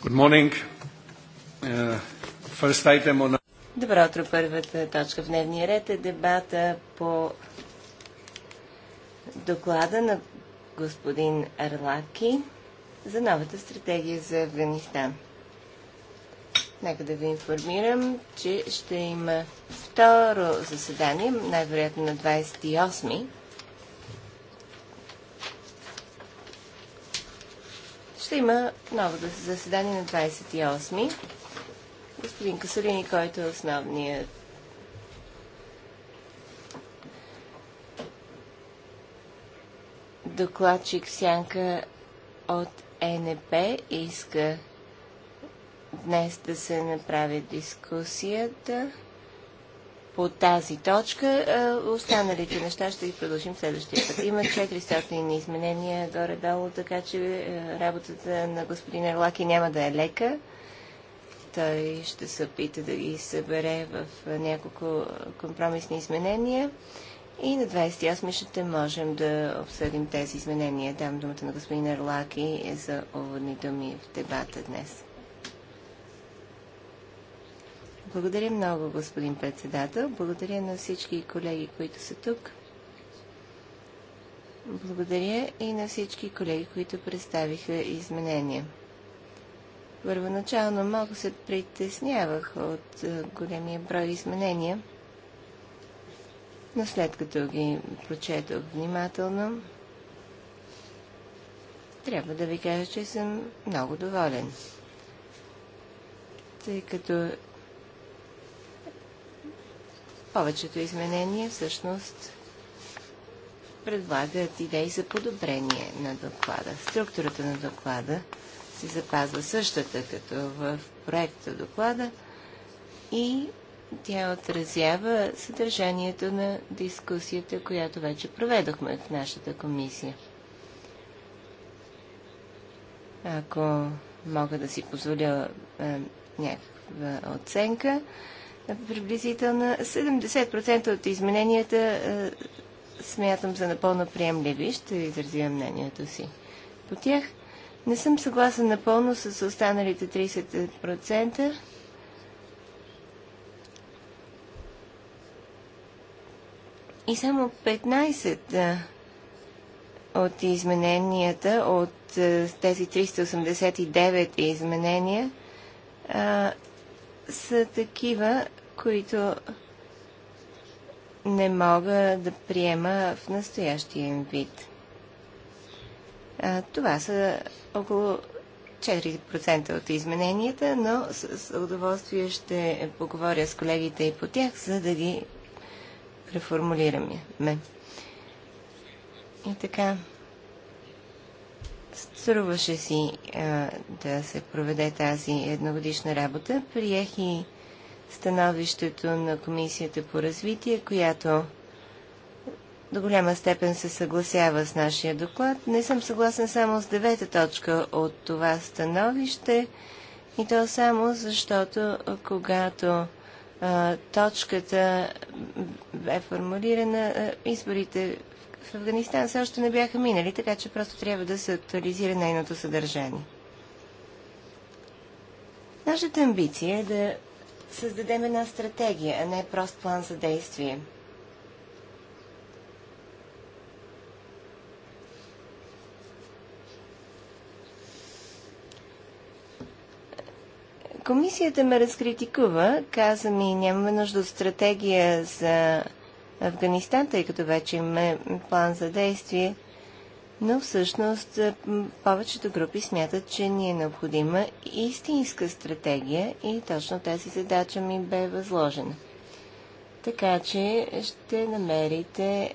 Uh, Добро утро. Първата точка в дневния ред е дебата по доклада на господин Арлаки за новата стратегия за Афганистан. Нека да ви информирам, че ще има второ заседание, най-вероятно на 28 ми има ново заседание на 28-ми. Господин Касолини, който е основният докладчик Сянка от НП иска днес да се направи дискусията по тази точка. Останалите неща ще ги продължим следващия път. Има 400 изменения горе-долу, така че работата на господин Ерлаки няма да е лека. Той ще се опита да ги събере в няколко компромисни изменения. И на 28 ще можем да обсъдим тези изменения. Дам думата на господин Ерлаки за уводни думи в дебата днес. Благодаря много, господин председател. Благодаря на всички колеги, които са тук. Благодаря и на всички колеги, които представиха изменения. Първоначално малко се притеснявах от е, големия брой изменения, но след като ги прочетох внимателно, трябва да ви кажа, че съм много доволен. Тъй като повечето изменения всъщност предлагат идеи за подобрение на доклада. Структурата на доклада се запазва същата като в проекта доклада и тя отразява съдържанието на дискусията, която вече проведохме в нашата комисия. Ако мога да си позволя е, някаква оценка, приблизително 70% от измененията е, смятам за напълно приемливи. Ще изразя мнението си по тях. Не съм съгласен напълно с останалите 30%. И само 15 е, от измененията, от е, тези 389 изменения, а, са такива, които не мога да приема в настоящия им вид. Това са около 4% от измененията, но с удоволствие ще поговоря с колегите и по тях, за да ги преформулираме. И така, струваше си а, да се проведе тази едногодишна работа. Приех и становището на Комисията по развитие, която до голяма степен се съгласява с нашия доклад. Не съм съгласен само с девета точка от това становище и то само защото когато а, точката бе формулирана, а, изборите в Афганистан все още не бяха минали, така че просто трябва да се актуализира нейното съдържание. Нашата амбиция е да създадем една стратегия, а не прост план за действие. Комисията ме разкритикува, каза ми, нямаме нужда от стратегия за Афганистан, тъй като вече имаме план за действие – но всъщност е, повечето групи смятат, че ни е необходима истинска стратегия и точно тази задача ми бе възложена. Така че ще намерите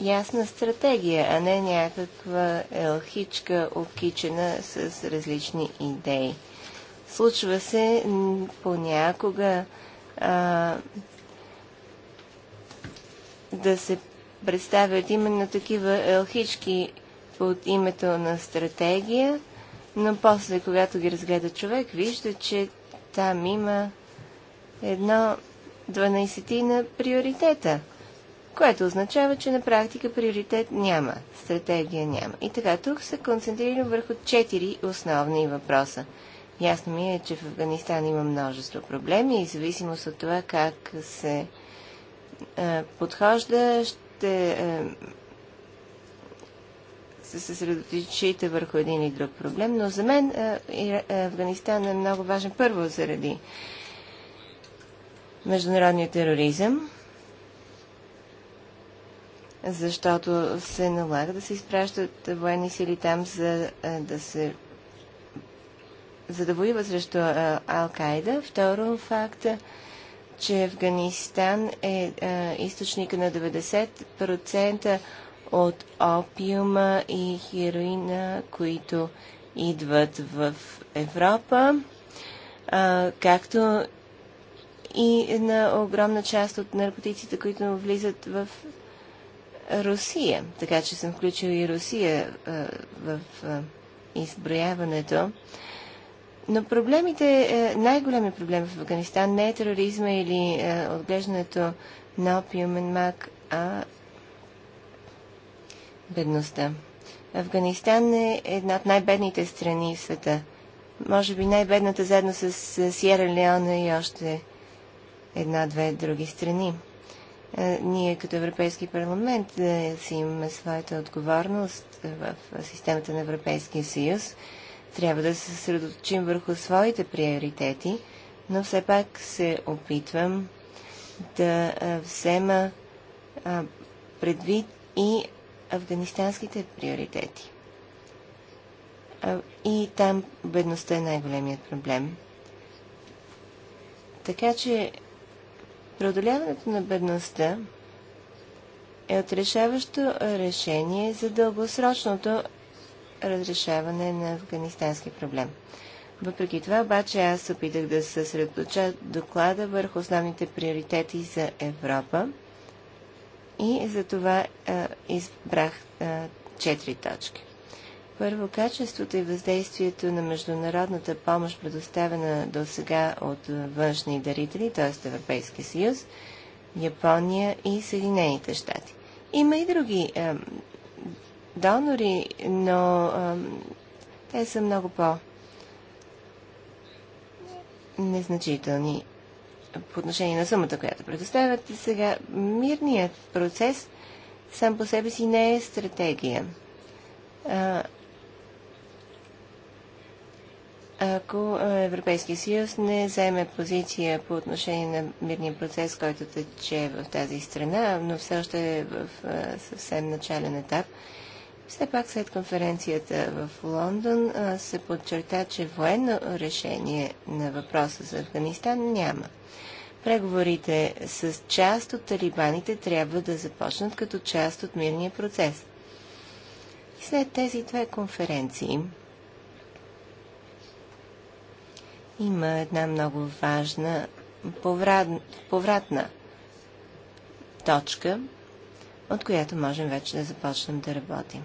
ясна стратегия, а не някаква елхичка, обкичена с различни идеи. Случва се понякога а, да се представят именно такива елхички под името на стратегия, но после, когато ги разгледа човек, вижда, че там има едно 12 на приоритета, което означава, че на практика приоритет няма, стратегия няма. И така, тук се концентрирам върху четири основни въпроса. Ясно ми е, че в Афганистан има множество проблеми и зависимост от това как се е, подхожда, ще е, се съсредоточите върху един и друг проблем, но за мен е, е, Афганистан е много важен първо заради международния тероризъм, защото се налага да се изпращат военни сили там, за е, да се за да воюва срещу Ал-Кайда. Второ факта, че Афганистан е а, източника на 90% от опиума и хероина, които идват в Европа, а, както и на огромна част от наркотиците, които влизат в Русия. Така че съм включил и Русия а, в а, изброяването. Но проблемите, е, най-големият проблем в Афганистан не е тероризма или е, отглеждането на опиумен мак, а бедността. Афганистан е една от най-бедните страни в света. Може би най-бедната заедно с Сиера Леона и още една-две други страни. Е, ние като Европейски парламент е, си имаме своята отговорност е, в системата на Европейския съюз. Трябва да се съсредоточим върху своите приоритети, но все пак се опитвам да взема предвид и афганистанските приоритети. И там бедността е най-големият проблем. Така че преодоляването на бедността е отрешаващо решение за дългосрочното разрешаване на афганистански проблем. Въпреки това, обаче, аз опитах да съсредоточа доклада върху основните приоритети за Европа – и за това а, избрах четири точки. Първо, качеството и въздействието на международната помощ, предоставена до сега от външни дарители, т.е. Европейския съюз, Япония и Съединените щати. Има и други а, донори, но а, те са много по- незначителни по отношение на сумата, която предоставят. сега мирният процес сам по себе си не е стратегия. А, ако Европейския съюз не вземе позиция по отношение на мирния процес, който тече в тази страна, но все още е в съвсем начален етап, все пак след конференцията в Лондон се подчерта, че военно решение на въпроса за Афганистан няма. Преговорите с част от талибаните трябва да започнат като част от мирния процес. И След тези две конференции има една много важна повратна точка, от която можем вече да започнем да работим.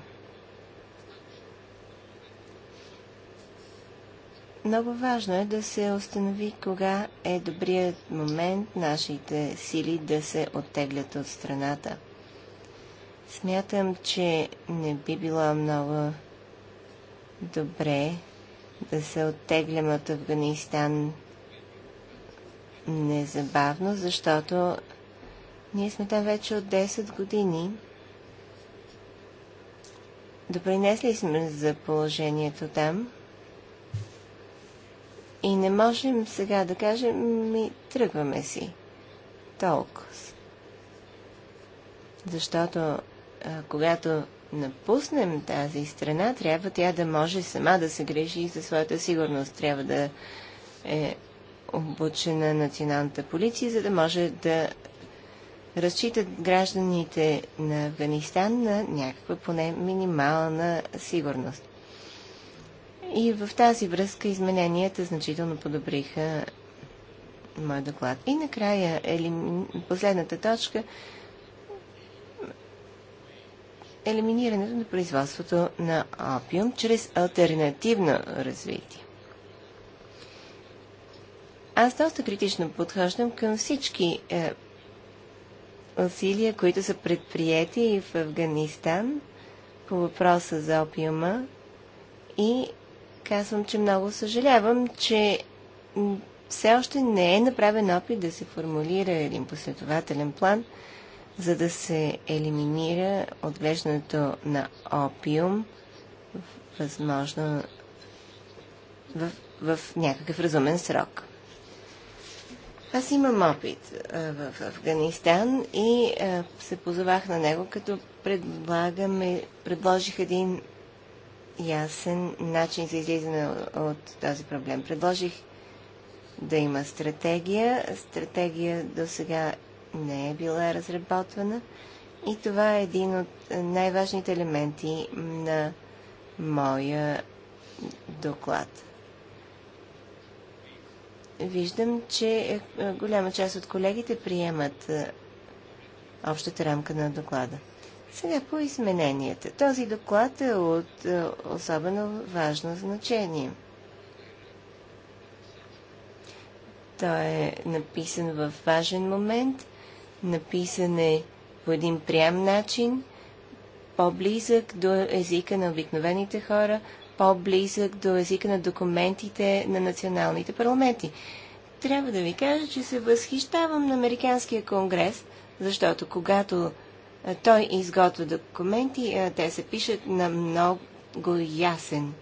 Много важно е да се установи кога е добрият момент нашите сили да се оттеглят от страната. Смятам, че не би било много добре да се оттеглям от Афганистан незабавно, защото ние сме там вече от 10 години. Допринесли сме за положението там. И не можем сега да кажем, ми тръгваме си. Толкова. Защото а, когато напуснем тази страна, трябва тя да може сама да се грижи за своята сигурност. Трябва да е обучена националната полиция, за да може да разчитат гражданите на Афганистан на някаква поне минимална сигурност. И в тази връзка измененията значително подобриха моят доклад. И накрая, последната точка елиминирането на производството на опиум чрез альтернативно развитие. Аз доста критично подхождам към всички е, усилия, които са предприяти в Афганистан по въпроса за опиума и казвам, че много съжалявам, че все още не е направен опит да се формулира един последователен план, за да се елиминира отглеждането на опиум възможно в, в някакъв разумен срок. Аз имам опит в Афганистан и се позовах на него, като предлагаме, предложих един ясен начин за излизане от този проблем. Предложих да има стратегия. Стратегия до сега не е била разработвана и това е един от най-важните елементи на моя доклад. Виждам, че голяма част от колегите приемат общата рамка на доклада. Сега по измененията. Този доклад е от е, особено важно значение. Той е написан в важен момент, написан е по един прям начин, по-близък до езика на обикновените хора, по-близък до езика на документите на националните парламенти. Трябва да ви кажа, че се възхищавам на Американския конгрес, защото когато той изготвя документи, те се пишат на много ясен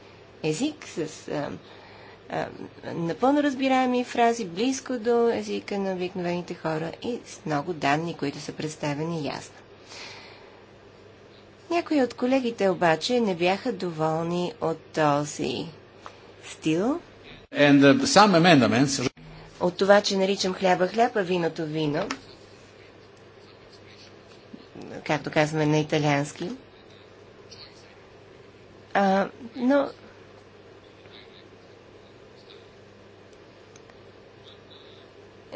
език, с а, а, напълно разбираеми фрази, близко до езика на обикновените хора и с много данни, които са представени ясно. Някои от колегите обаче не бяха доволни от този стил. And, uh, some amendments... От това, че наричам хляба хляб, а виното вино както казваме на италиански. А, но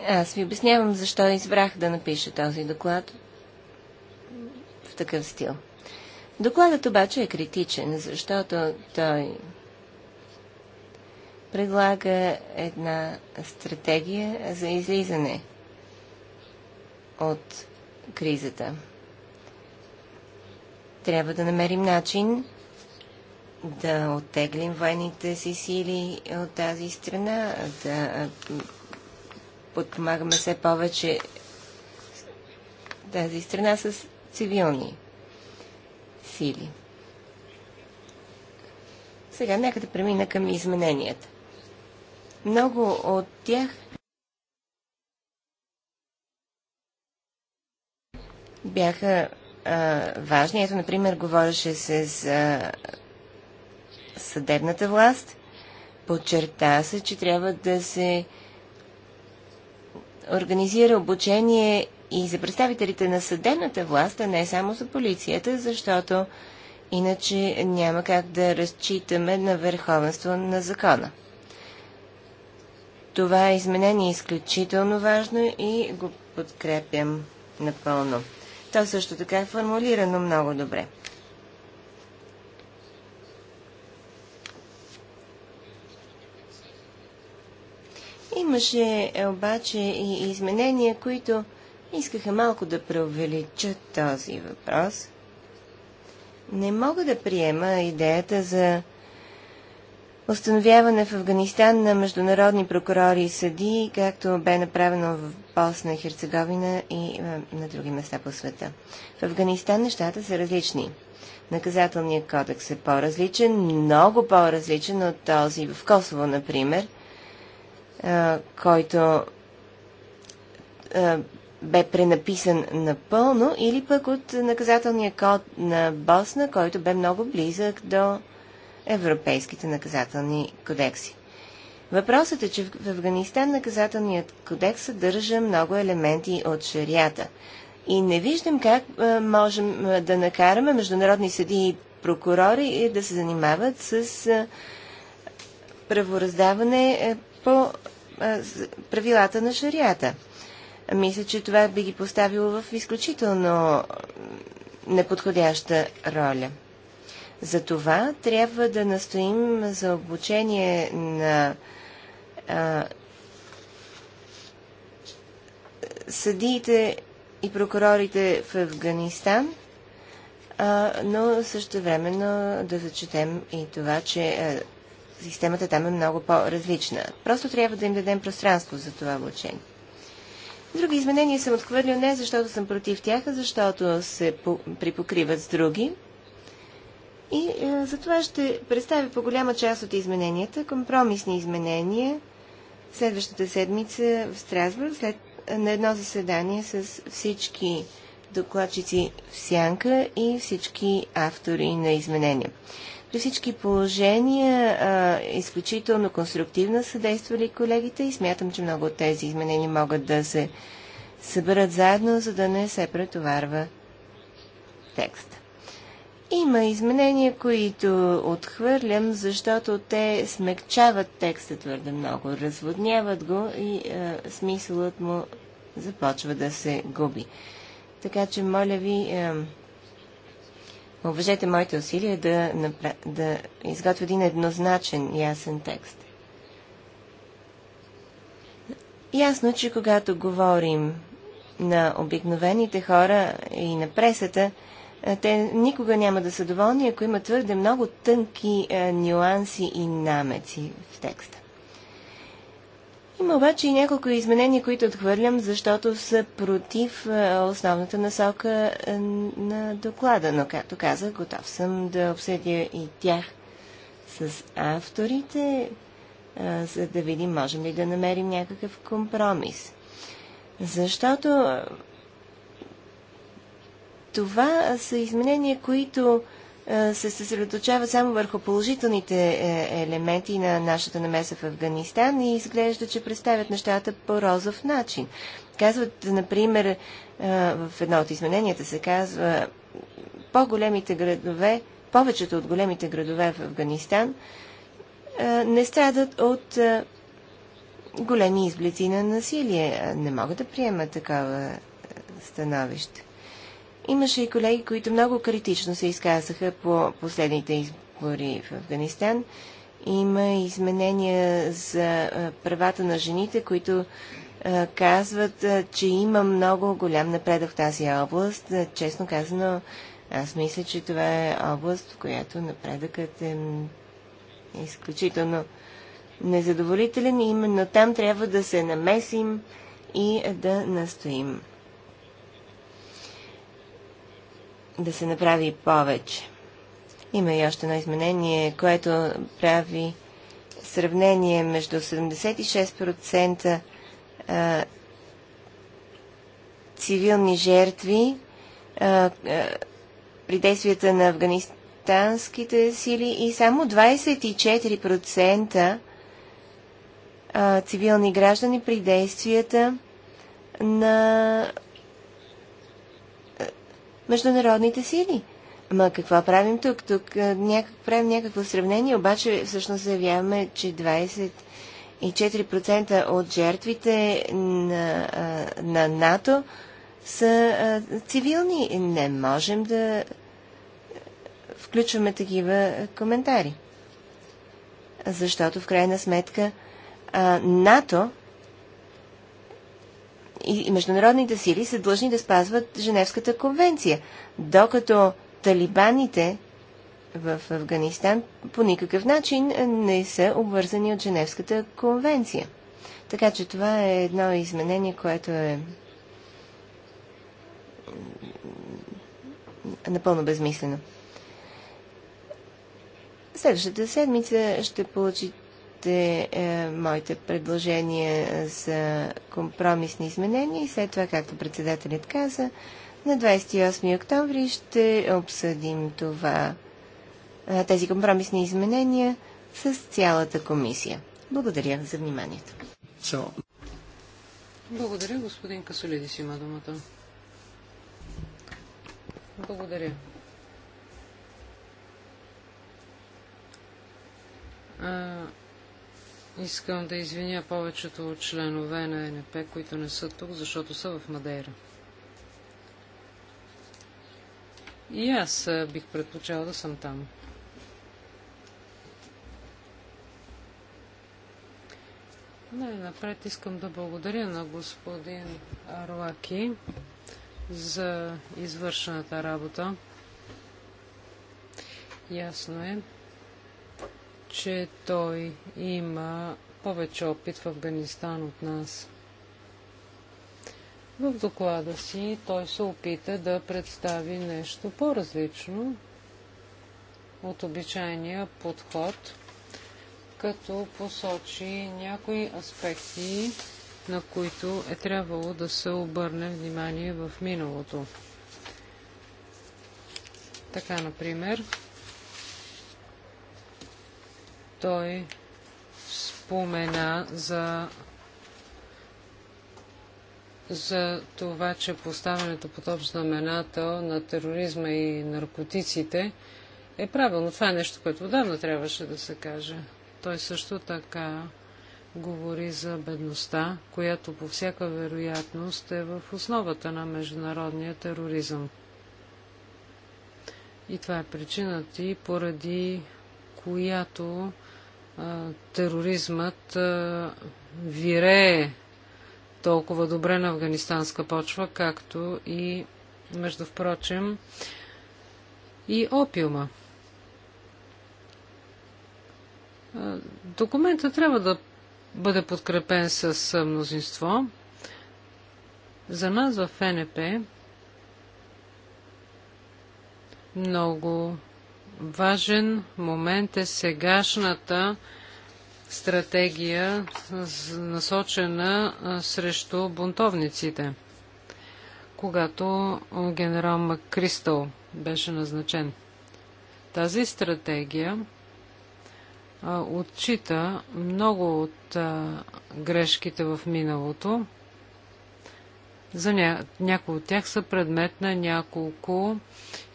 аз ви обяснявам защо избрах да напиша този доклад в такъв стил. Докладът обаче е критичен, защото той предлага една стратегия за излизане от кризата. Трябва да намерим начин да оттеглим военните си сили от тази страна, да подпомагаме все повече тази страна с цивилни сили. Сега нека да премина към измененията. Много от тях бяха важни. Ето, например, говореше се за съдебната власт. Подчерта се, че трябва да се организира обучение и за представителите на съдебната власт, а не само за полицията, защото иначе няма как да разчитаме на върховенство на закона. Това изменение е изключително важно и го подкрепям напълно. То също така е формулирано много добре. Имаше е, обаче и изменения, които искаха малко да преувеличат този въпрос. Не мога да приема идеята за установяване в Афганистан на международни прокурори и съдии, както бе направено в Босна и Херцеговина и е, на други места по света. В Афганистан нещата са различни. Наказателният кодекс е по-различен, много по-различен от този в Косово, например, е, който е, бе пренаписан напълно, или пък от наказателния код на Босна, който бе много близък до европейските наказателни кодекси. Въпросът е, че в Афганистан наказателният кодекс съдържа много елементи от шарията. И не виждам как а, можем а, да накараме международни съди и прокурори е, да се занимават с а, правораздаване е, по правилата на шарията. Мисля, че това би ги поставило в изключително неподходяща роля. За това трябва да настоим за обучение на съдиите и прокурорите в Афганистан, а, но също времено да зачетем и това, че а, системата там е много по-различна. Просто трябва да им дадем пространство за това обучение. Други изменения съм отхвърлил не защото съм против тях, а защото се припокриват с други. И е, за това ще представя по голяма част от измененията, компромисни изменения, следващата седмица в Страсбург след, на едно заседание с всички докладчици в сянка и всички автори на изменения. При всички положения а, изключително конструктивно са действали колегите и смятам, че много от тези изменения могат да се съберат заедно, за да не се претоварва текст. Има изменения, които отхвърлям, защото те смекчават текста твърде много, разводняват го и е, смисълът му започва да се губи. Така че, моля ви, е, уважете моите усилия да, напра... да изготвя един еднозначен, ясен текст. Ясно, че когато говорим на обикновените хора и на пресата, е, те никога няма да са доволни, ако има твърде много тънки е, нюанси и намеци в текста. Има обаче и няколко изменения, които отхвърлям, защото са против е, основната насока на доклада. Но, както казах, готов съм да обсъдя и тях с авторите, за да видим можем ли да намерим някакъв компромис. Защото това са изменения, които се съсредоточават само върху положителните е, елементи на нашата намеса в Афганистан и изглежда, че представят нещата по розов начин. Казват, например, в едно от измененията се казва, по-големите градове, повечето от големите градове в Афганистан не страдат от големи изблици на насилие. Не могат да приемат такава становище. Имаше и колеги, които много критично се изказаха по последните избори в Афганистан. Има изменения за правата на жените, които казват, че има много голям напредък в тази област. Честно казано, аз мисля, че това е област, в която напредъкът е изключително незадоволителен именно там трябва да се намесим и да настоим. да се направи повече. Има и още едно изменение, което прави сравнение между 76% цивилни жертви при действията на афганистанските сили и само 24% цивилни граждани при действията на международните сили. Ама какво правим тук? Тук някак, правим някакво сравнение, обаче всъщност заявяваме, че 24% от жертвите на, на НАТО са цивилни. Не можем да включваме такива коментари. Защото в крайна сметка НАТО и международните сили са длъжни да спазват Женевската конвенция, докато талибаните в Афганистан по никакъв начин е, не са обвързани от Женевската конвенция. Така че това е едно изменение, което е напълно безмислено. Следващата седмица ще получите чуете е, моите предложения за компромисни изменения и след това, както председателят каза, на 28 октомври ще обсъдим това, е, тези компромисни изменения с цялата комисия. Благодаря за вниманието. Благодаря, господин Касолидис има думата. Благодаря. Е, Искам да извиня повечето от членове на НП, които не са тук, защото са в Мадейра. И аз бих предпочел да съм там. Най-напред искам да благодаря на господин Арлаки за извършената работа. Ясно е, че той има повече опит в Афганистан от нас. В доклада си той се опита да представи нещо по-различно от обичайния подход, като посочи някои аспекти, на които е трябвало да се обърне внимание в миналото. Така, например, той спомена за за това, че поставянето под общ знаменател на тероризма и наркотиците е правилно. Това е нещо, което отдавна трябваше да се каже. Той също така говори за бедността, която по всяка вероятност е в основата на международния тероризъм. И това е причината и поради която тероризмът вирее толкова добре на афганистанска почва, както и, между впрочем, и опиума. Документа трябва да бъде подкрепен с мнозинство. За нас в ФНП много Важен момент е сегашната стратегия, насочена срещу бунтовниците, когато генерал Макристъл беше назначен. Тази стратегия отчита много от грешките в миналото, за ня... Някои от тях са предмет на няколко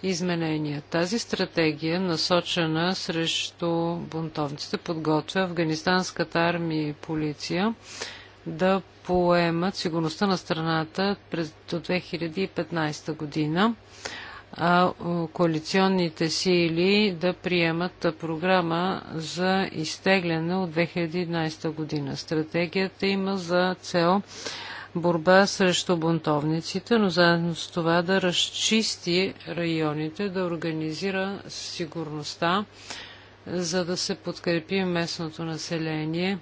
изменения. Тази стратегия, насочена срещу бунтовниците, подготвя афганистанската армия и полиция да поемат сигурността на страната през до 2015 година, а коалиционните сили да приемат програма за изтегляне от 2011 година. Стратегията има за цел борба срещу бунтовниците, но заедно с това да разчисти районите, да организира сигурността, за да се подкрепи местното население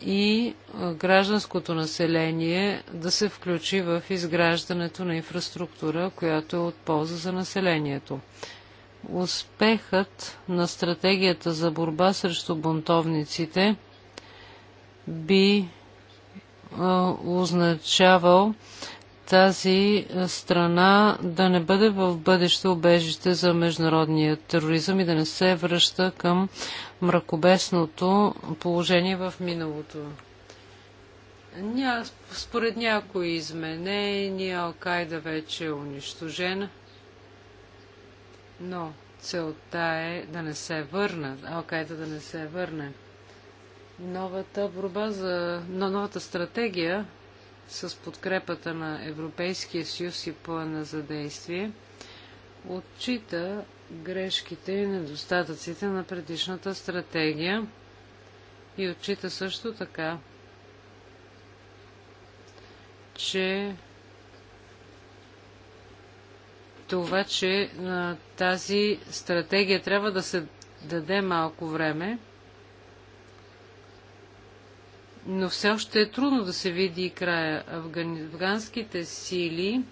и гражданското население да се включи в изграждането на инфраструктура, която е от полза за населението. Успехът на стратегията за борба срещу бунтовниците би означавал тази страна да не бъде в бъдеще обежище за международния тероризъм и да не се връща към мракобесното положение в миналото. Ня, според някои изменения Алкайда вече е унищожена, но целта е да не се върне, Алкайда да не се върне новата борба за, на новата стратегия с подкрепата на Европейския съюз и плана за действие отчита грешките и недостатъците на предишната стратегия и отчита също така, че това, че на тази стратегия трябва да се даде малко време, но все още е трудно да се види края. Афганските сили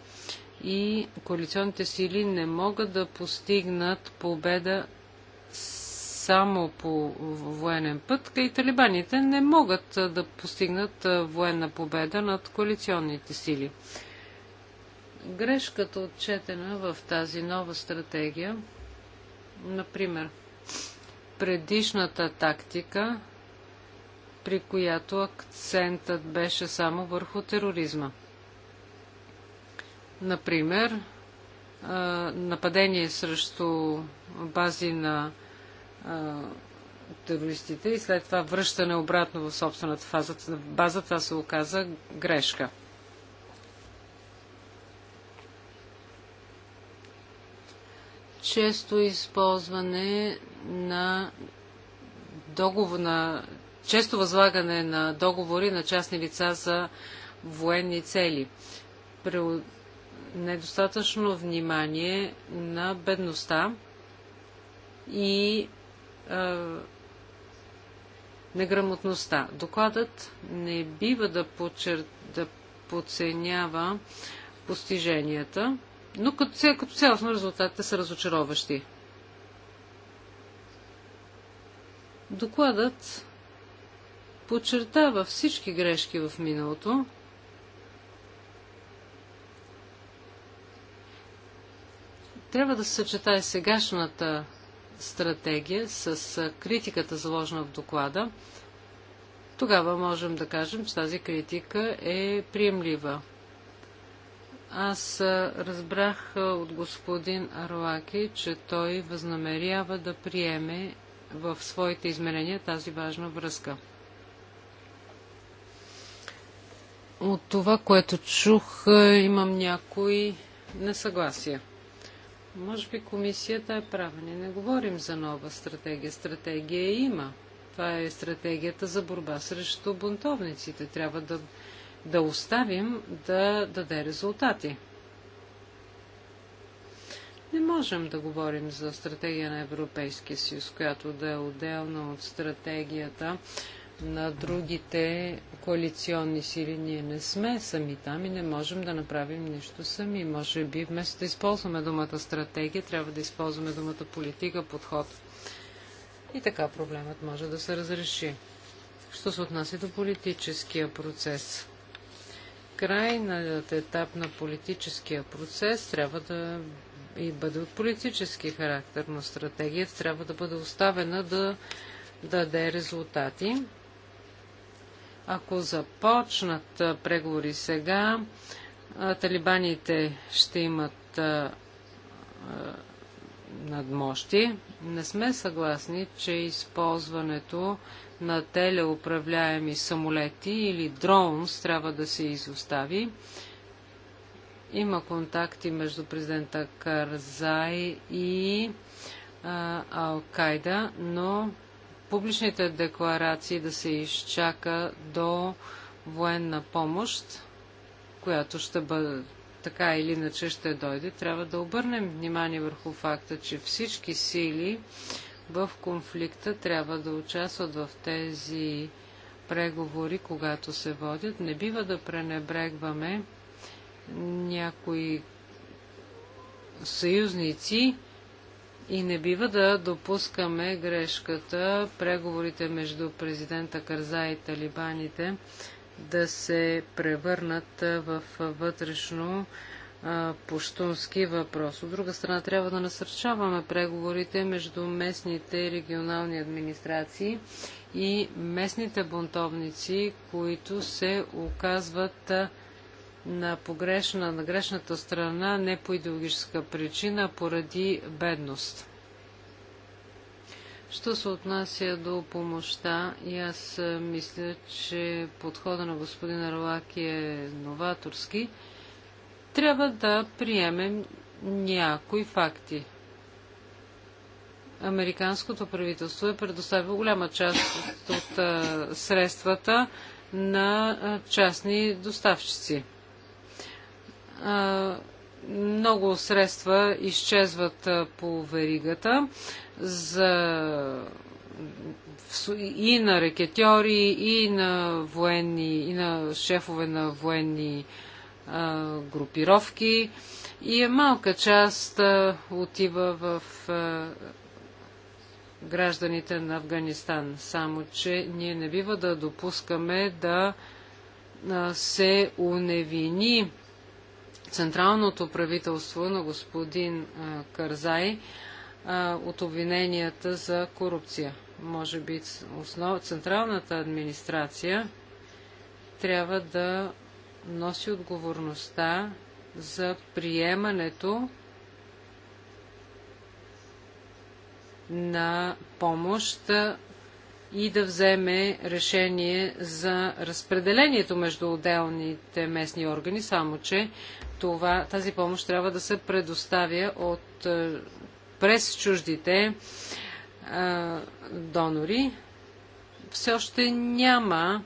и коалиционните сили не могат да постигнат победа само по военен път, и талибаните не могат да постигнат военна победа над коалиционните сили. Грешката отчетена в тази нова стратегия, например, предишната тактика при която акцентът беше само върху тероризма. Например, нападение срещу бази на терористите и след това връщане обратно в собствената фаза, база, това се оказа грешка. Често използване на договор на често възлагане на договори на частни лица за военни цели. При недостатъчно внимание на бедността и е, неграмотността. Докладът не бива да, почер... да подценява постиженията, но като, ця... като цялостно резултатите са разочароващи. Докладът подчертава всички грешки в миналото, трябва да се съчетае сегашната стратегия с критиката заложена в доклада, тогава можем да кажем, че тази критика е приемлива. Аз разбрах от господин Арлаки, че той възнамерява да приеме в своите измерения тази важна връзка. От това, което чух, е, имам някои несъгласия. Може би комисията е права. Ние не говорим за нова стратегия. Стратегия има. Това е стратегията за борба срещу бунтовниците. Трябва да, да оставим да даде резултати. Не можем да говорим за стратегия на Европейския съюз, която да е отделна от стратегията на другите коалиционни сили. Ние не сме сами там и не можем да направим нищо сами. Може би вместо да използваме думата стратегия, трябва да използваме думата политика, подход. И така проблемът може да се разреши. Що се отнася до политическия процес? Крайният етап на политическия процес трябва да и бъде от политически характер, но стратегията трябва да бъде оставена да даде резултати. Ако започнат преговори сега, талибаните ще имат надмощи. Не сме съгласни, че използването на телеуправляеми самолети или дронс трябва да се изостави. Има контакти между президента Карзай и Ал-Кайда, но публичните декларации да се изчака до военна помощ, която ще бъде така или иначе ще дойде, трябва да обърнем внимание върху факта, че всички сили в конфликта трябва да участват в тези преговори, когато се водят. Не бива да пренебрегваме някои съюзници, и не бива да допускаме грешката преговорите между президента Карза и талибаните да се превърнат в вътрешно пуштунски въпрос. От друга страна, трябва да насърчаваме преговорите между местните и регионални администрации и местните бунтовници, които се оказват на, погрешна, на грешната страна не по идеологическа причина, а поради бедност. Що се отнася до помощта, и аз мисля, че подхода на господин Арлаки е новаторски, трябва да приемем някои факти. Американското правителство е предоставило голяма част от средствата на частни доставчици много средства изчезват по веригата за и на рекетьори, и на военни, и на шефове на военни а, групировки. И е малка част а, отива в а, гражданите на Афганистан. Само, че ние не бива да допускаме да а, се уневини централното правителство на господин Карзай от обвиненията за корупция. Може би основ... централната администрация трябва да носи отговорността за приемането на помощ и да вземе решение за разпределението между отделните местни органи, само че това, тази помощ трябва да се предоставя от, е, през чуждите а, е, донори. Все още няма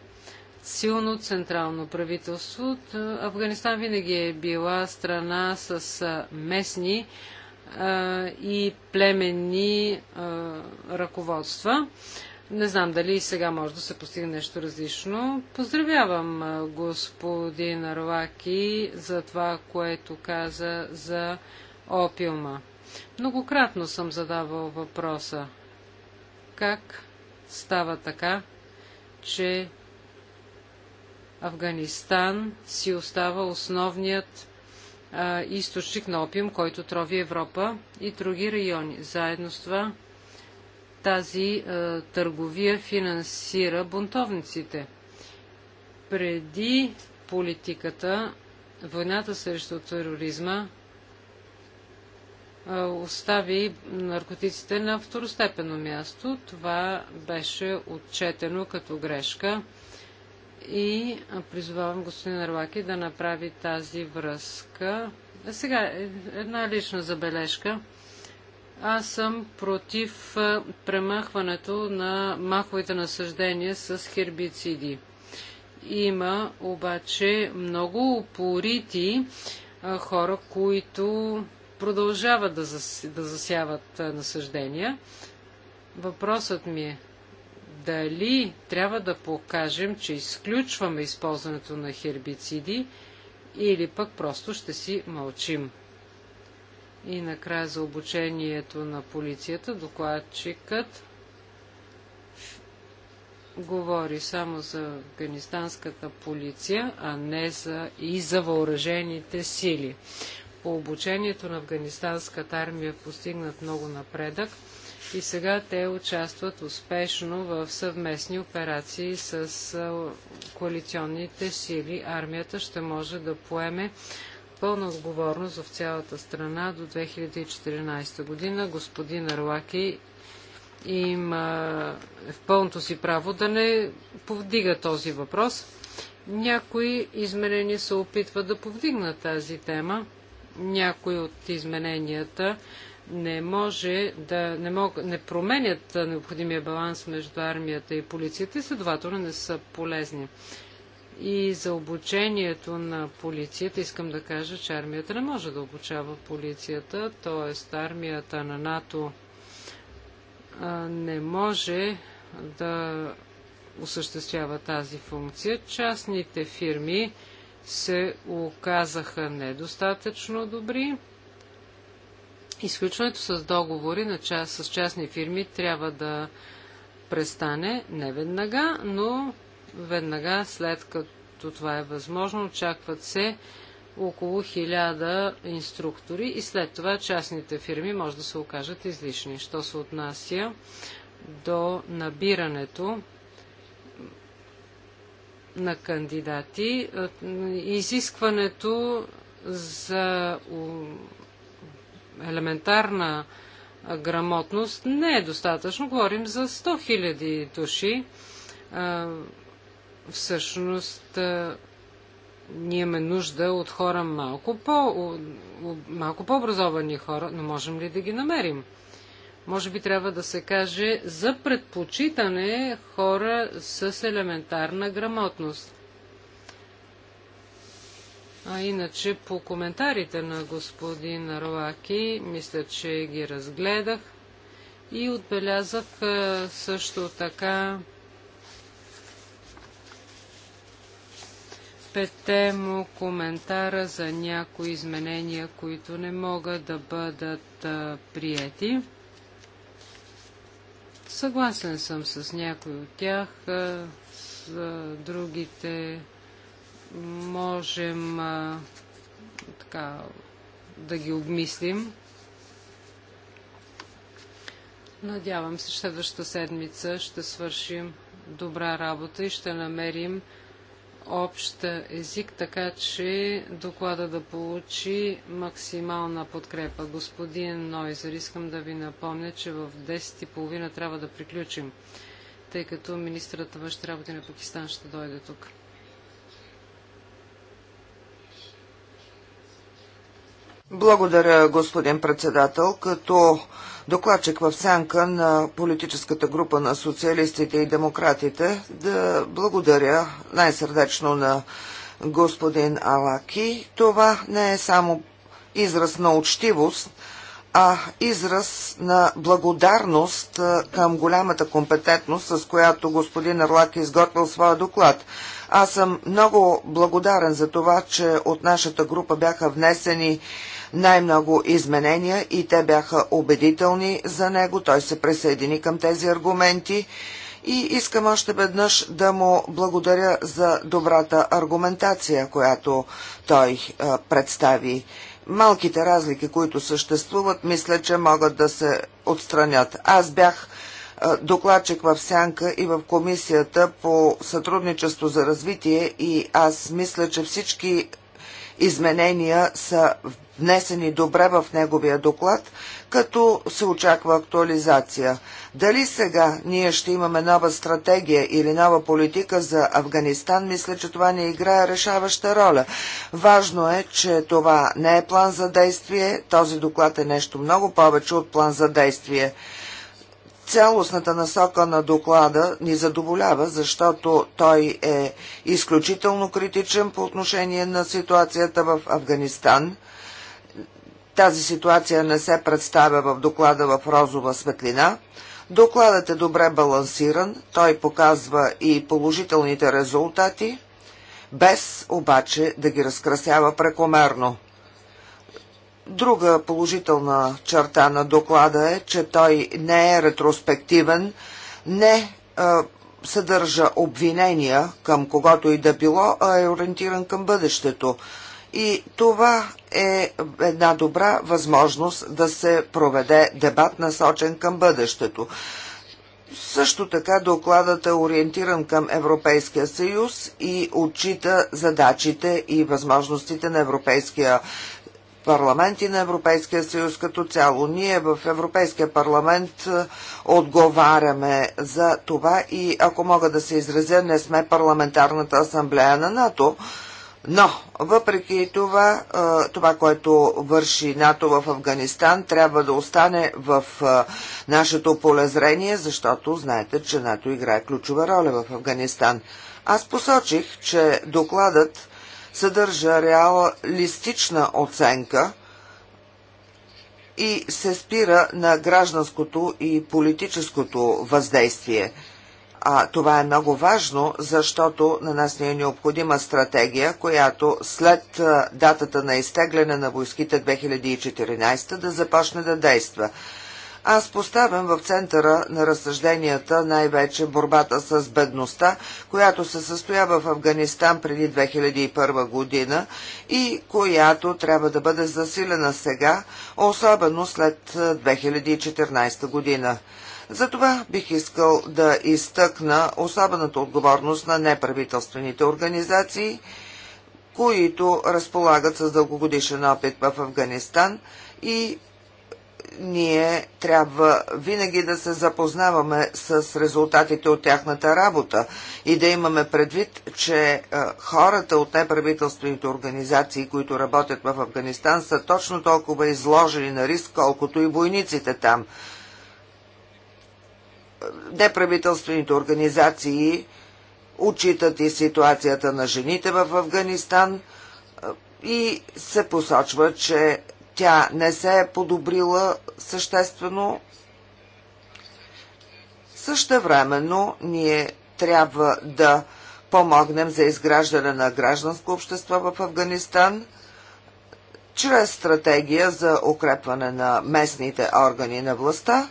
силно централно правителство. Е, Афганистан винаги е била страна с местни а, и племенни а, ръководства. Не знам дали и сега може да се постигне нещо различно. Поздравявам господин Арваки за това, което каза за опиума. Многократно съм задавал въпроса как става така, че Афганистан си остава основният а, източник на опиум, който трови Европа и други райони. Заедно с това тази а, е, търговия финансира бунтовниците. Преди политиката, войната срещу тероризма а, е, остави наркотиците на второстепенно място. Това беше отчетено като грешка и призовавам господин Арлаки да направи тази връзка. А сега е, една лична забележка. Аз съм против премахването на маховите насъждения с хербициди. Има обаче много упорити хора, които продължават да, да засяват насъждения. Въпросът ми е дали трябва да покажем, че изключваме използването на хербициди или пък просто ще си мълчим. И накрая за обучението на полицията, докладчикът говори само за афганистанската полиция, а не за и за въоръжените сили. По обучението на афганистанската армия постигнат много напредък и сега те участват успешно в съвместни операции с коалиционните сили. Армията ще може да поеме пълна отговорност в цялата страна до 2014 година. Господин Арлаки има е в пълното си право да не повдига този въпрос. Някои изменения се опитват да повдигнат тази тема. Някои от измененията не може да не, мог, не променят необходимия баланс между армията и полицията и следователно не са полезни. И за обучението на полицията искам да кажа, че армията не може да обучава полицията, т.е. армията на НАТО не може да осъществява тази функция. Частните фирми се оказаха недостатъчно добри. Изключването с договори на част, с частни фирми трябва да престане не веднага, но веднага след като това е възможно. Очакват се около 1000 инструктори и след това частните фирми може да се окажат излишни. Що се отнася до набирането на кандидати, е, изискването за елементарна грамотност не е достатъчно. Говорим за 100 000 души. Е, всъщност ние имаме нужда от хора малко, по, малко по-образовани хора, но можем ли да ги намерим? Може би трябва да се каже за предпочитане хора с елементарна грамотност. А иначе по коментарите на господин Роаки, мисля, че ги разгледах и отбелязах също така петте му коментара за някои изменения, които не могат да бъдат а, приети. Съгласен съм с някои от тях, а, с а, другите можем а, така, да ги обмислим. Надявам се, следващата седмица ще свършим добра работа и ще намерим общ език, така че доклада да получи максимална подкрепа. Господин Нойзер, искам да ви напомня, че в 10.30 трябва да приключим, тъй като министрата външните работи на Пакистан ще дойде тук. Благодаря, господин председател. Като докладчик в сянка на политическата група на социалистите и демократите, да благодаря най-сърдечно на господин Алаки. Това не е само израз на учтивост, а израз на благодарност към голямата компетентност, с която господин Арлак е изготвил своя доклад. Аз съм много благодарен за това, че от нашата група бяха внесени най-много изменения и те бяха убедителни за него. Той се присъедини към тези аргументи и искам още веднъж да му благодаря за добрата аргументация, която той а, е, представи. Малките разлики, които съществуват, мисля, че могат да се отстранят. Аз бях е, докладчик в Сянка и в Комисията по сътрудничество за развитие и аз мисля, че всички изменения са внесени добре в неговия доклад, като се очаква актуализация. Дали сега ние ще имаме нова стратегия или нова политика за Афганистан, мисля, че това не играе решаваща роля. Важно е, че това не е план за действие, този доклад е нещо много повече от план за действие. Цялостната насока на доклада ни задоволява, защото той е изключително критичен по отношение на ситуацията в Афганистан. Тази ситуация не се представя в доклада в розова светлина. Докладът е добре балансиран, той показва и положителните резултати, без обаче да ги разкрасява прекомерно. Друга положителна черта на доклада е, че той не е ретроспективен, не а, съдържа обвинения към когото и да било, а е ориентиран към бъдещето. И това е една добра възможност да се проведе дебат насочен към бъдещето. Също така докладът е ориентиран към Европейския съюз и отчита задачите и възможностите на Европейския парламенти на Европейския съюз като цяло. Ние в Европейския парламент е, отговаряме за това и ако мога да се изразя, не сме парламентарната асамблея на НАТО. Но, въпреки това, е, това, което върши НАТО в Афганистан, трябва да остане в е, нашето полезрение, защото знаете, че НАТО играе ключова роля в Афганистан. Аз посочих, че докладът съдържа реалистична оценка и се спира на гражданското и политическото въздействие. А това е много важно, защото на нас не е необходима стратегия, която след датата на изтегляне на войските 2014 да започне да действа аз поставям в центъра на разсъжденията най-вече борбата с бедността, която се състоява в Афганистан преди 2001 година и която трябва да бъде засилена сега, особено след 2014 година. Затова бих искал да изтъкна особената отговорност на неправителствените организации, които разполагат с дългогодишен опит в Афганистан и ние трябва винаги да се запознаваме с резултатите от тяхната работа и да имаме предвид, че е, хората от неправителствените организации, които работят в Афганистан, са точно толкова изложени на риск, колкото и войниците там. Неправителствените организации отчитат и ситуацията на жените в Афганистан е, и се посочва, че тя не се е подобрила съществено. Същевременно ние трябва да помогнем за изграждане на гражданско общество в Афганистан чрез стратегия за укрепване на местните органи на властта.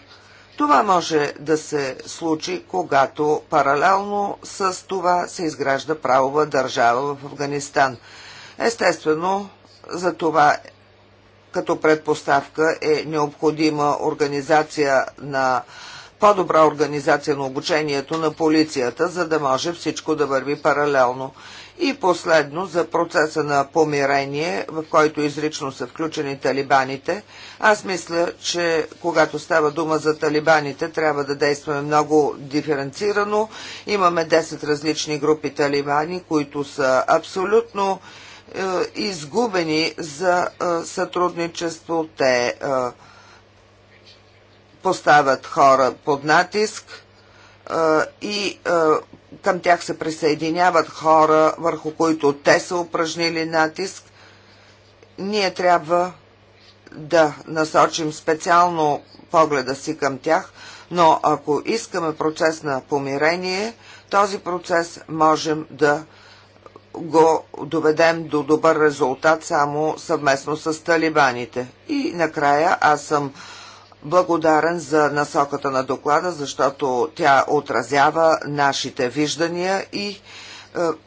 Това може да се случи, когато паралелно с това се изгражда правова държава в Афганистан. Естествено, за това като предпоставка е необходима организация на по-добра организация на обучението на полицията, за да може всичко да върви паралелно. И последно, за процеса на помирение, в който изрично са включени талибаните, аз мисля, че когато става дума за талибаните, трябва да действаме много диференцирано. Имаме 10 различни групи талибани, които са абсолютно е, изгубени за е, сътрудничество. Те е, поставят хора под натиск и към тях се присъединяват хора, върху които те са упражнили натиск. Ние трябва да насочим специално погледа си към тях, но ако искаме процес на помирение, този процес можем да го доведем до добър резултат само съвместно с талибаните. И накрая аз съм благодарен за насоката на доклада, защото тя отразява нашите виждания и е,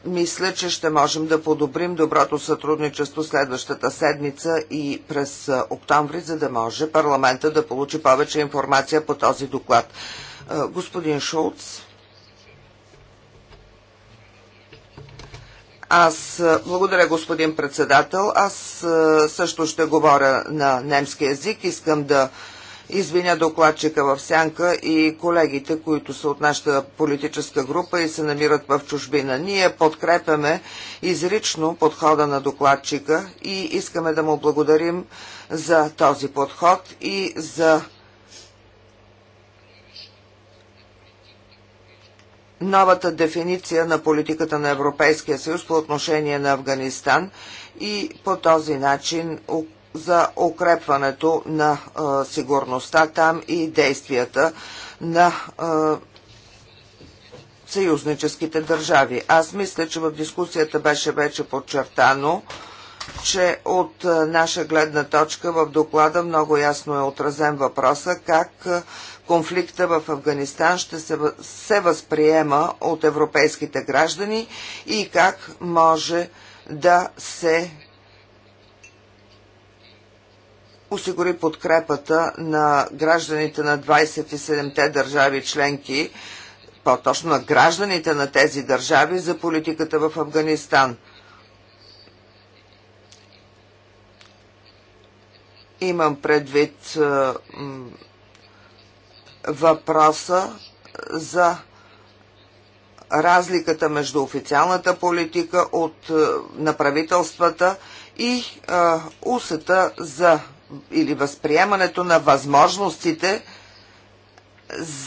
мисля, че ще можем да подобрим доброто сътрудничество следващата седмица и през е, октомври, за да може парламента да получи повече информация по този доклад. Е, господин Шулц. Аз благодаря, господин председател. Аз също ще говоря на немски язик. Искам да извиня докладчика в сянка и колегите, които са от нашата политическа група и се намират в чужбина. Ние подкрепяме изрично подхода на докладчика и искаме да му благодарим за този подход и за новата дефиниция на политиката на Европейския съюз по отношение на Афганистан и по този начин за укрепването на а, сигурността там и действията на а, съюзническите държави. Аз мисля, че в дискусията беше вече подчертано, че от наша гледна точка в доклада много ясно е отразен въпроса как конфликта в Афганистан ще се, се възприема от европейските граждани и как може да се осигури подкрепата на гражданите на 27-те държави членки, по-точно на гражданите на тези държави за политиката в Афганистан. Имам предвид въпроса за разликата между официалната политика от, е, на правителствата и а, е, усета за или възприемането на възможностите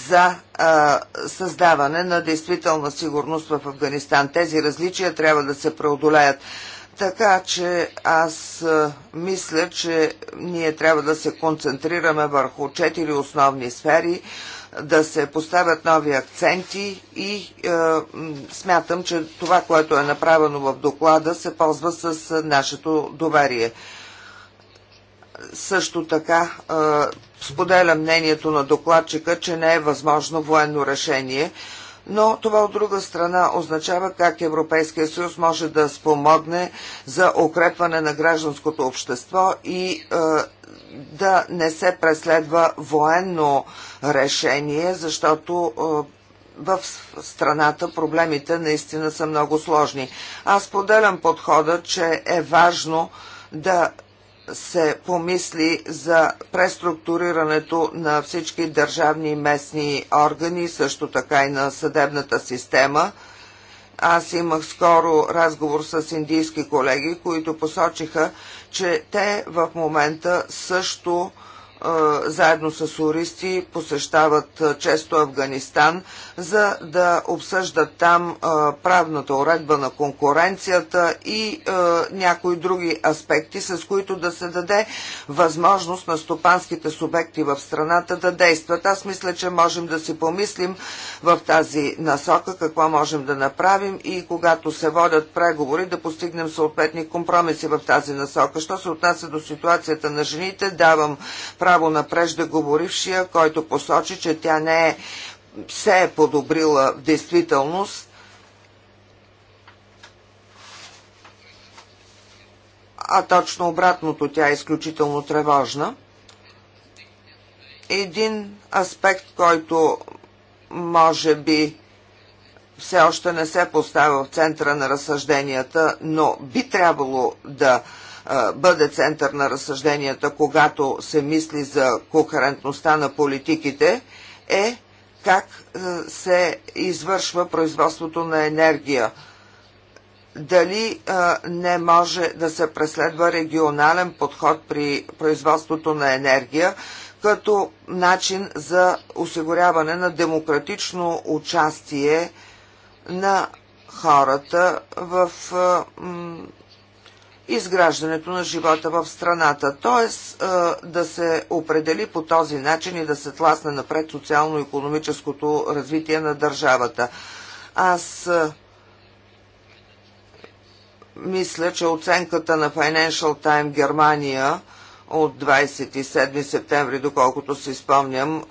за а, е, създаване на действителна сигурност в Афганистан. Тези различия трябва да се преодолеят. Така че аз мисля, че ние трябва да се концентрираме върху четири основни сфери, да се поставят нови акценти и е, смятам, че това, което е направено в доклада, се ползва с нашето доверие. Също така е, споделя мнението на докладчика, че не е възможно военно решение. Е, но това от друга страна означава как Европейския съюз може да спомогне за укрепване на гражданското общество и е, да не се преследва военно решение, защото е, в страната проблемите наистина са много сложни. Аз поделям подхода, че е важно да се помисли за преструктурирането на всички държавни и местни органи, също така и на съдебната система. Аз имах скоро разговор с индийски колеги, които посочиха, че те в момента също заедно с уристи посещават често Афганистан, за да обсъждат там правната уредба на конкуренцията и някои други аспекти, с които да се даде възможност на стопанските субекти в страната да действат. Аз мисля, че можем да си помислим в тази насока какво можем да направим и когато се водят преговори да постигнем съответни компромиси в тази насока. Що се отнася до ситуацията на жените, давам право на преждеговорившия, който посочи, че тя не е, се е подобрила в действителност. А точно обратното, тя е изключително тревожна. Един аспект, който може би все още не се поставя в центъра на разсъжденията, но би трябвало да бъде център на разсъжденията, когато се мисли за кохерентността на политиките, е как се извършва производството на енергия. Дали не може да се преследва регионален подход при производството на енергия, като начин за осигуряване на демократично участие на хората в изграждането на живота в страната, т.е. да се определи по този начин и да се тласне напред социално-економическото развитие на държавата. Аз мисля, че оценката на Financial Time Германия от 27 септември, доколкото си спомням,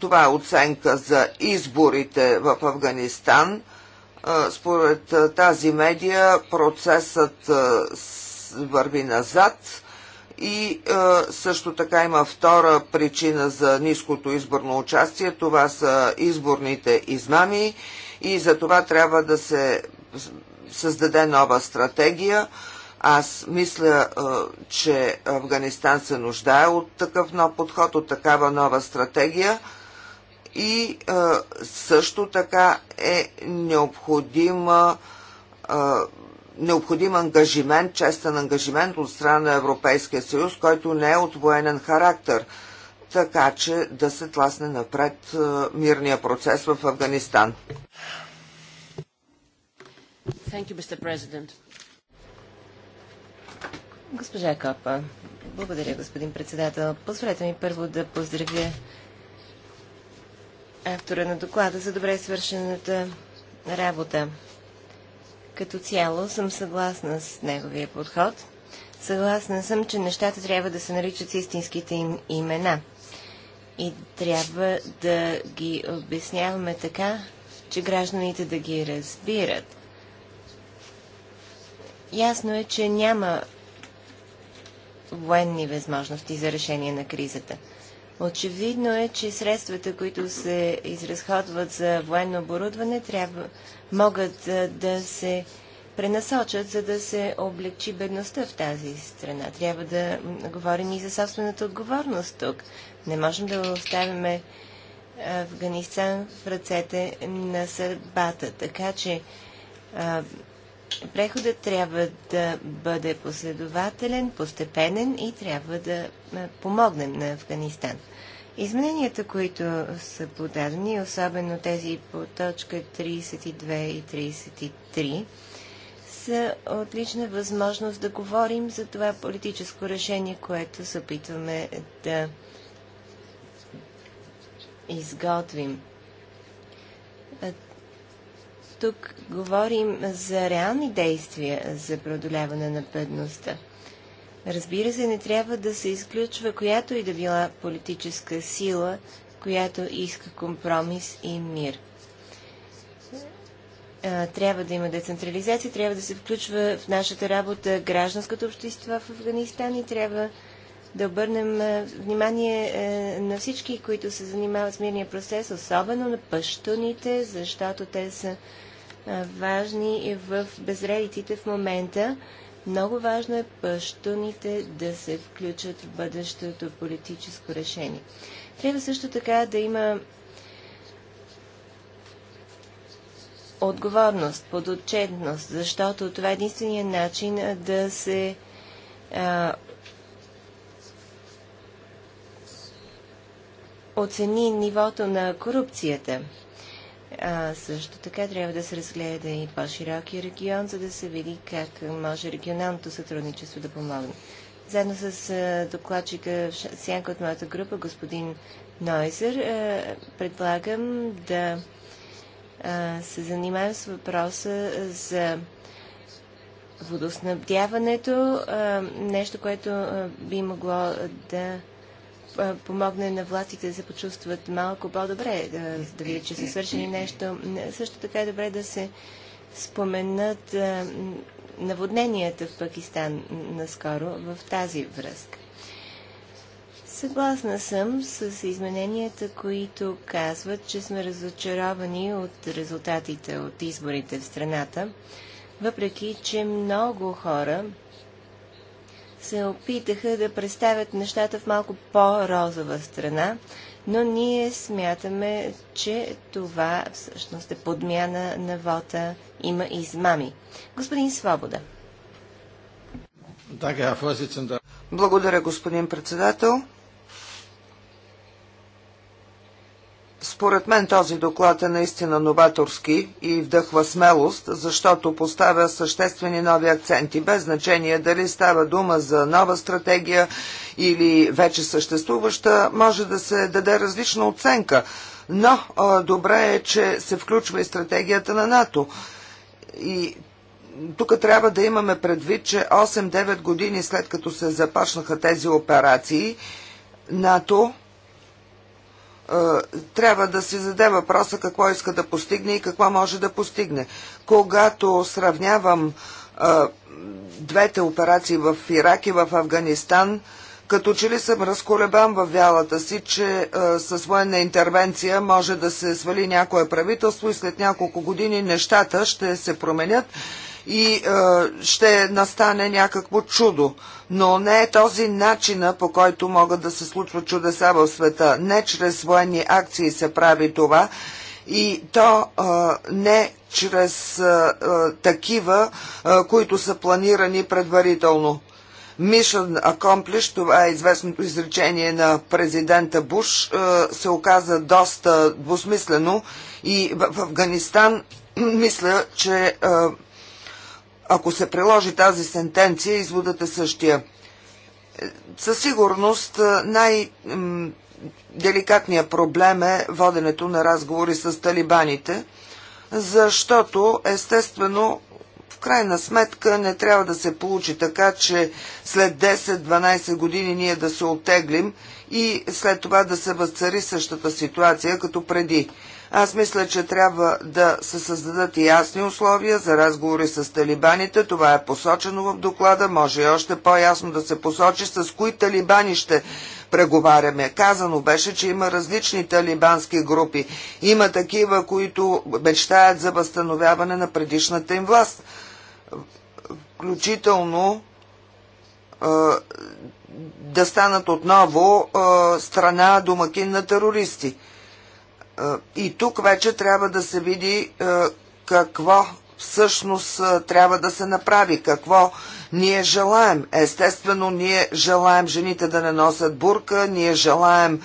това е оценка за изборите в Афганистан – според тази медия процесът върви назад и също така има втора причина за ниското изборно участие. Това са изборните измами и за това трябва да се създаде нова стратегия. Аз мисля, че Афганистан се нуждае от такъв нов подход, от такава нова стратегия и също така е необходима необходим ангажимент, честен ангажимент от страна на Европейския съюз, който не е от военен характер, така че да се тласне напред мирния процес в Афганистан. Thank you, Mr. President. Госпожа Капа, благодаря, господин председател. Позволете ми първо да поздравя автора на доклада за добре свършената работа. Като цяло съм съгласна с неговия подход. Съгласна съм, че нещата трябва да се наричат истинските им имена. И трябва да ги обясняваме така, че гражданите да ги разбират. Ясно е, че няма военни възможности за решение на кризата – Очевидно е, че средствата, които се изразходват за военно оборудване, трябва, могат да се пренасочат, за да се облегчи бедността в тази страна. Трябва да говорим и за собствената отговорност тук. Не можем да оставяме Афганистан в ръцете на съдбата. Така че Преходът трябва да бъде последователен, постепенен и трябва да помогнем на Афганистан. Измененията, които са подадени, особено тези по точка 32 и 33, са отлична възможност да говорим за това политическо решение, което се опитваме да изготвим тук говорим за реални действия за преодоляване на бедността. Разбира се, не трябва да се изключва която и да била политическа сила, която иска компромис и мир. Трябва да има децентрализация, трябва да се включва в нашата работа гражданското общество в Афганистан и трябва да обърнем внимание е, на всички, които се занимават с мирния процес, особено на пъщуните, защото те са важни и в безредиците в момента. Много важно е пъщуните да се включат в бъдещото политическо решение. Трябва също така да има отговорност, подотчетност, защото това е единствения начин да се а, оцени нивото на корупцията. А, също така трябва да се разгледа и по-широкия регион, за да се види как може регионалното сътрудничество да помогне. Заедно с а, докладчика Сянка от моята група, господин Нойзер, а, предлагам да се занимаем с въпроса за водоснабдяването, нещо, което би могло да помогне на властите да се почувстват малко по-добре, да, да видят, че са свършили нещо. Също така е добре да се споменат а, наводненията в Пакистан наскоро в тази връзка. Съгласна съм с измененията, които казват, че сме разочаровани от резултатите от изборите в страната, въпреки че много хора се опитаха да представят нещата в малко по-розова страна, но ние смятаме, че това всъщност е подмяна на вота, има измами. Господин Свобода. Благодаря, господин председател. Според мен този доклад е наистина новаторски и вдъхва смелост, защото поставя съществени нови акценти, без значение дали става дума за нова стратегия или вече съществуваща, може да се даде различна оценка. Но а, добре е, че се включва и стратегията на НАТО. И тук трябва да имаме предвид, че 8-9 години след като се започнаха тези операции, НАТО трябва да си заде въпроса какво иска да постигне и какво може да постигне. Когато сравнявам двете операции в Ирак и в Афганистан, като че ли съм разколебан в вялата си, че а, с военна интервенция може да се свали някое правителство и след няколко години нещата ще се променят и е, ще настане някакво чудо. Но не е този начина, по който могат да се случват чудеса в света. Не чрез военни акции се прави това и то а, е, не чрез а, е, такива, а, които са планирани предварително. Mission Accomplished, това е известното изречение на президента Буш, се оказа доста двусмислено и в Афганистан мисля, че ако се приложи тази сентенция, изводът е същия. Със сигурност най- деликатният проблем е воденето на разговори с талибаните, защото естествено в крайна сметка не трябва да се получи така, че след 10-12 години ние да се отеглим и след това да се възцари същата ситуация като преди. Аз мисля, че трябва да се създадат и ясни условия за разговори с талибаните. Това е посочено в доклада. Може и още по-ясно да се посочи с кои талибани ще преговаряме. Казано беше, че има различни талибански групи. Има такива, които мечтаят за възстановяване на предишната им власт. Включително да станат отново страна домакин на терористи. И тук вече трябва да се види какво всъщност трябва да се направи, какво ние желаем. Естествено, ние желаем жените да не носят бурка, ние желаем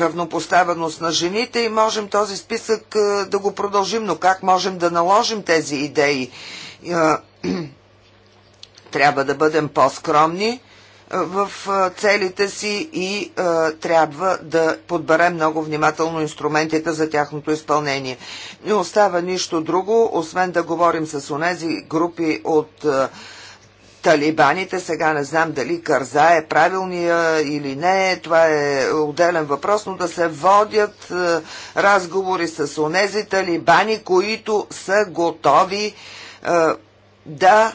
равнопоставеност на жените и можем този списък да го продължим, но как можем да наложим тези идеи? трябва да бъдем по-скромни в целите си и трябва да подберем много внимателно инструментите за тяхното изпълнение. Не остава нищо друго, освен да говорим с онези групи от талибаните. Сега не знам дали Карза е правилния или не, това е отделен въпрос, но да се водят разговори с онези талибани, които са готови да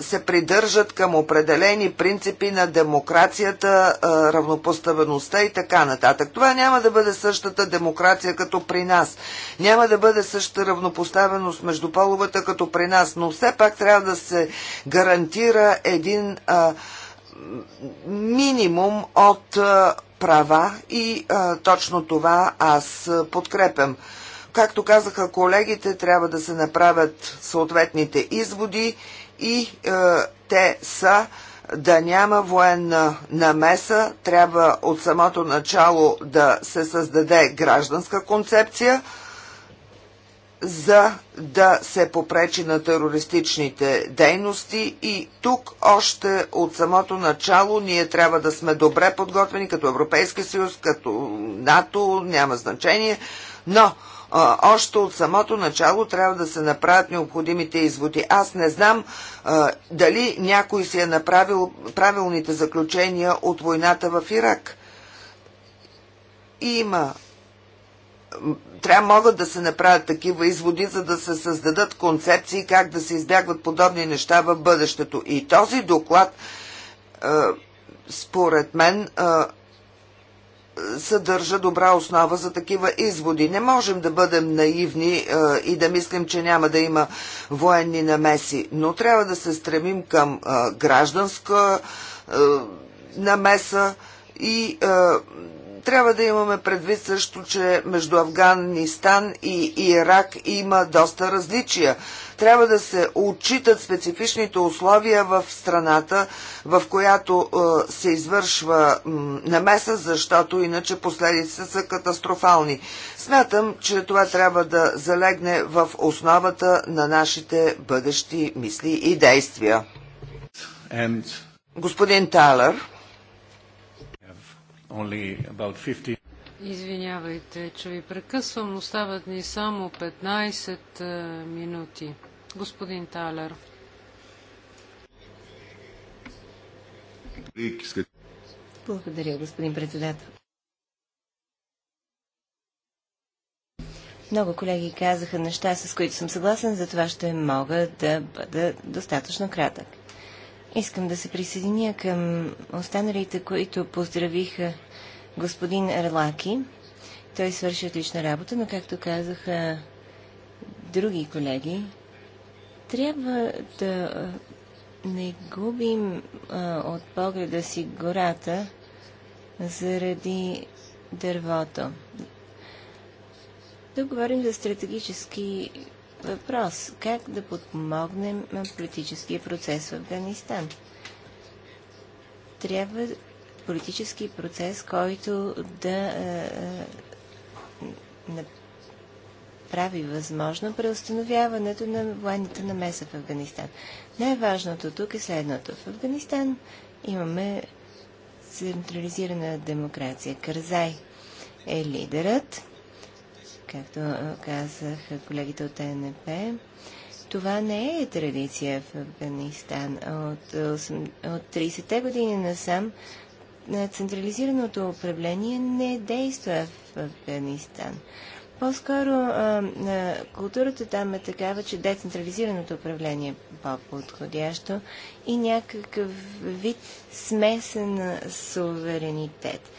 се придържат към определени принципи на демокрацията, равнопоставеността и така нататък. Това няма да бъде същата демокрация като при нас. Няма да бъде същата равнопоставеност между половата като при нас, но все пак трябва да се гарантира един а, минимум от а, права и а, точно това аз подкрепям. Както казаха колегите, трябва да се направят съответните изводи и е, те са да няма военна намеса, трябва от самото начало да се създаде гражданска концепция, за да се попречи на терористичните дейности и тук още от самото начало ние трябва да сме добре подготвени като Европейски съюз, като НАТО, няма значение, но още от самото начало трябва да се направят необходимите изводи. Аз не знам дали някой си е направил правилните заключения от войната в Ирак. Има трябва могат да се направят такива изводи, за да се създадат концепции как да се избягват подобни неща в бъдещето. И този доклад, според мен, съдържа добра основа за такива изводи. Не можем да бъдем наивни а, е, и да мислим, че няма да има военни намеси, но трябва да се стремим към а, е, гражданска а, е, намеса и трябва да имаме предвид също, че между Афганистан и Ирак има доста различия. Трябва да се отчитат специфичните условия в страната, в която е, се извършва намеса, защото иначе последиците са катастрофални. Смятам, че това трябва да залегне в основата на нашите бъдещи мисли и действия. And... Господин Талър, Извинявайте, че ви прекъсвам, но стават ни само 15 е, минути. Господин Талер. Благодаря, господин председател. Много колеги казаха неща, с които съм съгласен, затова ще мога да бъда достатъчно кратък. Искам да се присъединя към останалите, които поздравиха господин Ерлаки. Той свърши отлична работа, но както казаха други колеги, трябва да не губим а, от погледа си гората заради дървото. Тук говорим за стратегически въпрос – как да подпомогнем политическия процес в Афганистан? Трябва политически процес, който да е, е, прави възможно преустановяването на военната намеса в Афганистан. Най-важното тук е следното. В Афганистан имаме централизирана демокрация. Карзай е лидерът както казах колегите от ЕНП. Това не е традиция в Афганистан. От, от 30-те години насам централизираното управление не действа в Афганистан. По-скоро културата там е такава, че децентрализираното управление е по-подходящо и някакъв вид смесен суверенитет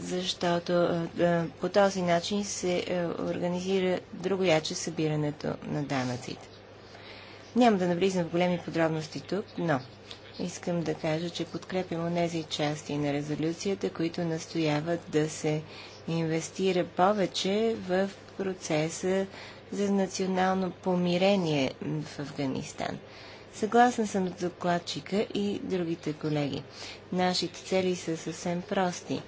защото по този начин се организира другояче събирането на данъците. Няма да навлизам в големи подробности тук, но искам да кажа, че подкрепям онези части на резолюцията, които настояват да се инвестира повече в процеса за национално помирение в Афганистан. Съгласна съм с докладчика и другите колеги. Нашите цели са съвсем прости.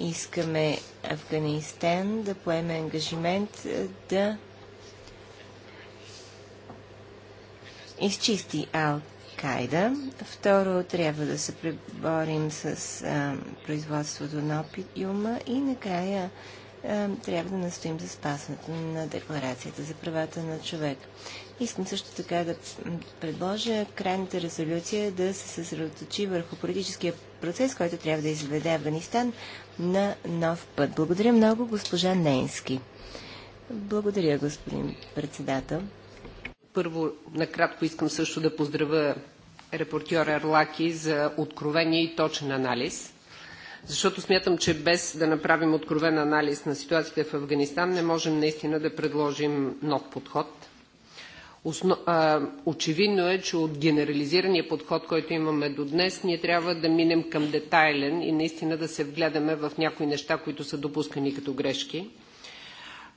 Искаме Афганистан да поеме ангажимент е, да изчисти Ал-Кайда. Второ, трябва да се преборим с а, е, производството на опиума и накрая а, е, трябва да настоим за спазването на Декларацията за правата на човек. Искам също така да предложа крайната резолюция да се съсредоточи върху политическия процес, който трябва да изведе Афганистан на нов път. Благодаря много, госпожа Ненски. Благодаря, господин председател. Първо, накратко искам също да поздравя репортьора Арлаки за откровение и точен анализ, защото смятам, че без да направим откровен анализ на ситуацията в Афганистан не можем наистина да предложим нов подход – Осно... А, очевидно е, че от генерализирания подход, който имаме до днес, ние трябва да минем към детайлен и наистина да се вгледаме в някои неща, които са допускани като грешки.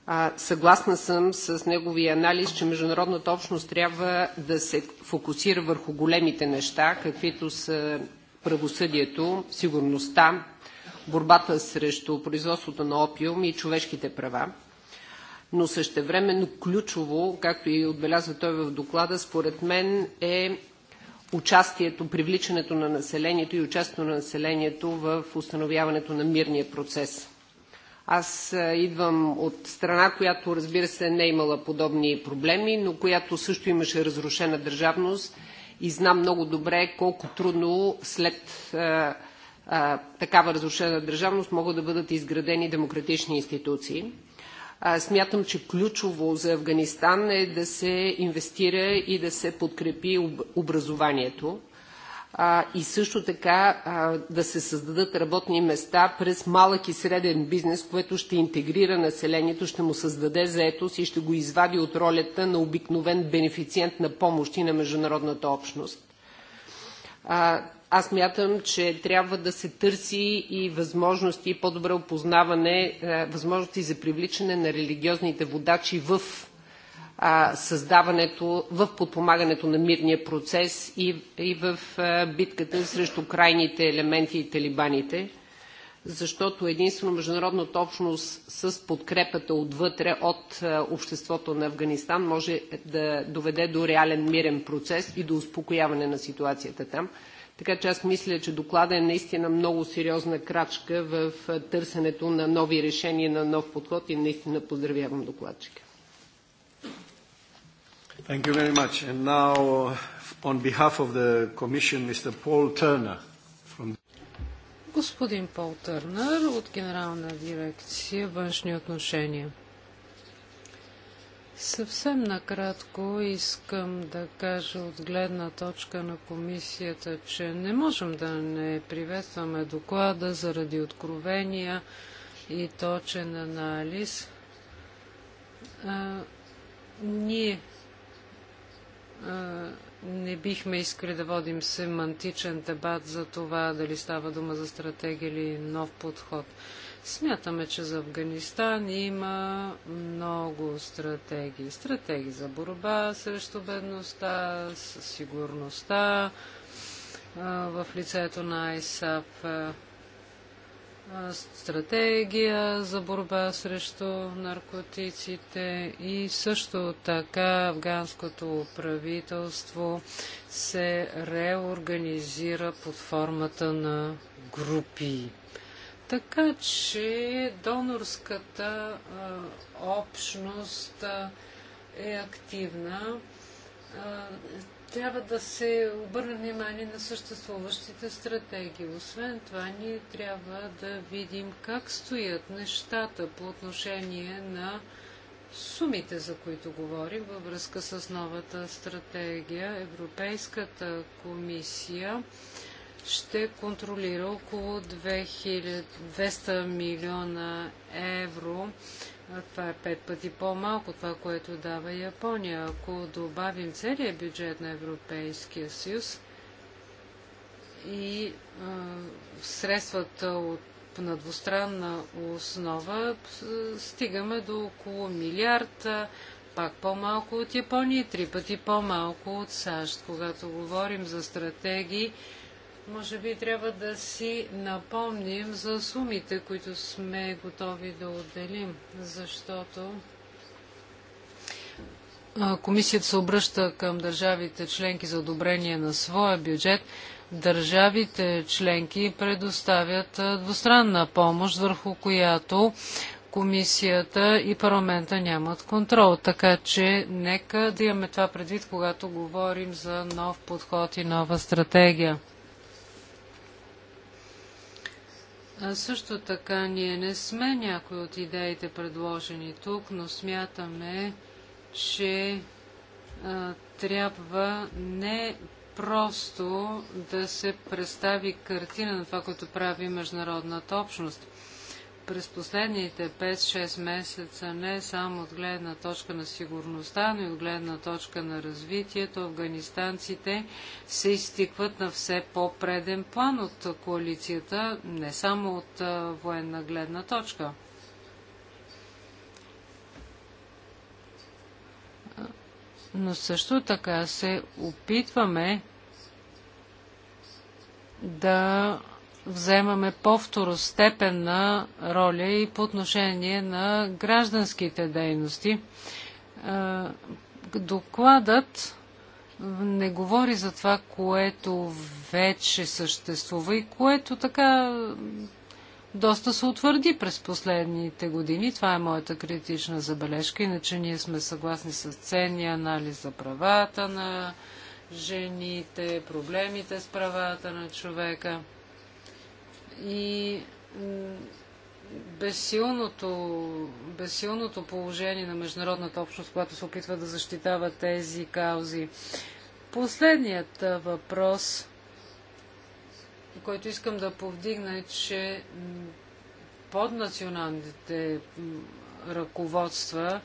А, съгласна съм с неговия анализ, че международната общност трябва да се фокусира върху големите неща, каквито са правосъдието, сигурността, борбата срещу производството на опиум и човешките права но същевременно ключово, както и отбелязва той в доклада, според мен е участието, привличането на населението и участието на населението в установяването на мирния процес. Аз идвам от страна, която разбира се не е имала подобни проблеми, но която също имаше разрушена държавност и знам много добре колко трудно след а, а, такава разрушена държавност могат да бъдат изградени демократични институции. Смятам, че ключово за Афганистан е да се инвестира и да се подкрепи образованието и също така да се създадат работни места през малък и среден бизнес, което ще интегрира населението, ще му създаде заетост и ще го извади от ролята на обикновен бенефициент на помощи на международната общност аз мятам, че трябва да се търси и възможности, и по-добре опознаване, е, възможности за привличане на религиозните водачи в създаването, в подпомагането на мирния процес и, и в е, битката срещу крайните елементи и талибаните, защото единствено международната общност с подкрепата отвътре от е, обществото на Афганистан може да доведе до реален мирен процес и до успокояване на ситуацията там. Така че аз мисля, че доклада е наистина много сериозна крачка в търсенето на нови решения, на нов подход и наистина поздравявам докладчика. Thank you very much. And now, uh, on behalf of the Commission, Mr. Paul Turner. From... Господин Пол Търнър от Генерална дирекция външни отношения. Съвсем накратко искам да кажа от гледна точка на комисията, че не можем да не приветстваме доклада заради откровения и точен анализ. А, ние а, не бихме искали да водим семантичен дебат за това дали става дума за стратегия или нов подход. Смятаме, че за Афганистан има много стратегии. Стратегии за борба срещу бедността, с сигурността в лицето на ISAF, стратегия за борба срещу наркотиците и също така афганското правителство се реорганизира под формата на групи. Така че донорската а, общност а, е активна. А, трябва да се обърне внимание на съществуващите стратегии. Освен това, ние трябва да видим как стоят нещата по отношение на сумите, за които говорим във връзка с новата стратегия. Европейската комисия ще контролира около 200 милиона евро. Това е пет пъти по-малко това, което дава Япония. Ако добавим целият бюджет на Европейския съюз и а, средствата от на двустранна основа стигаме до около милиард, пак по-малко от Япония и три пъти по-малко от САЩ. Когато говорим за стратегии, може би трябва да си напомним за сумите, които сме готови да отделим, защото Комисията се обръща към държавите членки за одобрение на своя бюджет. Държавите членки предоставят двустранна помощ, върху която комисията и парламента нямат контрол. Така че нека да имаме това предвид, когато говорим за нов подход и нова стратегия. също така ние не сме някои от идеите предложени тук, но смятаме, че а, трябва не просто да се представи картина на това, което прави международната общност – през последните 5-6 месеца, не само от гледна точка на сигурността, но и от гледна точка на развитието, афганистанците се изтикват на все по-преден план от коалицията, не само от военна гледна точка. Но също така се опитваме да вземаме по-второстепенна роля и по отношение на гражданските дейности. Е, докладът не говори за това, което вече съществува и което така доста се утвърди през последните години. Това е моята критична забележка, иначе ние сме съгласни с ценни анализ за правата на жените, проблемите с правата на човека и безсилното, безсилното положение на международната общност, която се опитва да защитава тези каузи. Последният въпрос, който искам да повдигна е, че поднационалните ръководства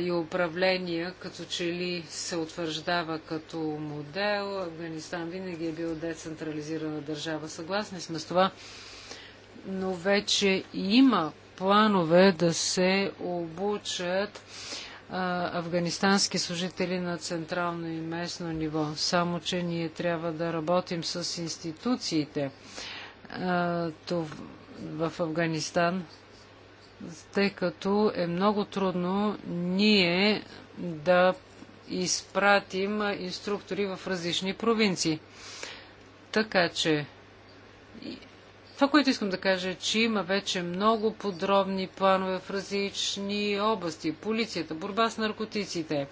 и управления, като че ли се утвърждава като модел. Афганистан винаги е бил децентрализирана държава. Съгласни сме с това. Но вече има планове да се обучат а, афганистански служители на централно и местно ниво. Само, че ние трябва да работим с институциите а, в Афганистан тъй като е много трудно ние да изпратим инструктори в различни провинции. Така че това, което искам да кажа е, че има вече много подробни планове в различни области. Полицията, борба с наркотиците,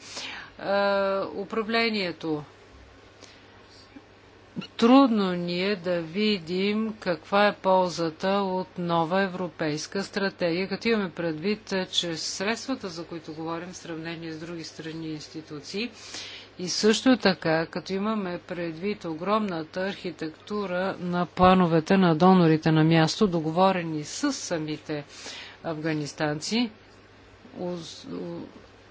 управлението, трудно ние да видим каква е ползата от нова европейска стратегия, като имаме предвид, е, че средствата, за които говорим в сравнение с други страни и институции, и също така, като имаме предвид огромната архитектура на плановете на донорите на място, договорени с самите афганистанци,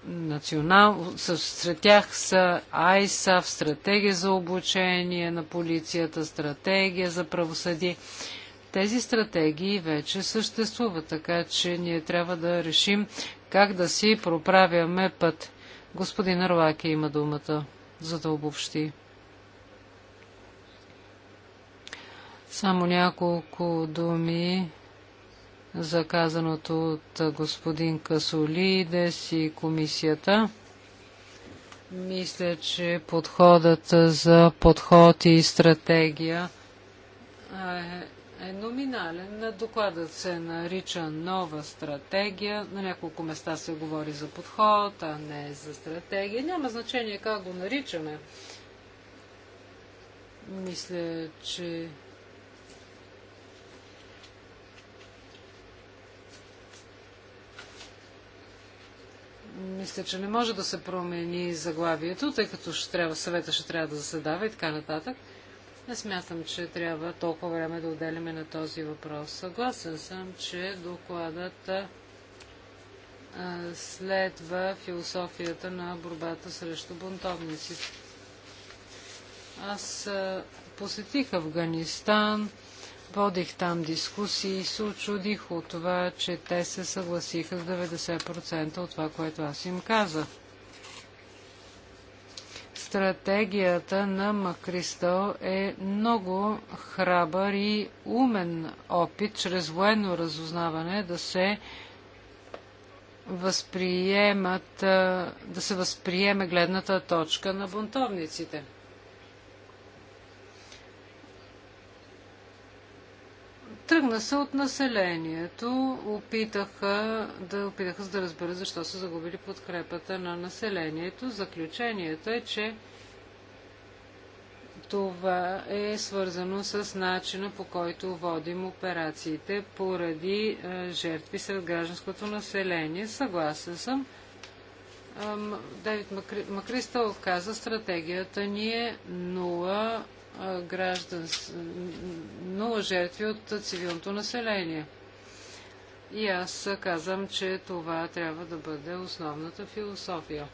национал... сред тях са АИСАВ, стратегия за обучение на полицията, стратегия за правосъдие. Тези стратегии вече съществуват, така че ние трябва да решим как да си проправяме път. Господин Арлаки има думата, за да обобщи. Само няколко думи за казаното от господин Касолидес и комисията. Мисля, че подходът за подход и стратегия е, е номинален. Докладът се нарича нова стратегия. На няколко места се говори за подход, а не за стратегия. Няма значение как го наричаме. Мисля, че мисля, че не може да се промени заглавието, тъй като ще трябва, съвета ще трябва да заседава и така нататък. Не смятам, че трябва толкова време да отделяме на този въпрос. Съгласен съм, че докладът следва философията на борбата срещу бунтовниците. Аз посетих Афганистан, Водих там дискусии и се очудих от това, че те се съгласиха с 90% от това, което аз им казах. Стратегията на Макристъл е много храбър и умен опит чрез военно разузнаване да се възприемат, да се възприеме гледната точка на бунтовниците – Тръгна се от населението. Опитаха да, опитаха да разберат защо са загубили подкрепата на населението. Заключението е, че това е свързано с начина по който водим операциите поради е, жертви сред гражданското население. Съгласен съм. Давид Макри... Макристал каза, стратегията ни е нула граждан, нула жертви от цивилното население. И аз казвам, че това трябва да бъде основната философия.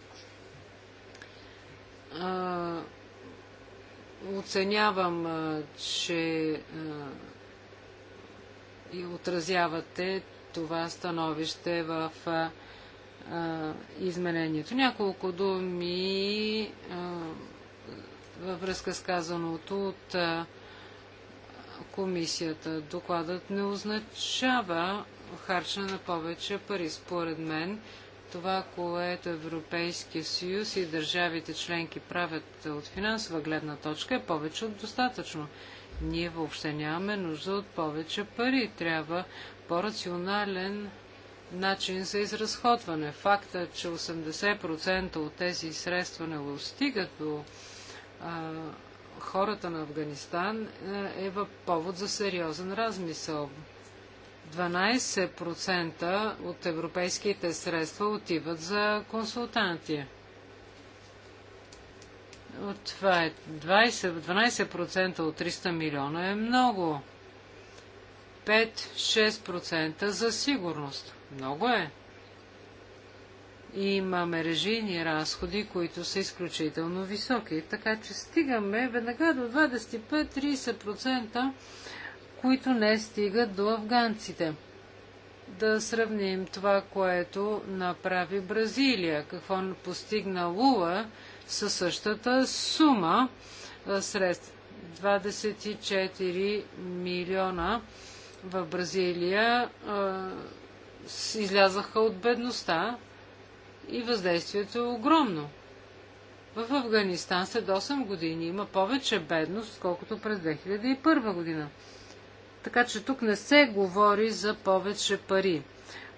А, оценявам, че и отразявате това становище в а, изменението. Няколко думи във връзка с казаното от комисията. Докладът не означава харча на повече пари. Според мен, това, което Европейския съюз и държавите членки правят от финансова гледна точка е повече от достатъчно. Ние въобще нямаме нужда от повече пари. Трябва по-рационален начин за изразходване. Факта, че 80% от тези средства не достигат до хората на Афганистан е, е в повод за сериозен размисъл. 12% от европейските средства отиват за консултанти. Това е 20, 12% от 300 милиона е много. 5-6% за сигурност. Много е. И имаме режийни разходи, които са изключително високи. Така че стигаме веднага до 25-30%, които не стигат до афганците. Да сравним това, което направи Бразилия, какво постигна Лула със същата сума средств. 24 милиона в Бразилия излязаха от бедността, и въздействието е огромно. В Афганистан след 8 години има повече бедност, колкото през 2001 година. Така че тук не се говори за повече пари.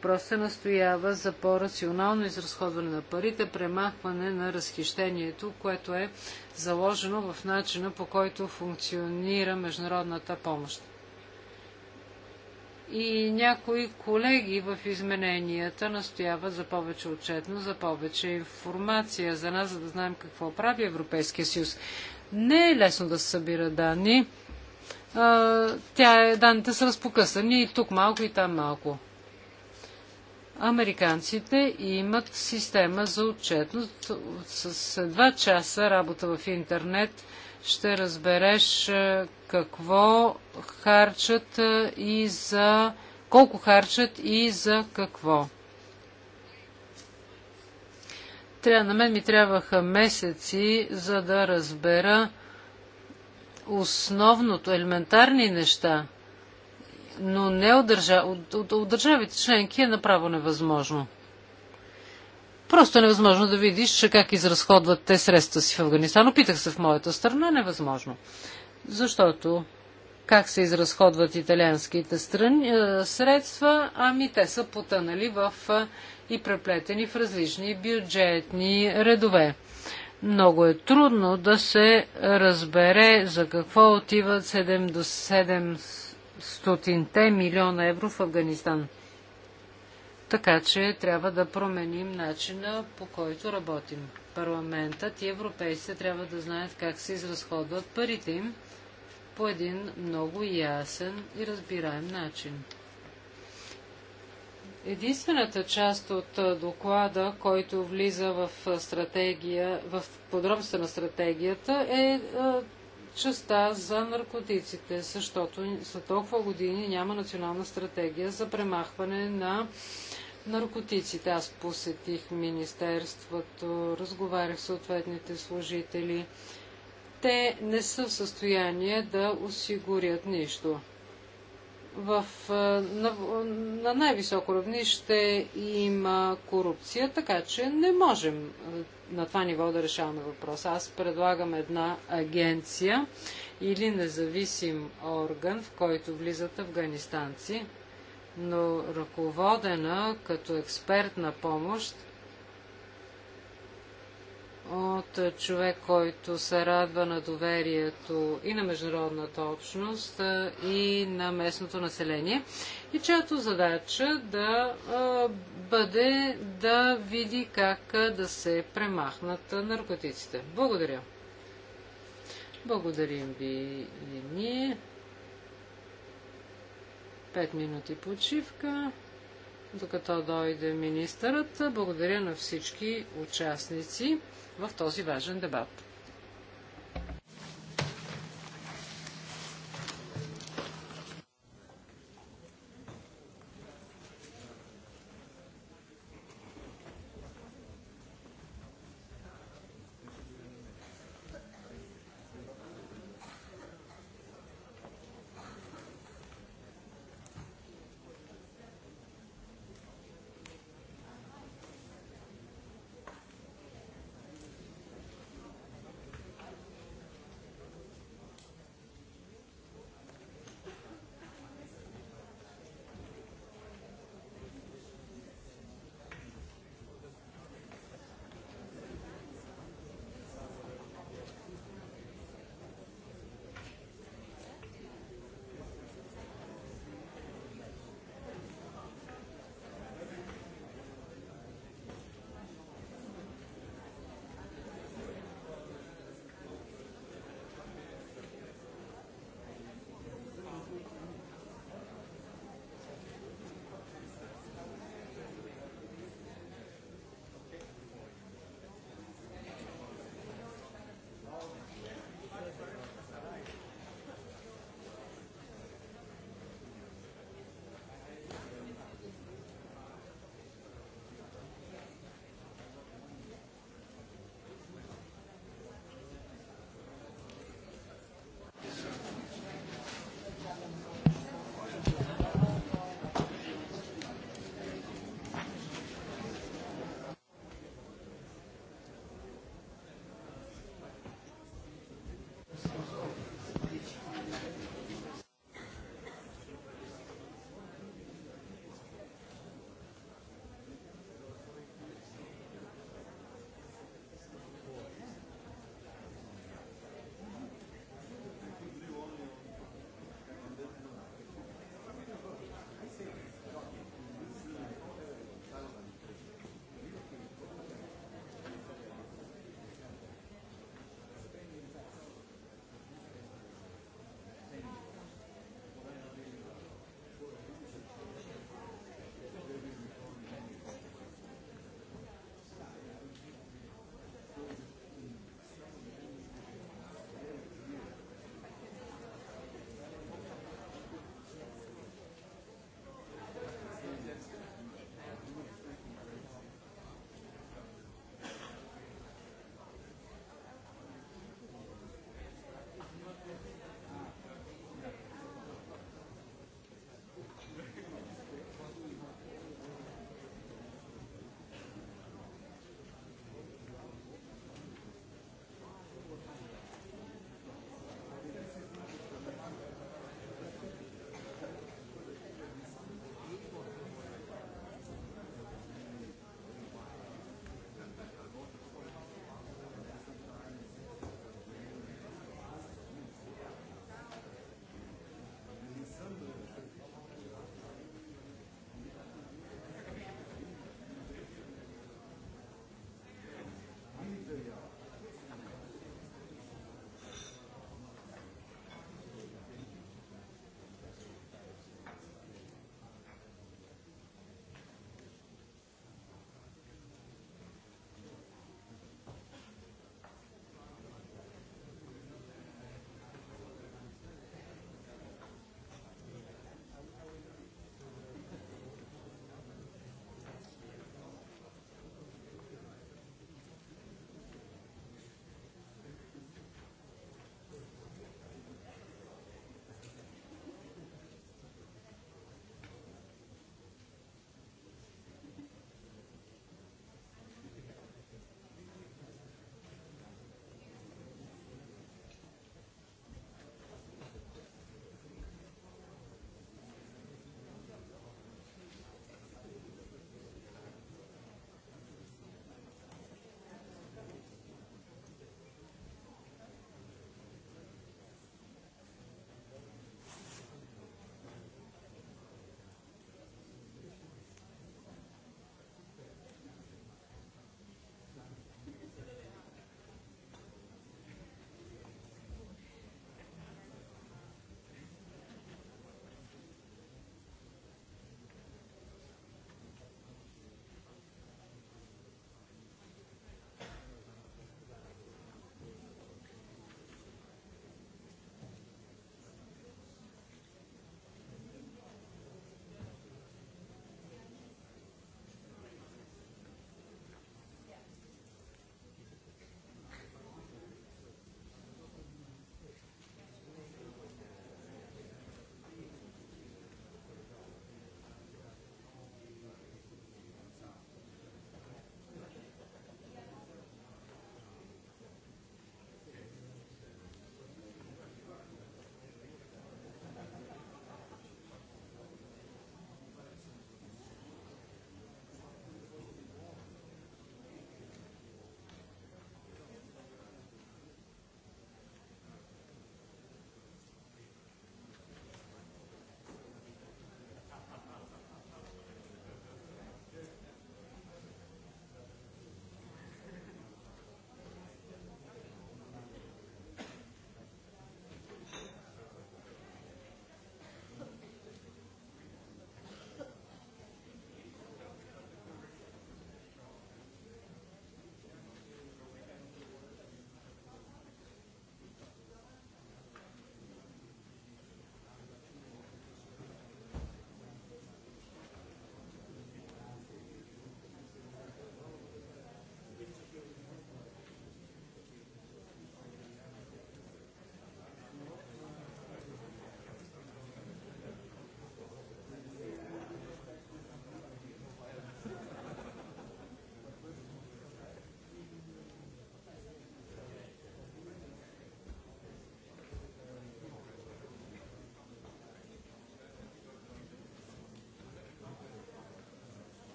Просто се настоява за по-рационално изразходване на парите, премахване на разхищението, което е заложено в начина по който функционира международната помощ и някои колеги в измененията настояват за повече отчетност, за повече информация за нас, за да знаем какво прави Европейския съюз. Не е лесно да се събира данни. Тя е, данните са разпокъсани и тук малко, и там малко. Американците имат система за отчетност. С два часа работа в интернет – ще разбереш е, какво харчат е, и за колко харчат и за какво. Трябва, на мен ми трябваха месеци, за да разбера основното, елементарни неща, но не от, държа, от, от, от държавите членки е направо невъзможно. Просто е невъзможно да видиш как изразходват те средства си в Афганистан. Опитах се в моята страна, невъзможно. Защото как се изразходват италианските страни, е, средства, ами те са потънали в е, и преплетени в различни бюджетни редове. Много е трудно да се разбере за какво отиват 7 до 700 милиона евро в Афганистан. Така че трябва да променим начина по който работим. Парламентът и европейците трябва да знаят как се изразходват парите им по един много ясен и разбираем начин. Единствената част от доклада, който влиза в, стратегия, в подробността на стратегията е частта за наркотиците, защото за толкова години няма национална стратегия за премахване на наркотиците. Аз посетих министерството, разговарях с съответните служители. Те не са в състояние да осигурят нищо. В, на, на най-високо равнище има корупция, така че не можем на това ниво да решаваме въпроса. Аз предлагам една агенция или независим орган, в който влизат афганистанци, но ръководена като експертна помощ от човек, който се радва на доверието и на международната общност, и на местното население, и чиято задача да бъде да види как да се премахнат наркотиците. Благодаря. Благодарим ви и ние. 5 минути почивка, докато дойде министърът. Благодаря на всички участници в този важен дебат.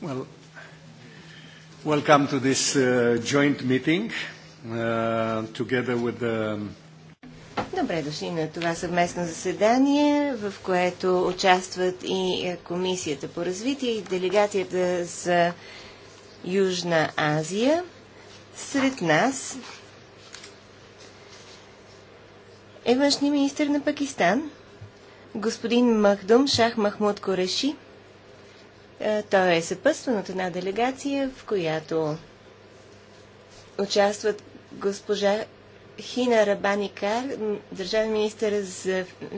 Well, welcome to this uh, joint meeting uh, together with the um, Добре дошли на това съвместно заседание, в което участват и е, Комисията по развитие и делегацията за Южна Азия. Сред нас е външния министр на Пакистан, господин Махдум Шах Махмуд Кореши – той е, е съпътстван от една делегация, в която участват госпожа Хина Рабаникар, държавен министър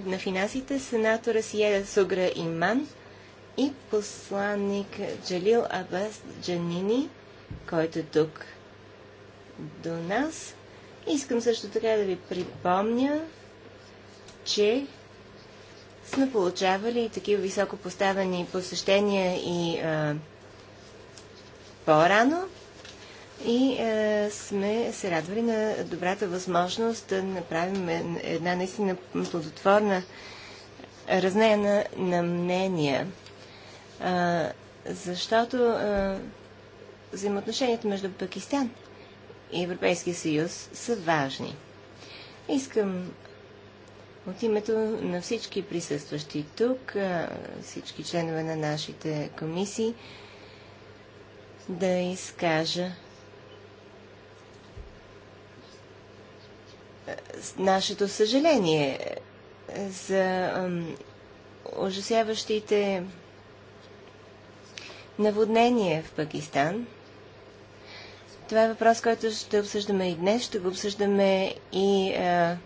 на финансите, сенатора Сиеда Сугра Иман и посланник Джалил Абас Джанини, който е тук до нас. Искам също така да ви припомня, че сме получавали такива високо поставени посещения и а, по-рано и а, сме се радвали на добрата възможност да направим една наистина плодотворна разнея на, на мнения. А, защото а, взаимоотношенията между Пакистан и Европейския съюз са важни. Искам от името на всички присъстващи тук, всички членове на нашите комисии, да изкажа нашето съжаление за ужасяващите наводнения в Пакистан. Това е въпрос, който ще обсъждаме и днес, ще го обсъждаме и а,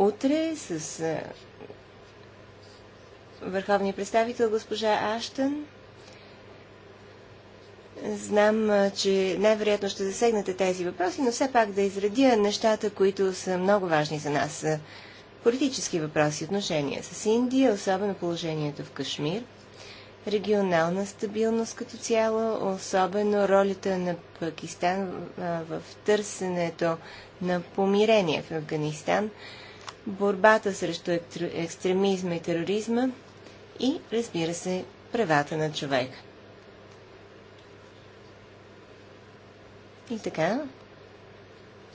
утре с върховния представител госпожа Аштън. Знам, че най-вероятно ще засегнете тези въпроси, но все пак да изредя нещата, които са много важни за нас. Политически въпроси, отношения с Индия, особено положението в Кашмир, регионална стабилност като цяло, особено ролята на Пакистан в търсенето на помирение в Афганистан – борбата срещу екстремизма и тероризма и, разбира се, правата на човека. И така,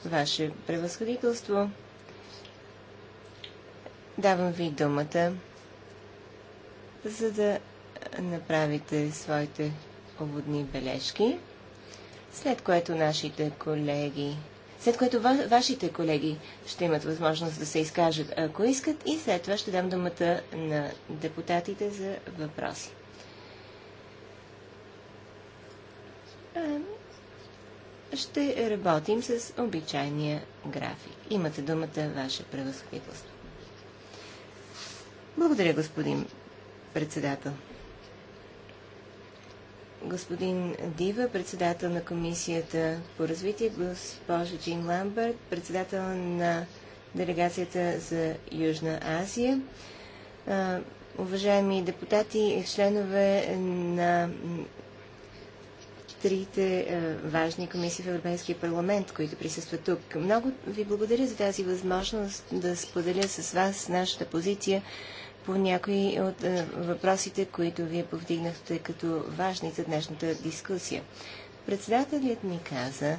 Ваше превъзходителство, давам ви думата, за да направите своите поводни бележки, след което нашите колеги след което ва, вашите колеги ще имат възможност да се изкажат, ако искат, и след това ще дам думата на депутатите за въпроси. Ще работим с обичайния график. Имате думата, ваше превъзходителство. Благодаря, господин председател господин Дива, председател на Комисията по развитие, госпожа Джин Ламбърт, председател на делегацията за Южна Азия, уважаеми депутати, членове на трите важни комисии в Европейския парламент, които присъстват тук. Много ви благодаря за тази възможност да споделя с вас нашата позиция по някои от е, въпросите, които вие повдигнахте като важни за днешната дискусия. Председателят ми каза,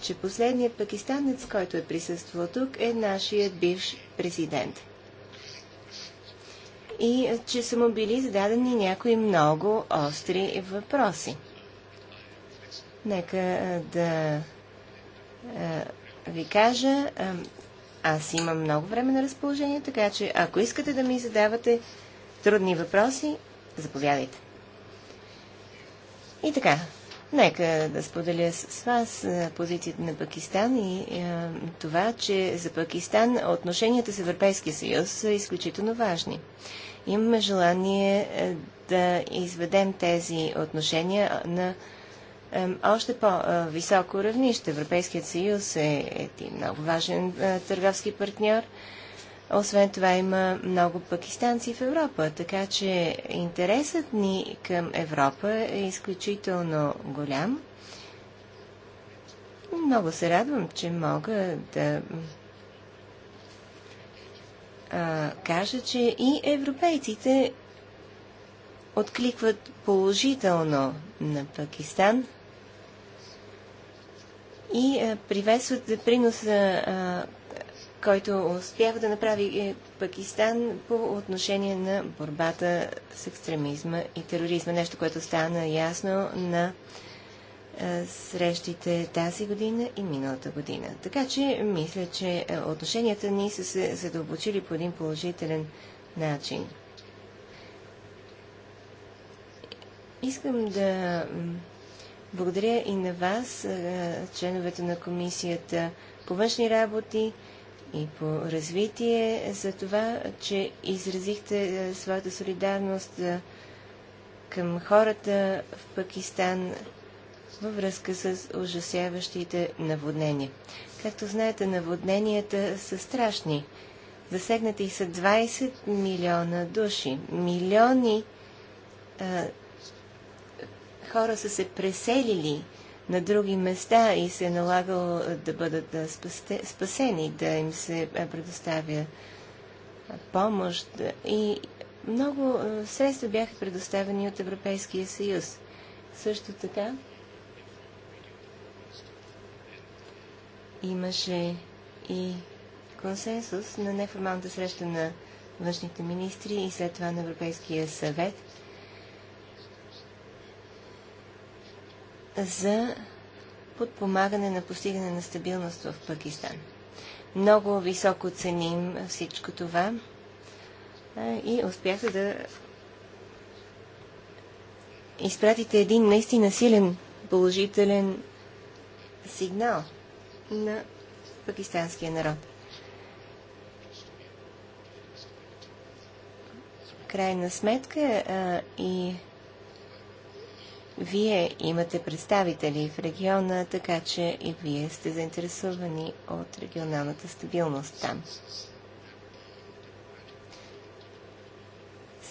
че последният пакистанец, който е присъствал тук, е нашият бивш президент. И е, че са му били зададени някои много остри въпроси. Нека е, да ви кажа, аз имам много време на разположение, така че ако искате да ми задавате трудни въпроси, заповядайте. И така, нека да споделя с вас позицията на Пакистан и е, това, че за Пакистан отношенията с Европейския съюз са изключително важни. Имаме желание да изведем тези отношения на още по-високо равнище. Европейският съюз е един много важен е, търговски партньор. Освен това има много пакистанци в Европа, така че интересът ни към Европа е изключително голям. Много се радвам, че мога да а, кажа, че и европейците откликват положително на Пакистан – и е, приветстват приноса, е, който успява да направи е, Пакистан по отношение на борбата с екстремизма и тероризма. Нещо, което стана ясно на срещите тази година и миналата година. Така че мисля, че отношенията ни са се задълбочили по един положителен начин. Искам да благодаря и на вас, членовете на Комисията по външни работи и по развитие, за това, че изразихте своята солидарност към хората в Пакистан във връзка с ужасяващите наводнения. Както знаете, наводненията са страшни. Засегнати са 20 милиона души. Милиони а, хора са се преселили на други места и се е налагало да бъдат спасени, да им се предоставя помощ. И много средства бяха предоставени от Европейския съюз. Също така имаше и консенсус на неформалната среща на външните министри и след това на Европейския съвет – за подпомагане на постигане на стабилност в Пакистан. Много високо ценим всичко това и успяхте да изпратите един наистина силен положителен сигнал на пакистанския народ. крайна сметка а, и вие имате представители в региона, така че и вие сте заинтересувани от регионалната стабилност там.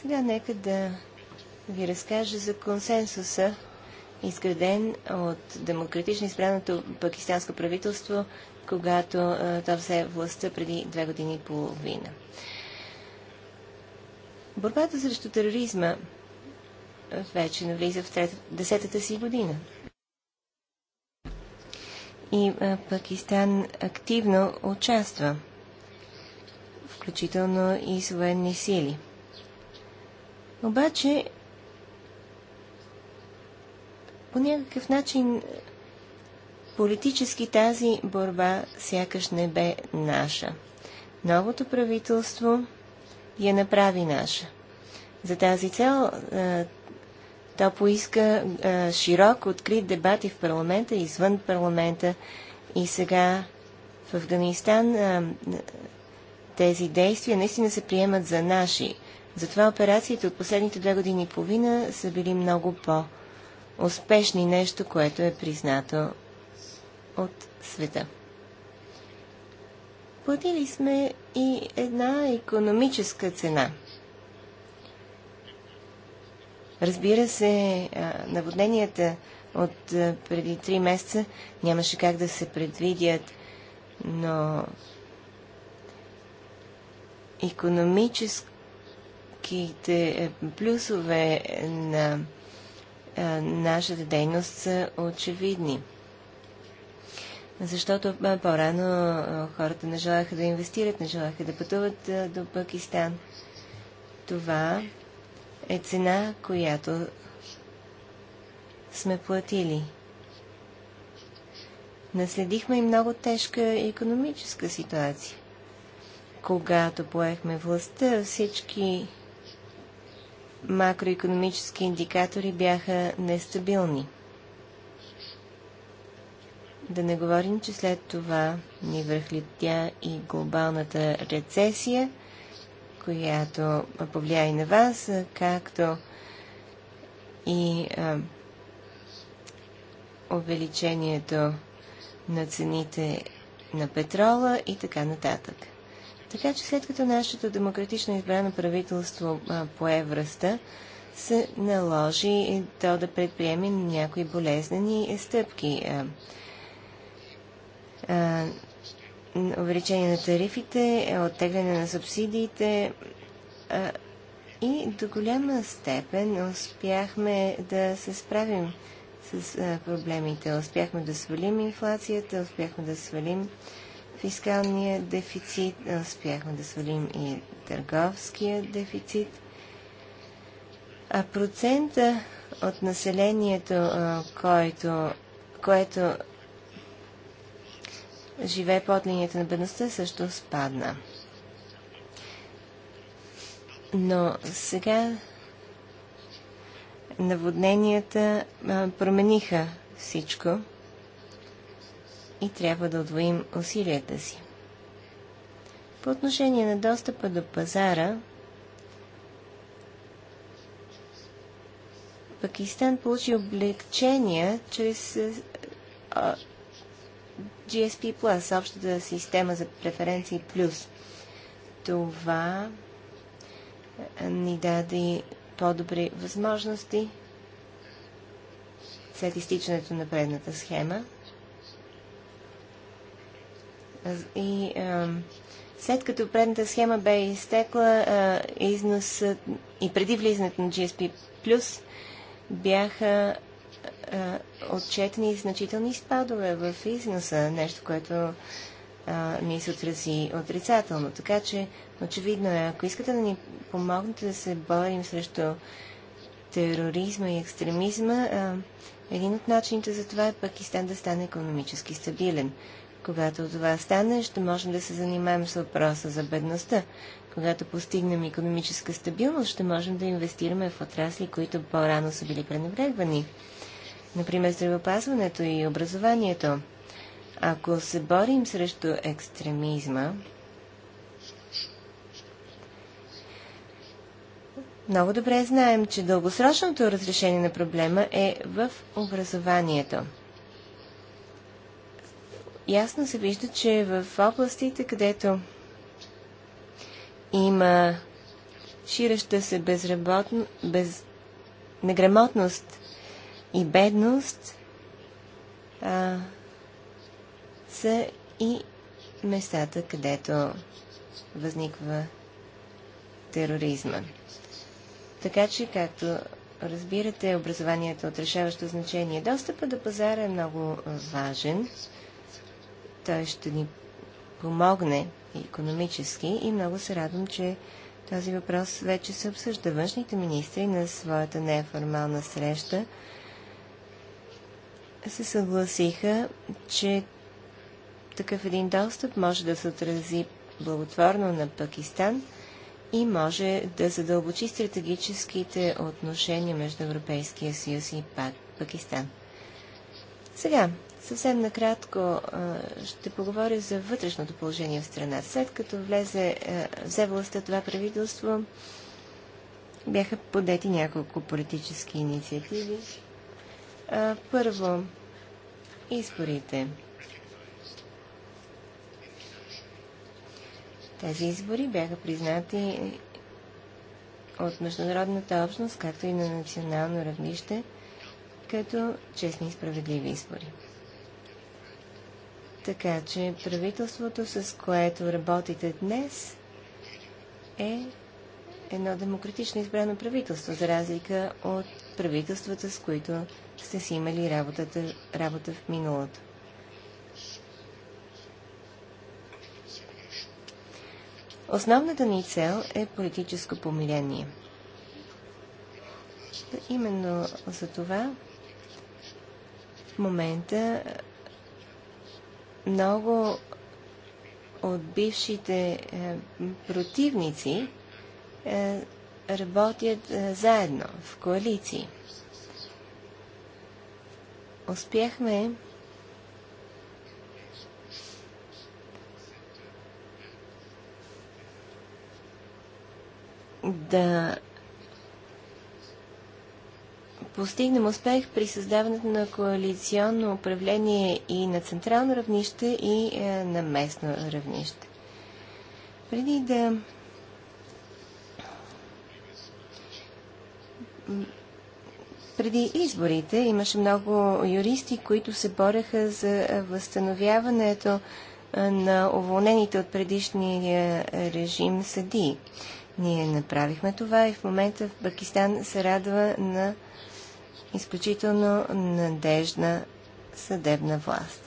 Сега нека да ви разкажа за консенсуса, изграден от демократично избраното пакистанско правителство, когато а, то взе властта преди две години и половина. Борбата срещу тероризма вече навлиза в трета, десетата си година. И а, Пакистан активно участва, включително и с военни сили. Обаче, по някакъв начин политически тази борба сякаш не бе наша. Новото правителство я направи наша. За тази цел то поиска а, широк, открит дебат и в парламента, и извън парламента. И сега в Афганистан а, тези действия наистина се приемат за наши. Затова операциите от последните две години и половина са били много по-успешни нещо, което е признато от света. Платили сме и една економическа цена – Разбира се, наводненията от преди 3 месеца нямаше как да се предвидят, но економическите е, плюсове на нашата дейност са очевидни. Защото по-рано хората не желаха да инвестират, не желаха да пътуват до Пакистан. Това е цена, която сме платили. Наследихме и много тежка економическа ситуация. Когато поехме властта, всички макроекономически индикатори бяха нестабилни. Да не говорим, че след това ни връхлетя и глобалната рецесия – която повлия и на вас, както и а, увеличението на цените на петрола и така нататък. Така че след като нашето демократично избрано правителство а, пое връста, се наложи то да предприеме някои болезнени стъпки. А, увеличение на тарифите, оттегляне на субсидиите и до голяма степен успяхме да се справим с проблемите. Успяхме да свалим инфлацията, успяхме да свалим фискалния дефицит, успяхме да свалим и търговския дефицит. А процента от населението, който, което живее под линията на бедността, също спадна. Но сега наводненията промениха всичко и трябва да отвоим усилията си. По отношение на достъпа до пазара, Пакистан получи облегчения чрез GSP+, Plus, общата система за преференции плюс. Това ни даде по-добри възможности след изтичането на предната схема. И а, след като предната схема бе изтекла, а, износът и преди влизането на GSP Plus бяха е, отчетени значителни спадове в износа, нещо, което е, ми се отрази отрицателно. Така че, очевидно е, ако искате да ни помогнете да се борим срещу тероризма и екстремизма, е, един от начините за това е Пакистан да стане економически стабилен. Когато това стане, ще можем да се занимаем с въпроса за бедността. Когато постигнем економическа стабилност, ще можем да инвестираме в отрасли, които по-рано са били пренебрегвани например здравеопазването и образованието. Ако се борим срещу екстремизма, много добре знаем, че дългосрочното разрешение на проблема е в образованието. Ясно се вижда, че в областите, където има ширеща се безработ... без... неграмотност и бедност а, са и местата, където възниква тероризма. Така че, както разбирате, образованието е от решаващо значение. Достъпа до пазара е много важен. Той ще ни помогне економически и много се радвам, че този въпрос вече се обсъжда външните министри на своята неформална среща се съгласиха, че такъв един достъп може да се отрази благотворно на Пакистан и може да задълбочи стратегическите отношения между Европейския съюз и Пакистан. Сега, съвсем накратко ще поговоря за вътрешното положение в страна. След като влезе, взе властта това правителство, бяха подети няколко политически инициативи. Първо, изборите. Тези избори бяха признати от международната общност, както и на национално равнище, като честни и справедливи избори. Така че правителството, с което работите днес, е едно демократично избрано правителство, за разлика от правителствата, с които сте си имали работата, работа в миналото. Основната ни цел е политическо помиление. Именно за това в момента много от бившите е, противници е, работят е, заедно, в коалиции. Успяхме да постигнем успех при създаването на коалиционно управление и на централно равнище, и е, на местно равнище. Преди да преди изборите имаше много юристи, които се бореха за възстановяването на уволнените от предишния режим съдии. Ние направихме това и в момента в Пакистан се радва на изключително надежна съдебна власт.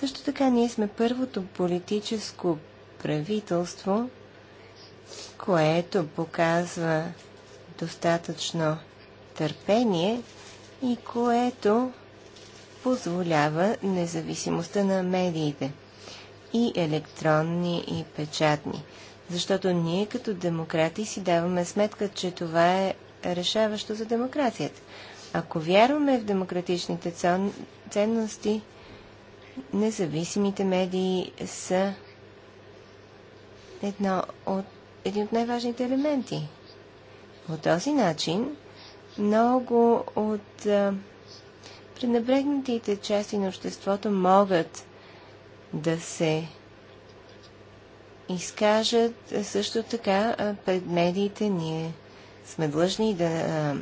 Също така ние сме първото политическо правителство, което показва достатъчно търпение и което позволява независимостта на медиите и електронни и печатни. Защото ние като демократи си даваме сметка, че това е решаващо за демокрацията. Ако вярваме в демократичните ценности, независимите медии са едно от, един от най-важните елементи по този начин много от пренебрегнатите части на обществото могат да се изкажат. Също така пред медиите ние сме длъжни да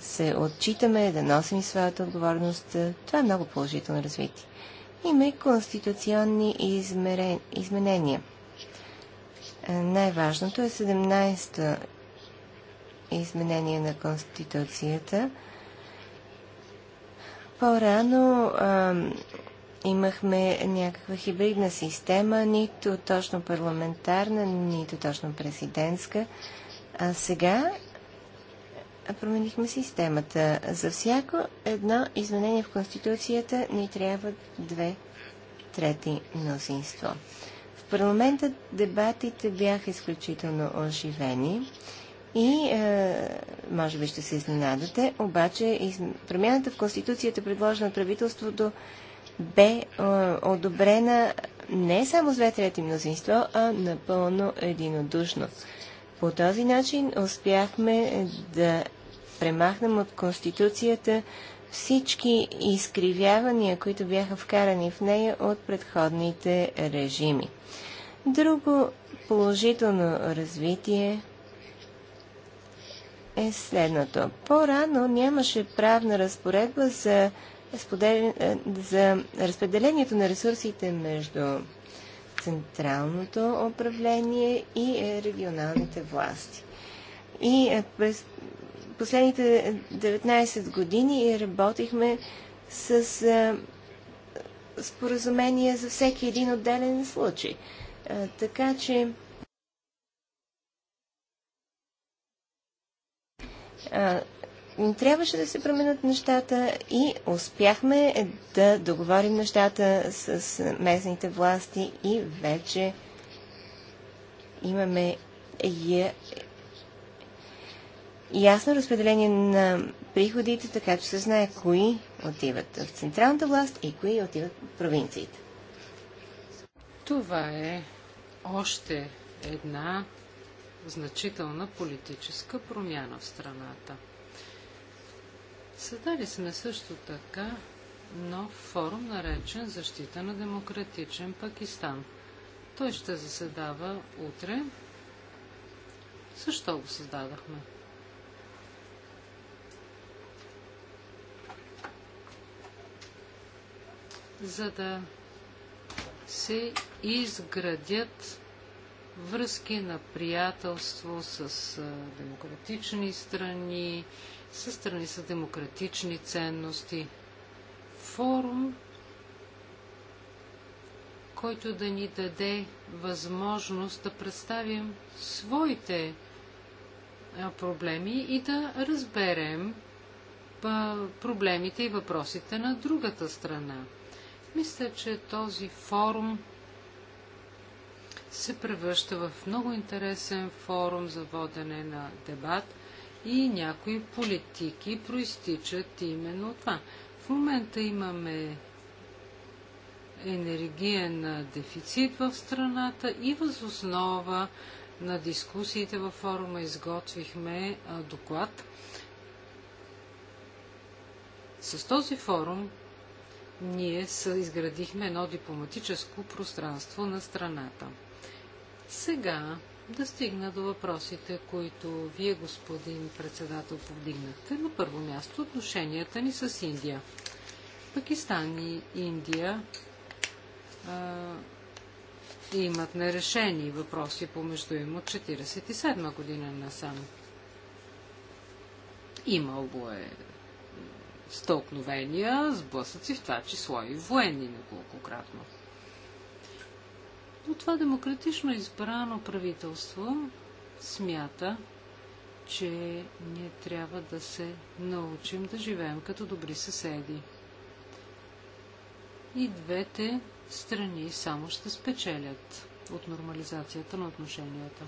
се отчитаме, да носим своята отговорност. Това е много положително развитие. Има и конституционни измерен... изменения. Най-важното е 17-та изменение на Конституцията. По-рано имахме някаква хибридна система, нито точно парламентарна, нито точно президентска. А сега променихме системата. За всяко едно изменение в Конституцията ни трябва две трети мнозинство. В парламента дебатите бяха изключително оживени. И е, може би ще се изненадате, обаче из... промяната в Конституцията, предложена от правителството, бе е, одобрена не само с две трети мнозинство, а напълно единодушно. По този начин успяхме да премахнем от Конституцията всички изкривявания, които бяха вкарани в нея от предходните режими. Друго положително развитие – е следното. По-рано нямаше правна разпоредба за, е, за разпределението на ресурсите между централното управление и е, регионалните власти. И е, през последните 19 години работихме с споразумение за всеки един отделен случай. Така че трябваше да се променят нещата и успяхме да договорим нещата с местните власти и вече имаме ясно разпределение на приходите, така че се знае кои отиват в централната власт и кои отиват в провинциите. Това е още една значителна политическа промяна в страната. Създали сме също така нов форум, наречен Защита на демократичен Пакистан. Той ще заседава утре. Защо го създадахме? За да се изградят връзки на приятелство с демократични страни, с страни с демократични ценности. Форум, който да ни даде възможност да представим своите проблеми и да разберем проблемите и въпросите на другата страна. Мисля, че този форум се превръща в много интересен форум за водене на дебат и някои политики проистичат именно от това. В момента имаме енергиен дефицит в страната и възоснова на дискусиите във форума изготвихме доклад. С този форум ние изградихме едно дипломатическо пространство на страната. Сега да стигна до въпросите, които вие, господин председател, повдигнахте. На първо място отношенията ни с Индия. Пакистан и Индия а, имат нерешени въпроси помежду им от 1947 година насам. Имало е с сблъсъци, в това число и военни неколкократно. Но това демократично избрано правителство смята, че ние трябва да се научим да живеем като добри съседи. И двете страни само ще спечелят от нормализацията на отношенията.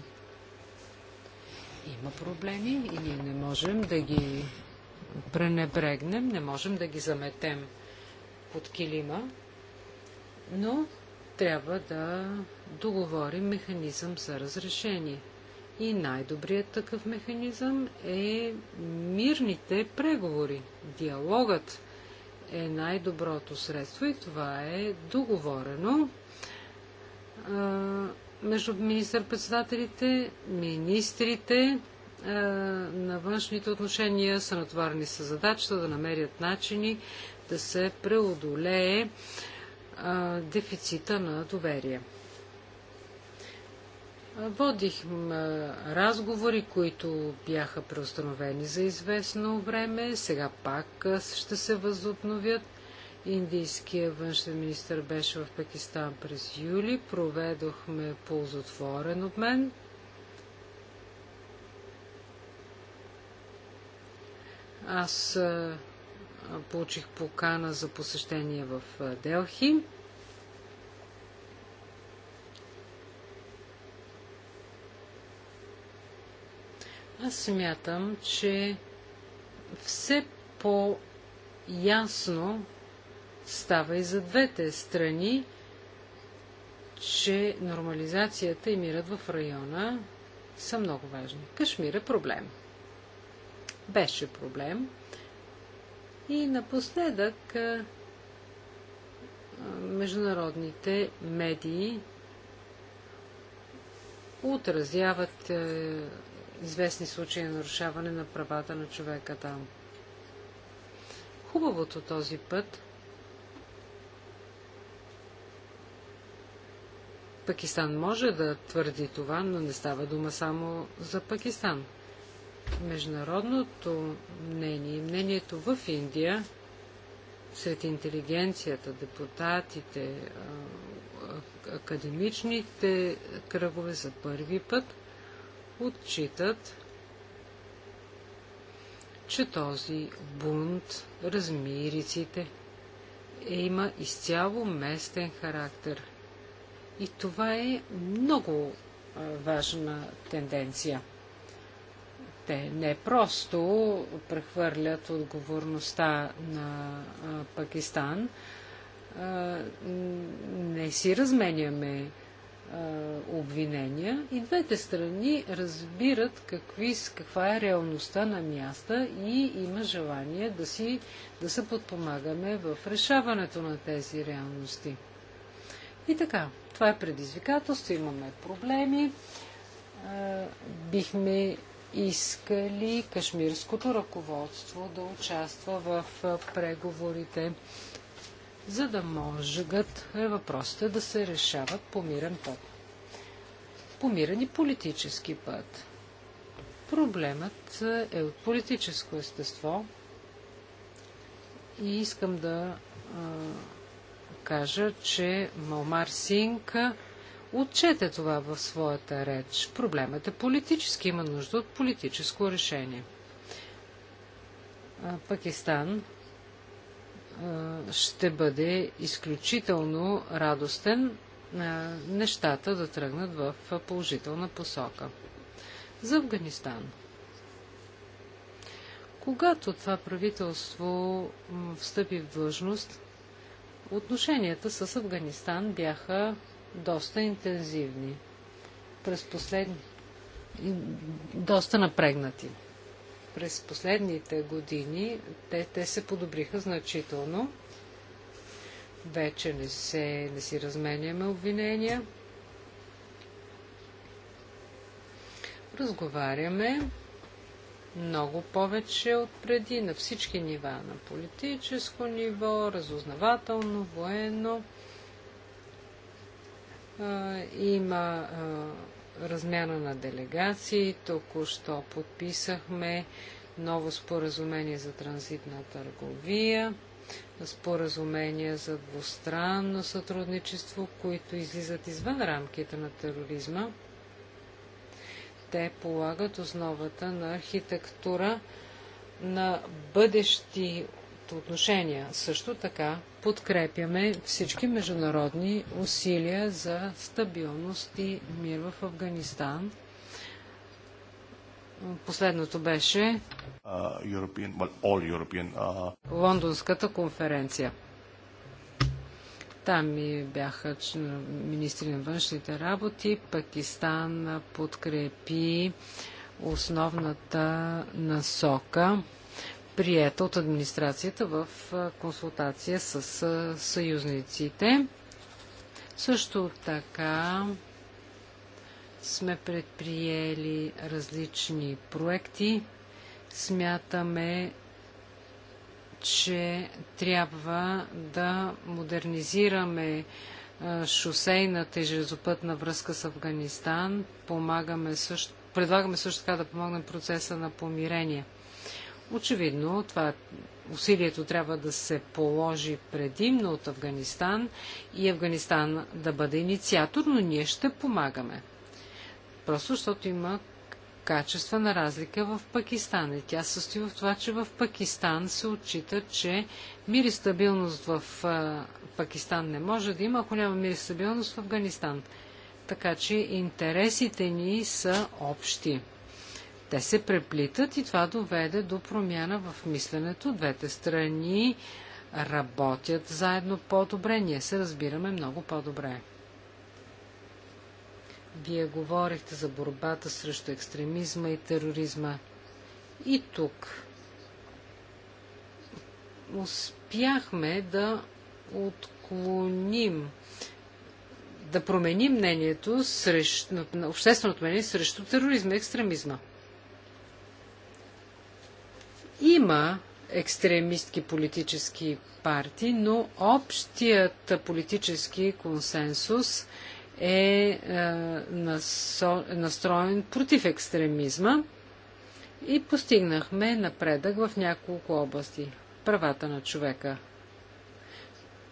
Има проблеми и ние не можем да ги пренебрегнем, не можем да ги заметем под килима, но трябва да договорим механизъм за разрешение. И най-добрият такъв механизъм е мирните преговори. Диалогът е най-доброто средство и това е договорено между министър-председателите, министрите а, на външните отношения са натоварени с задачата да намерят начини да се преодолее дефицита на доверие. Водихме разговори, които бяха преустановени за известно време, сега пак ще се възобновят. Индийският външен министр беше в Пакистан през юли, проведохме ползотворен обмен. Аз получих покана за посещение в Делхи. Аз смятам, че все по-ясно става и за двете страни, че нормализацията и мирът в района са много важни. Кашмир е проблем. Беше проблем. И напоследък международните медии отразяват известни случаи на нарушаване на правата на човека там. Хубавото този път Пакистан може да твърди това, но не става дума само за Пакистан международното мнение, мнението в Индия сред интелигенцията, депутатите, академичните кръгове за първи път отчитат, че този бунт, размириците, е, има изцяло местен характер. И това е много важна тенденция. Те не просто прехвърлят отговорността на Пакистан, не си разменяме обвинения и двете страни разбират какви, каква е реалността на мяста и има желание да, си, да се подпомагаме в решаването на тези реалности. И така, това е предизвикателство, имаме проблеми, бихме иска ли кашмирското ръководство да участва в преговорите, за да можат е, въпросите да се решават по мирен път. По мирен и политически път. Проблемът е от политическо естество и искам да а, кажа, че Малмар Синка отчете това в своята реч. Проблемът е политически, има нужда от политическо решение. Пакистан ще бъде изключително радостен нещата да тръгнат в положителна посока. За Афганистан. Когато това правителство встъпи в длъжност, отношенията с Афганистан бяха доста интензивни. През последни... доста напрегнати. През последните години те, те се подобриха значително. Вече не, се, не си разменяме обвинения. Разговаряме много повече от преди на всички нива, на политическо ниво, разузнавателно, военно. Има размяна на делегации. Току-що подписахме ново споразумение за транзитна търговия, споразумения за двустранно сътрудничество, които излизат извън рамките на тероризма. Те полагат основата на архитектура на бъдещи отношения. Също така подкрепяме всички международни усилия за стабилност и мир в Афганистан. Последното беше uh, European, well, European, uh... Лондонската конференция. Там и бяха министри на външните работи. Пакистан подкрепи основната насока прията от администрацията в консултация с съюзниците. Също така сме предприели различни проекти. Смятаме, че трябва да модернизираме шосейната и железопътна връзка с Афганистан. Помагаме също, предлагаме също така да помогнем процеса на помирение – Очевидно, това усилието трябва да се положи предимно от Афганистан и Афганистан да бъде инициатор, но ние ще помагаме. Просто защото има качествена разлика в Пакистан. И тя състои в това, че в Пакистан се отчита, че мир и стабилност в Пакистан не може да има, ако няма мир и стабилност в Афганистан. Така че интересите ни са общи. Те се преплитат и това доведе до промяна в мисленето. Двете страни работят заедно по-добре. Ние се разбираме много по-добре. Вие говорихте за борбата срещу екстремизма и тероризма. И тук успяхме да отклоним, да променим мнението срещу, общественото мнение срещу тероризма и екстремизма. Има екстремистки политически партии, но общият политически консенсус е, е настроен против екстремизма и постигнахме напредък в няколко области. Правата на човека.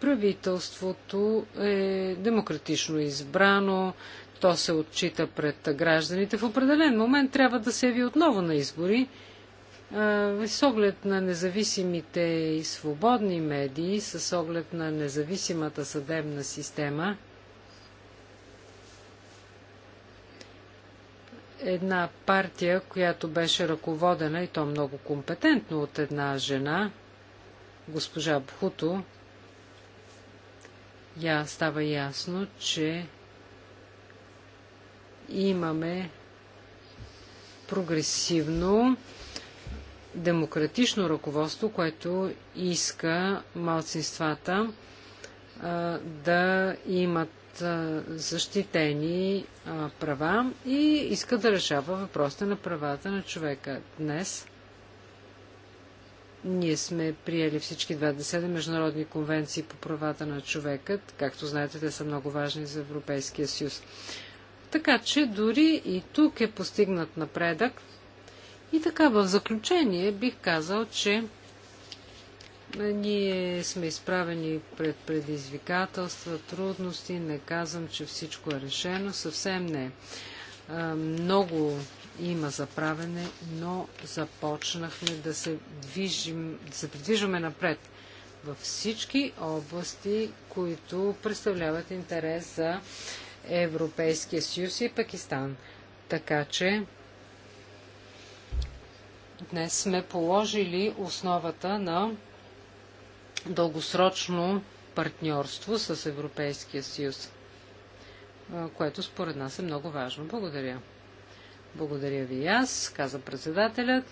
Правителството е демократично избрано, то се отчита пред гражданите. В определен момент трябва да се яви отново на избори с оглед на независимите и свободни медии, с оглед на независимата съдебна система, една партия, която беше ръководена и то много компетентно от една жена, госпожа Бхуто, я става ясно, че имаме прогресивно демократично ръководство, което иска малцинствата а, да имат а, защитени а, права и иска да решава въпросите на правата на човека. Днес ние сме приели всички 27 международни конвенции по правата на човека. Както знаете, те са много важни за Европейския съюз. Така че дори и тук е постигнат напредък – и така, в заключение бих казал, че ние сме изправени пред предизвикателства, трудности. Не казвам, че всичко е решено. Съвсем не. Много има заправене, но започнахме да се, движим, да се придвижваме напред във всички области, които представляват интерес за Европейския съюз и Пакистан. Така че Днес сме положили основата на дългосрочно партньорство с Европейския съюз, което според нас е много важно. Благодаря. Благодаря ви и аз, каза председателят.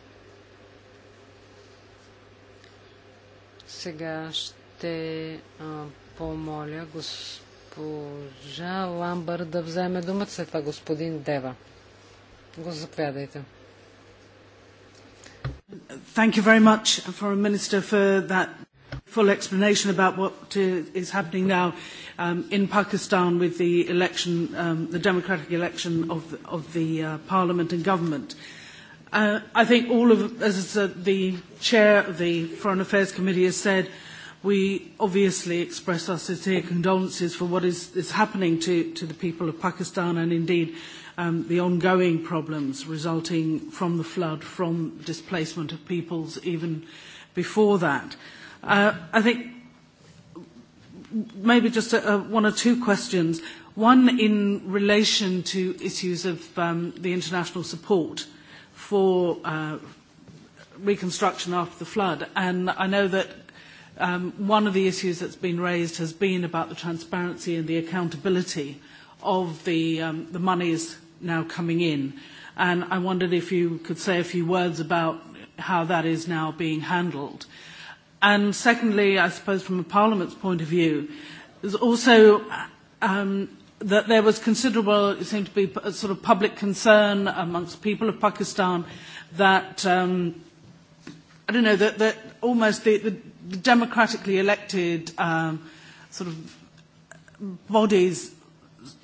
Сега ще помоля госпожа Ламбър да вземе думата, след това господин Дева. Го заповядайте. Thank you very much, Foreign Minister, for that full explanation about what is happening now um, in Pakistan with the election, um, the democratic election of the, of the uh, parliament and government. Uh, I think all of, as the chair of the Foreign Affairs Committee has said, we obviously express our sincere condolences for what is, is happening to, to the people of Pakistan and indeed um, the ongoing problems resulting from the flood, from displacement of peoples even before that. Uh, I think maybe just a, a, one or two questions. One in relation to issues of um, the international support for uh, reconstruction after the flood. And I know that Um, one of the issues that's been raised has been about the transparency and the accountability of the, um, the monies now coming in. And I wondered if you could say a few words about how that is now being handled. And secondly, I suppose from a Parliament's point of view, there's also um, that there was considerable, it seemed to be a sort of public concern amongst people of Pakistan that, um, I don't know, that, that almost the, the democratically elected um, sort of bodies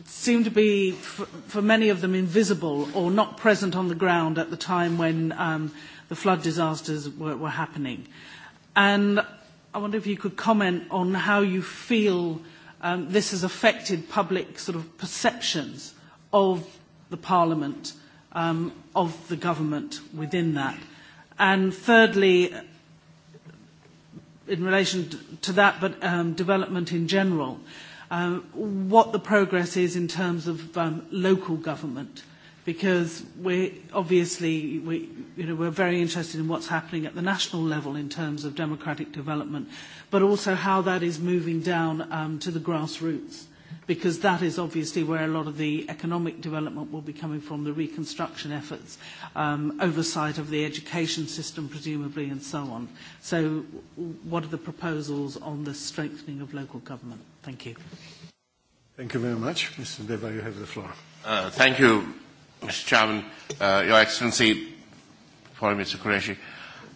seem to be, for, for many of them, invisible or not present on the ground at the time when um, the flood disasters were, were happening. And I wonder if you could comment on how you feel um, this has affected public sort of perceptions of the Parliament, um, of the government within that. And thirdly, in relation to that, but um, development in general, um, what the progress is in terms of um, local government. Because we obviously we, you know, we're very interested in what's happening at the national level in terms of democratic development, but also how that is moving down um, to the grassroots because that is obviously where a lot of the economic development will be coming from, the reconstruction efforts, um, oversight of the education system, presumably, and so on. So what are the proposals on the strengthening of local government? Thank you. Thank you very much. Mr. Deva, you have the floor. Uh, thank you, Mr. Chairman. Uh, Your Excellency, for Mr. Qureshi,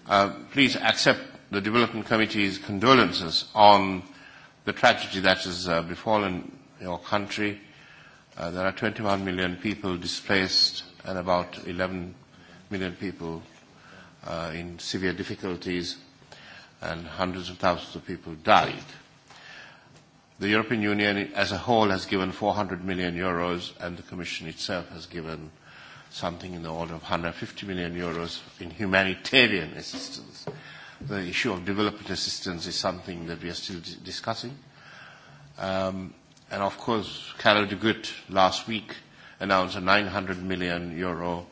uh, please accept the Development Committee's condolences on the tragedy that has uh, befallen your country. Uh, there are 21 million people displaced and about 11 million people uh, in severe difficulties and hundreds of thousands of people died. The European Union as a whole has given 400 million euros and the Commission itself has given something in the order of 150 million euros in humanitarian assistance. The issue of development assistance is something that we are still discussing. Um, And of course, Carol de Gucht last week announced a 900 million euro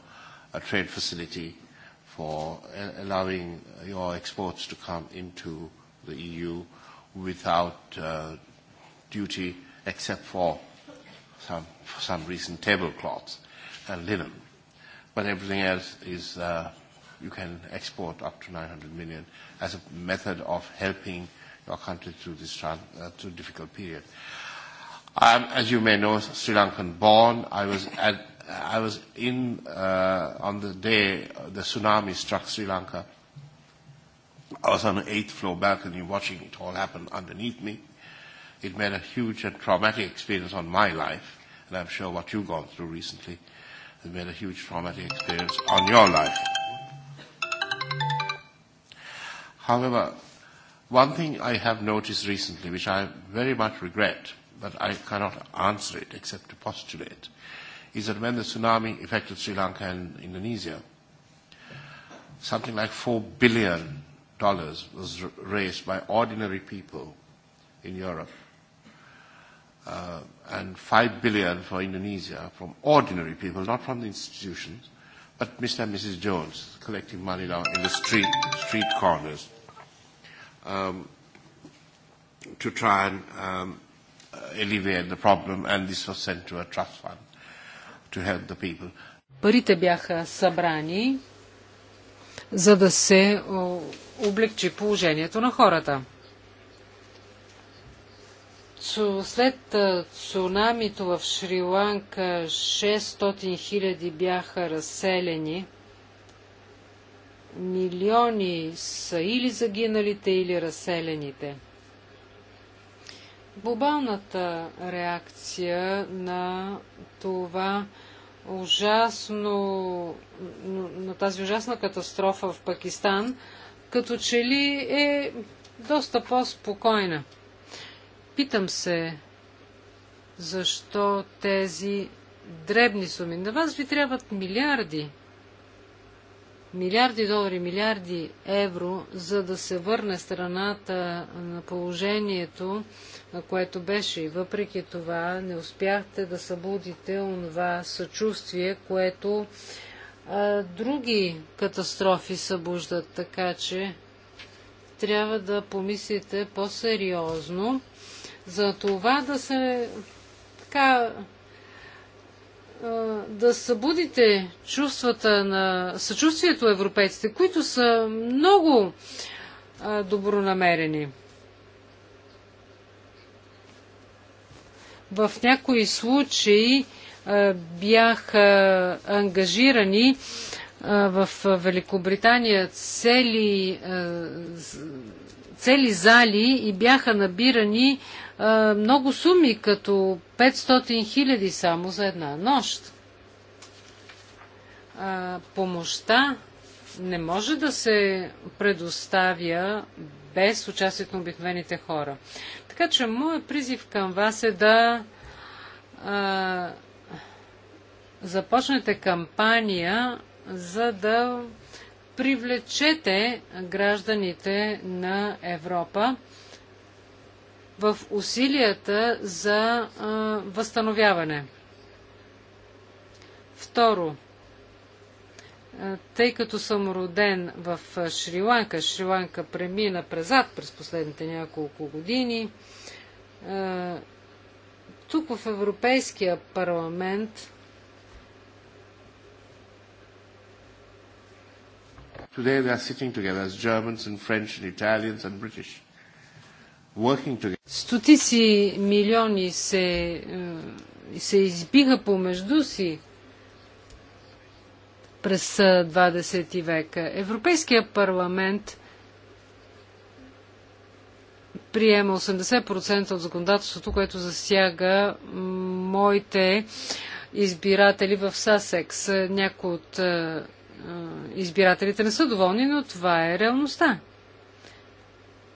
a trade facility for allowing your exports to come into the EU without uh, duty except for some, for some reason tablecloths and linen. But everything else is uh, you can export up to 900 million as a method of helping your country through this uh, through difficult period. I'm, as you may know, Sri Lankan born. I was at, I was in uh, on the day the tsunami struck Sri Lanka. I was on an eighth floor balcony watching it all happen underneath me. It made a huge and traumatic experience on my life, and I'm sure what you've gone through recently has made a huge traumatic experience on your life. However, one thing I have noticed recently, which I very much regret, but I cannot answer it except to postulate, is that when the tsunami affected Sri Lanka and Indonesia, something like $4 billion was raised by ordinary people in Europe uh, and 5 billion for Indonesia from ordinary people, not from the institutions, but Mr. and Mrs. Jones collecting money now in the street, street corners um, to try and um, alleviate the problem and this was sent to a trust fund to help the people. Парите бяха събрани, за да се облегчи положението на хората. След цунамито в Шри-Ланка 600 000 бяха разселени. Милиони са или загиналите, или разселените глобалната реакция на това ужасно, на тази ужасна катастрофа в Пакистан, като че ли е доста по-спокойна. Питам се, защо тези дребни суми. На вас ви трябват милиарди, милиарди долари, милиарди евро, за да се върне страната на положението, което беше. И въпреки това не успяхте да събудите онова съчувствие, което а, други катастрофи събуждат. Така че трябва да помислите по-сериозно за това да се така да събудите чувствата на съчувствието европейците, които са много добронамерени. В някои случаи бяха ангажирани в Великобритания цели, цели зали и бяха набирани много суми, като 500 хиляди само за една нощ. А, помощта не може да се предоставя без участието на обикновените хора. Така че моят призив към вас е да а, започнете кампания, за да привлечете гражданите на Европа в усилията за а, възстановяване. Второ, тъй като съм роден в Шри-Ланка, Шри-Ланка премина през ад през последните няколко години, а, тук в Европейския парламент Today we are sitting together as Germans and French and Italians and British. Стотици милиони се, е, се избиха помежду си през 20 е, века. Европейския парламент приема 80% от законодателството, което засяга моите избиратели в Сасекс. Някои от е, избирателите не са доволни, но това е реалността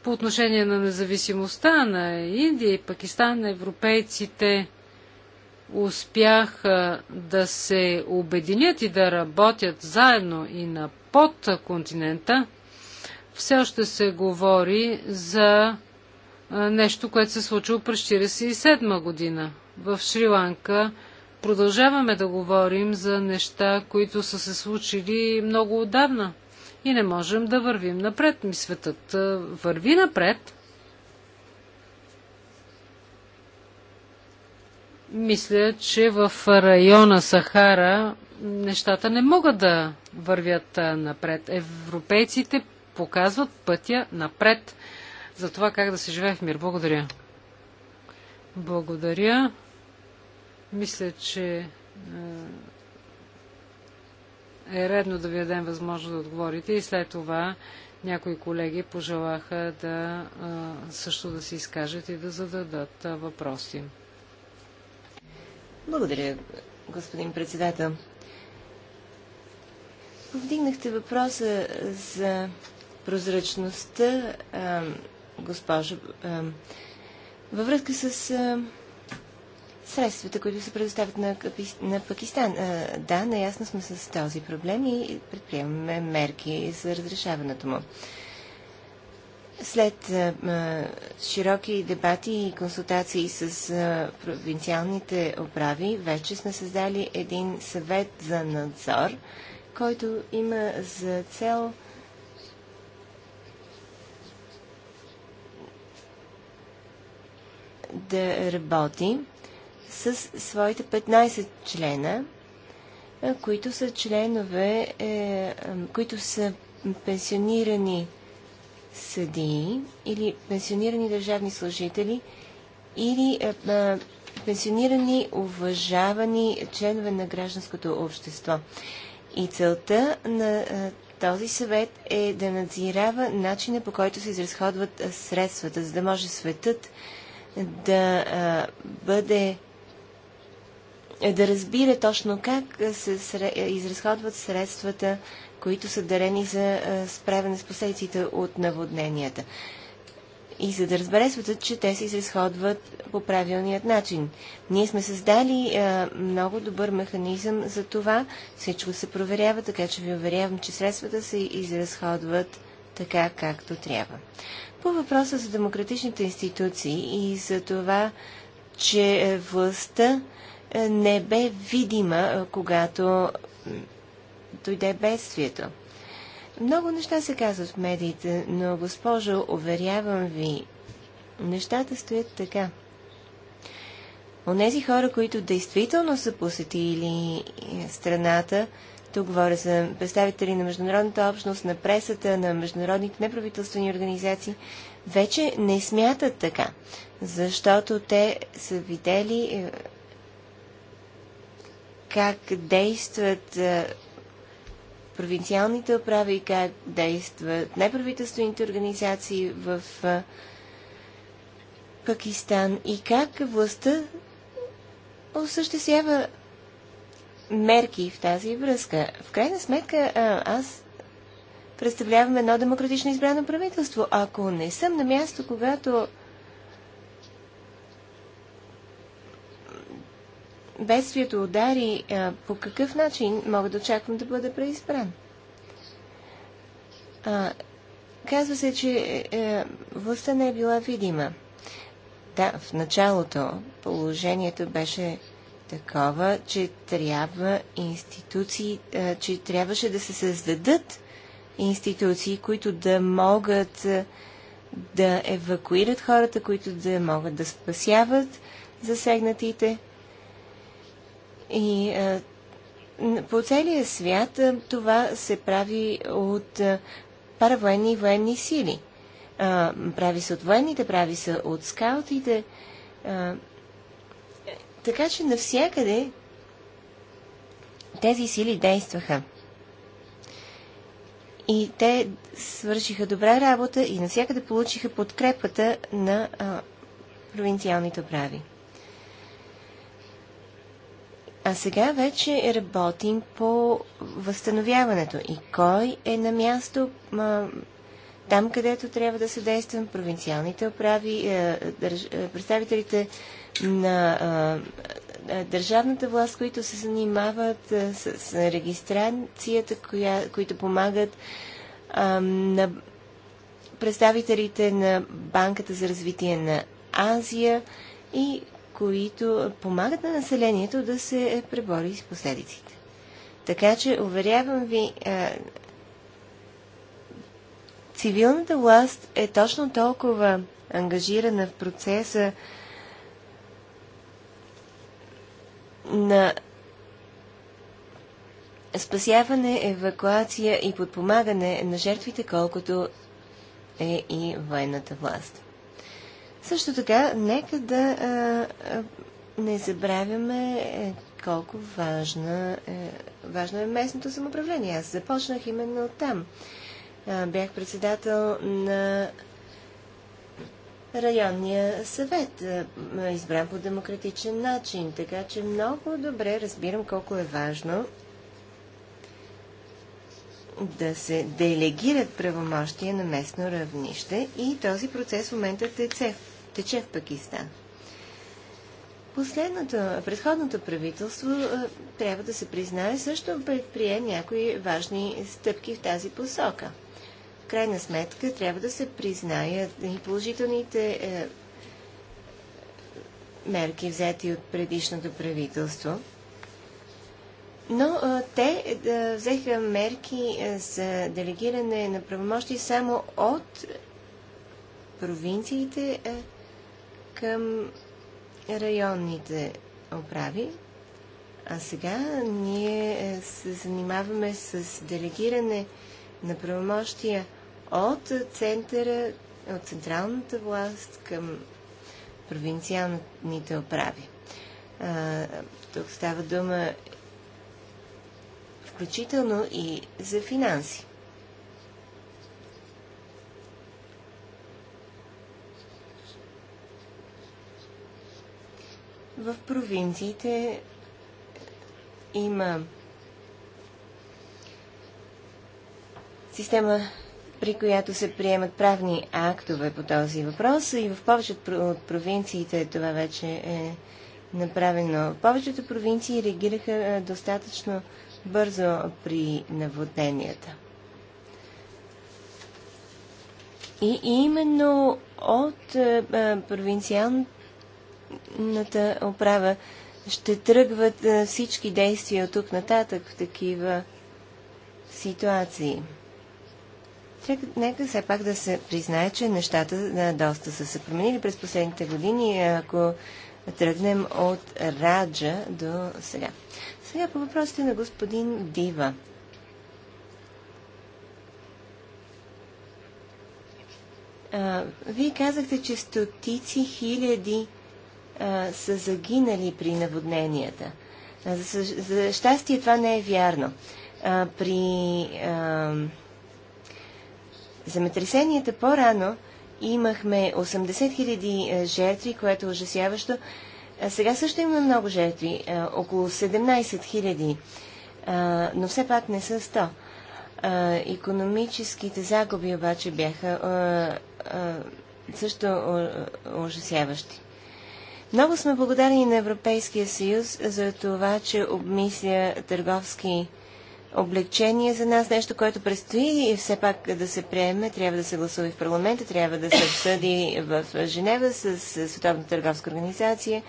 по отношение на независимостта на Индия и Пакистан, европейците успяха да се обединят и да работят заедно и на подконтинента, все още се говори за нещо, което се случило през 1947 година. В Шри-Ланка продължаваме да говорим за неща, които са се случили много отдавна – и не можем да вървим напред. Ми светът върви напред. Мисля, че в района Сахара нещата не могат да вървят напред. Европейците показват пътя напред за това как да се живее в мир. Благодаря. Благодаря. Мисля, че е редно да ви дадем възможност да отговорите и след това някои колеги пожелаха да също да се изкажат и да зададат въпроси. Благодаря, господин председател. Повдигнахте въпроса за прозрачността, госпожо, във връзка с средствата, които се предоставят на, на Пакистан. Да, наясно сме с този проблем и предприемаме мерки за разрешаването му. След широки дебати и консултации с провинциалните управи, вече сме създали един съвет за надзор, който има за цел да работи с своите 15 члена, които са членове, е, които са пенсионирани съдии или пенсионирани държавни служители или пенсионирани уважавани членове на гражданското общество. И целта на този съвет е да надзирава начина по който се изразходват средствата, за да може светът да бъде е да разбира точно как се изразходват средствата, които са дарени за е, справяне с последиците от наводненията. И за да разбере светът, че те се изразходват по правилният начин. Ние сме създали а, е, много добър механизъм за това. Всичко се проверява, така че ви уверявам, че средствата се изразходват така, както трябва. По въпроса за демократичните институции и за това, че е, властта не бе видима, когато дойде бедствието. Много неща се казват в медиите, но, госпожо, уверявам ви, нещата стоят така. Онези хора, които действително са посетили е, страната, тук говоря за представители на международната общност, на пресата, на международните неправителствени организации, вече не смятат така, защото те са видели е, как действат провинциалните управи и как действат неправителствените организации в Пакистан и как властта осъществява мерки в тази връзка. В крайна сметка аз представлявам едно демократично избрано правителство. Ако не съм на място, когато бедствието удари, по какъв начин мога да очаквам да бъда преизбран? Казва се, че е, властта не е била видима. Да, в началото положението беше такова, че трябва институции, че трябваше да се създадат институции, които да могат да евакуират хората, които да могат да спасяват засегнатите и а, е, по целия свят а, е, това се прави от а, е, паравоенни и военни сили. А, прави се от военните, прави се от скаутите. А, така че навсякъде тези сили действаха. И те свършиха добра работа и навсякъде получиха подкрепата на а, провинциалните прави. А сега вече работим по възстановяването. И кой е на място а, там, където трябва да се действам? Провинциалните управи, а, е, държ, а, е, представителите на а, държавната власт, които се занимават а, е, с, с регистрацията, коя, които помагат а, на представителите на Банката за развитие на Азия и които помагат на населението да се пребори с последиците. Така че, уверявам ви, цивилната власт е точно толкова ангажирана в процеса на спасяване, евакуация и подпомагане на жертвите, колкото е и военната власт. Също така, нека да а, не забравяме е, колко важна, е, важно е местното самоуправление. Аз започнах именно от там. А, бях председател на районния съвет, избран по демократичен начин, така че много добре разбирам колко е важно да се делегират правомощия на местно равнище и този процес в момента тече тече в Пакистан. Последното, предходното правителство е, трябва да се признае също предприе някои важни стъпки в тази посока. В крайна сметка трябва да се признаят и положителните е, мерки взети от предишното правителство. Но е, те е, взеха мерки е, за делегиране на правомощи само от провинциите е, към районните управи. А сега ние е, се занимаваме с делегиране на правомощия от центъра, от централната власт към провинциалните управи. А, тук става дума включително и за финанси. В провинциите има система, при която се приемат правни актове по този въпрос и в повечето от провинциите това вече е направено. Повечето провинции реагираха е, достатъчно бързо при наводненията. И именно от е, е, провинциалното съдебната оправа. Ще тръгват е, всички действия от тук нататък в такива ситуации. нека все пак да се признае, че нещата е, доста са се променили през последните години, ако тръгнем от Раджа до сега. Сега по въпросите на господин Дива. вие казахте, че стотици хиляди са загинали при наводненията. За, щастие това не е вярно. при земетресенията по-рано имахме 80 000 жертви, което е ужасяващо. сега също има много жертви, около 17 000, но все пак не са 100. економическите загуби обаче бяха също ужасяващи. Много сме благодарени на Европейския съюз за това, че обмисля търговски облегчения за нас, нещо, което предстои и все пак да се приеме, трябва да се гласува и в парламента, трябва да се обсъди в Женева с Световната търговска организация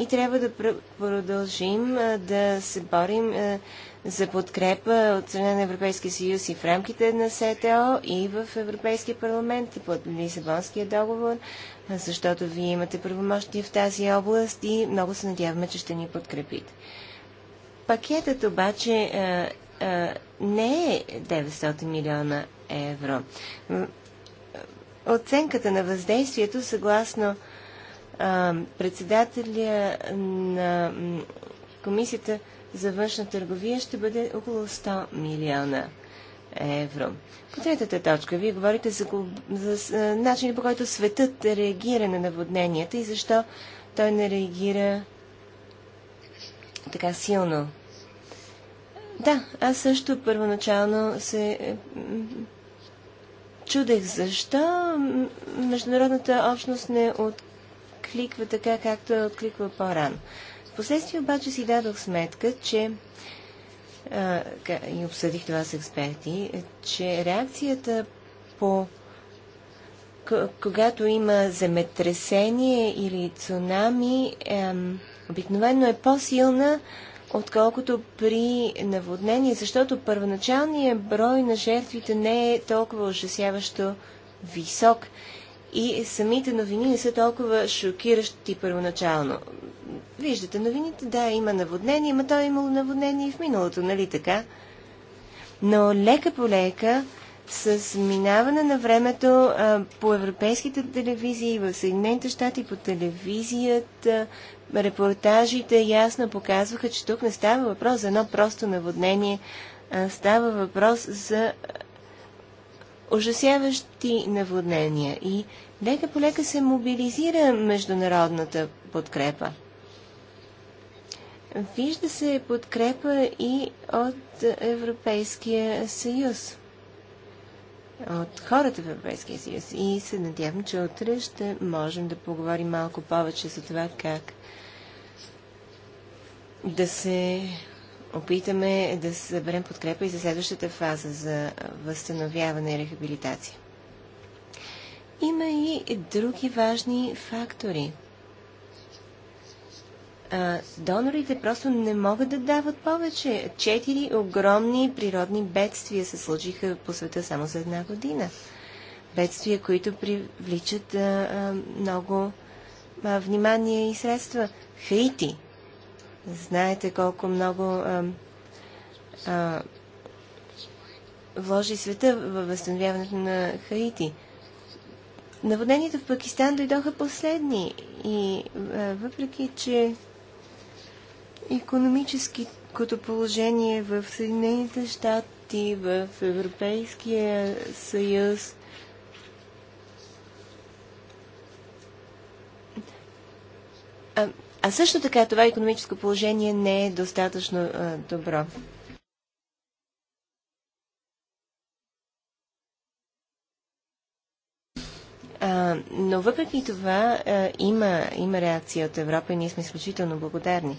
и трябва да продължим да се борим за подкрепа от страна на Европейския съюз и в рамките на СТО и в Европейския парламент и под Лисабонския договор, защото вие имате правомощи в тази област и много се надяваме, че ще ни подкрепите. Пакетът обаче не е 900 милиона евро. Оценката на въздействието съгласно председателя на Комисията за външна търговия ще бъде около 100 милиона евро. По третата точка, вие говорите за, за начинът по който светът реагира на наводненията и защо той не реагира така силно. Да, аз също първоначално се е, чудех защо международната общност не от откликва така, както е откликва по-рано. Впоследствие обаче си дадох сметка, че а, и обсъдих това с експерти, че реакцията по когато има земетресение или цунами, е, обикновено е по-силна, отколкото при наводнение, защото първоначалният брой на жертвите не е толкова ужасяващо висок и самите новини не са толкова шокиращи първоначално. Виждате новините, да, има наводнение, ма то е имало наводнение и в миналото, нали така? Но лека по лека, с минаване на времето а, по европейските телевизии, в Съединените щати, по телевизията, репортажите ясно показваха, че тук не става въпрос за едно просто наводнение, а става въпрос за ужасяващи наводнения и лека по лека се мобилизира международната подкрепа. Вижда се подкрепа и от Европейския съюз, от хората в Европейския съюз. И се надявам, че утре ще можем да поговорим малко повече за това как да се опитаме да съберем подкрепа и за следващата фаза за възстановяване и рехабилитация. Има и други важни фактори. Донорите просто не могат да дават повече. Четири огромни природни бедствия се случиха по света само за една година. Бедствия, които привличат а, а, много а, внимание и средства. Хаити, Знаете колко много а, а, вложи света във възстановяването на Хаити. Наводнението в Пакистан дойдоха последни и а, въпреки, че економическото положение в Съединените щати, в Европейския съюз, а, а също така това економическо положение не е достатъчно а, добро. А, но въпреки това а, има, има реакция от Европа и ние сме изключително благодарни.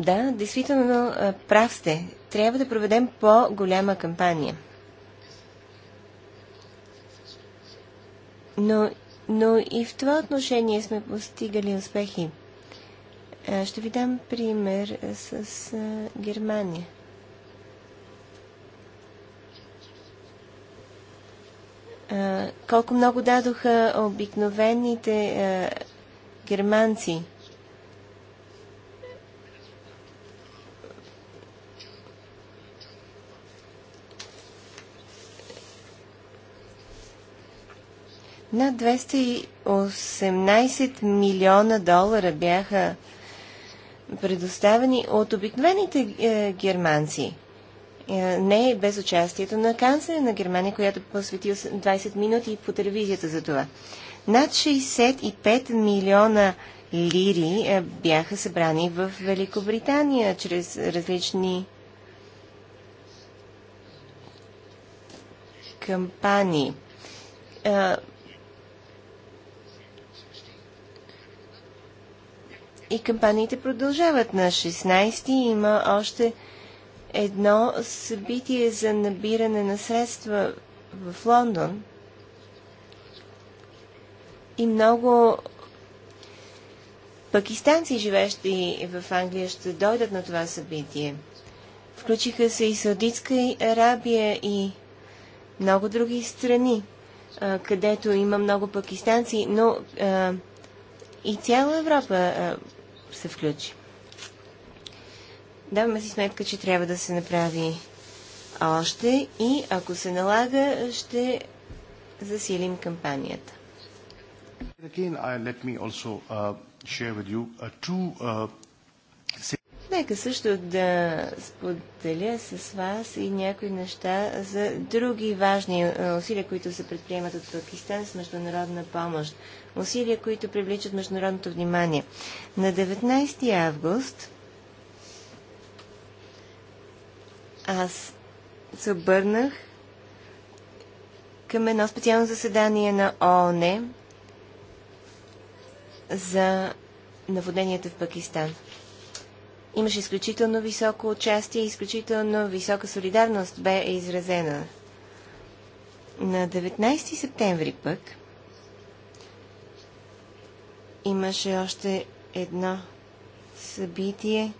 Да, действително а, прав сте. Трябва да проведем по-голяма кампания. Но но и в това отношение сме постигали успехи. Ще ви дам пример с Германия. колко много дадоха обикновените германци Над 218 милиона долара бяха предоставени от обикновените е, германци. Е, не без участието на канцлера на Германия, която посвети 20 минути по телевизията за това. Над 65 милиона лири е, бяха събрани в Великобритания чрез различни кампании. Е, и кампаниите продължават. На 16 има още едно събитие за набиране на средства в Лондон. И много пакистанци, живещи в Англия, ще дойдат на това събитие. Включиха се и Саудитска Арабия и много други страни, където има много пакистанци, но и цяла Европа се включи. Даваме си сметка, че трябва да се направи още и ако се налага, ще засилим кампанията. Again, I, let me also uh, share with you uh, two uh, Нека също да споделя с вас и някои неща за други важни е, усилия, които се предприемат от Пакистан с международна помощ. Усилия, които привличат международното внимание. На 19 август аз се обърнах към едно специално заседание на ООН за наводенията в Пакистан. Имаше изключително високо участие, изключително висока солидарност бе изразена. На 19 септември пък имаше още едно събитие,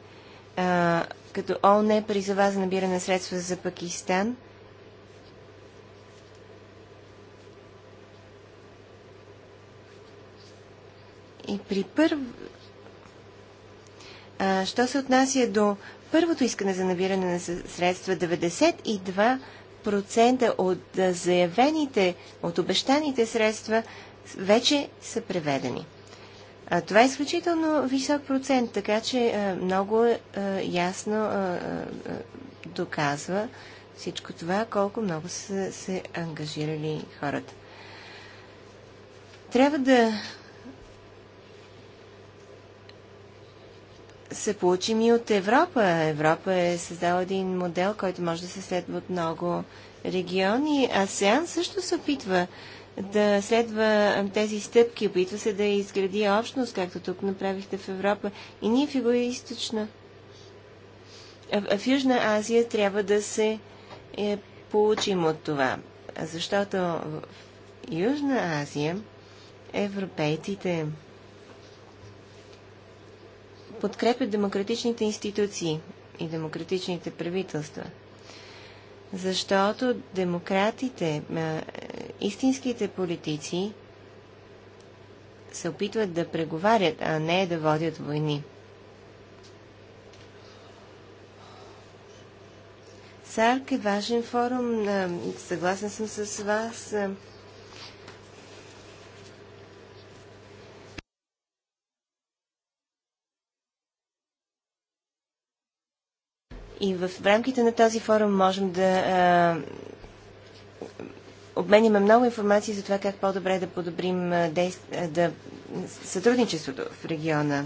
а, като ООН е призова за набиране на средства за Пакистан. И при първ, а, що се отнася до първото искане за набиране на средства, 92% от заявените, от обещаните средства вече са преведени. А, това е изключително висок процент, така че а, много а, ясно а, а, доказва всичко това, колко много са се ангажирали хората. Трябва да се получим и от Европа. Европа е създала един модел, който може да се следва от много региони. АСЕАН също се опитва да следва тези стъпки, опитва се да изгради общност, както тук направихте в Европа. И ние в Юго-Источна, в Южна Азия трябва да се е, получим от това. Защото в Южна Азия европейците подкрепят демократичните институции и демократичните правителства. Защото демократите, истинските политици, се опитват да преговарят, а не да водят войни. САРК е важен форум. Съгласен съм с вас. И в рамките на този форум можем да а, обменяме много информация за това как по-добре да подобрим действ... да... сътрудничеството в региона.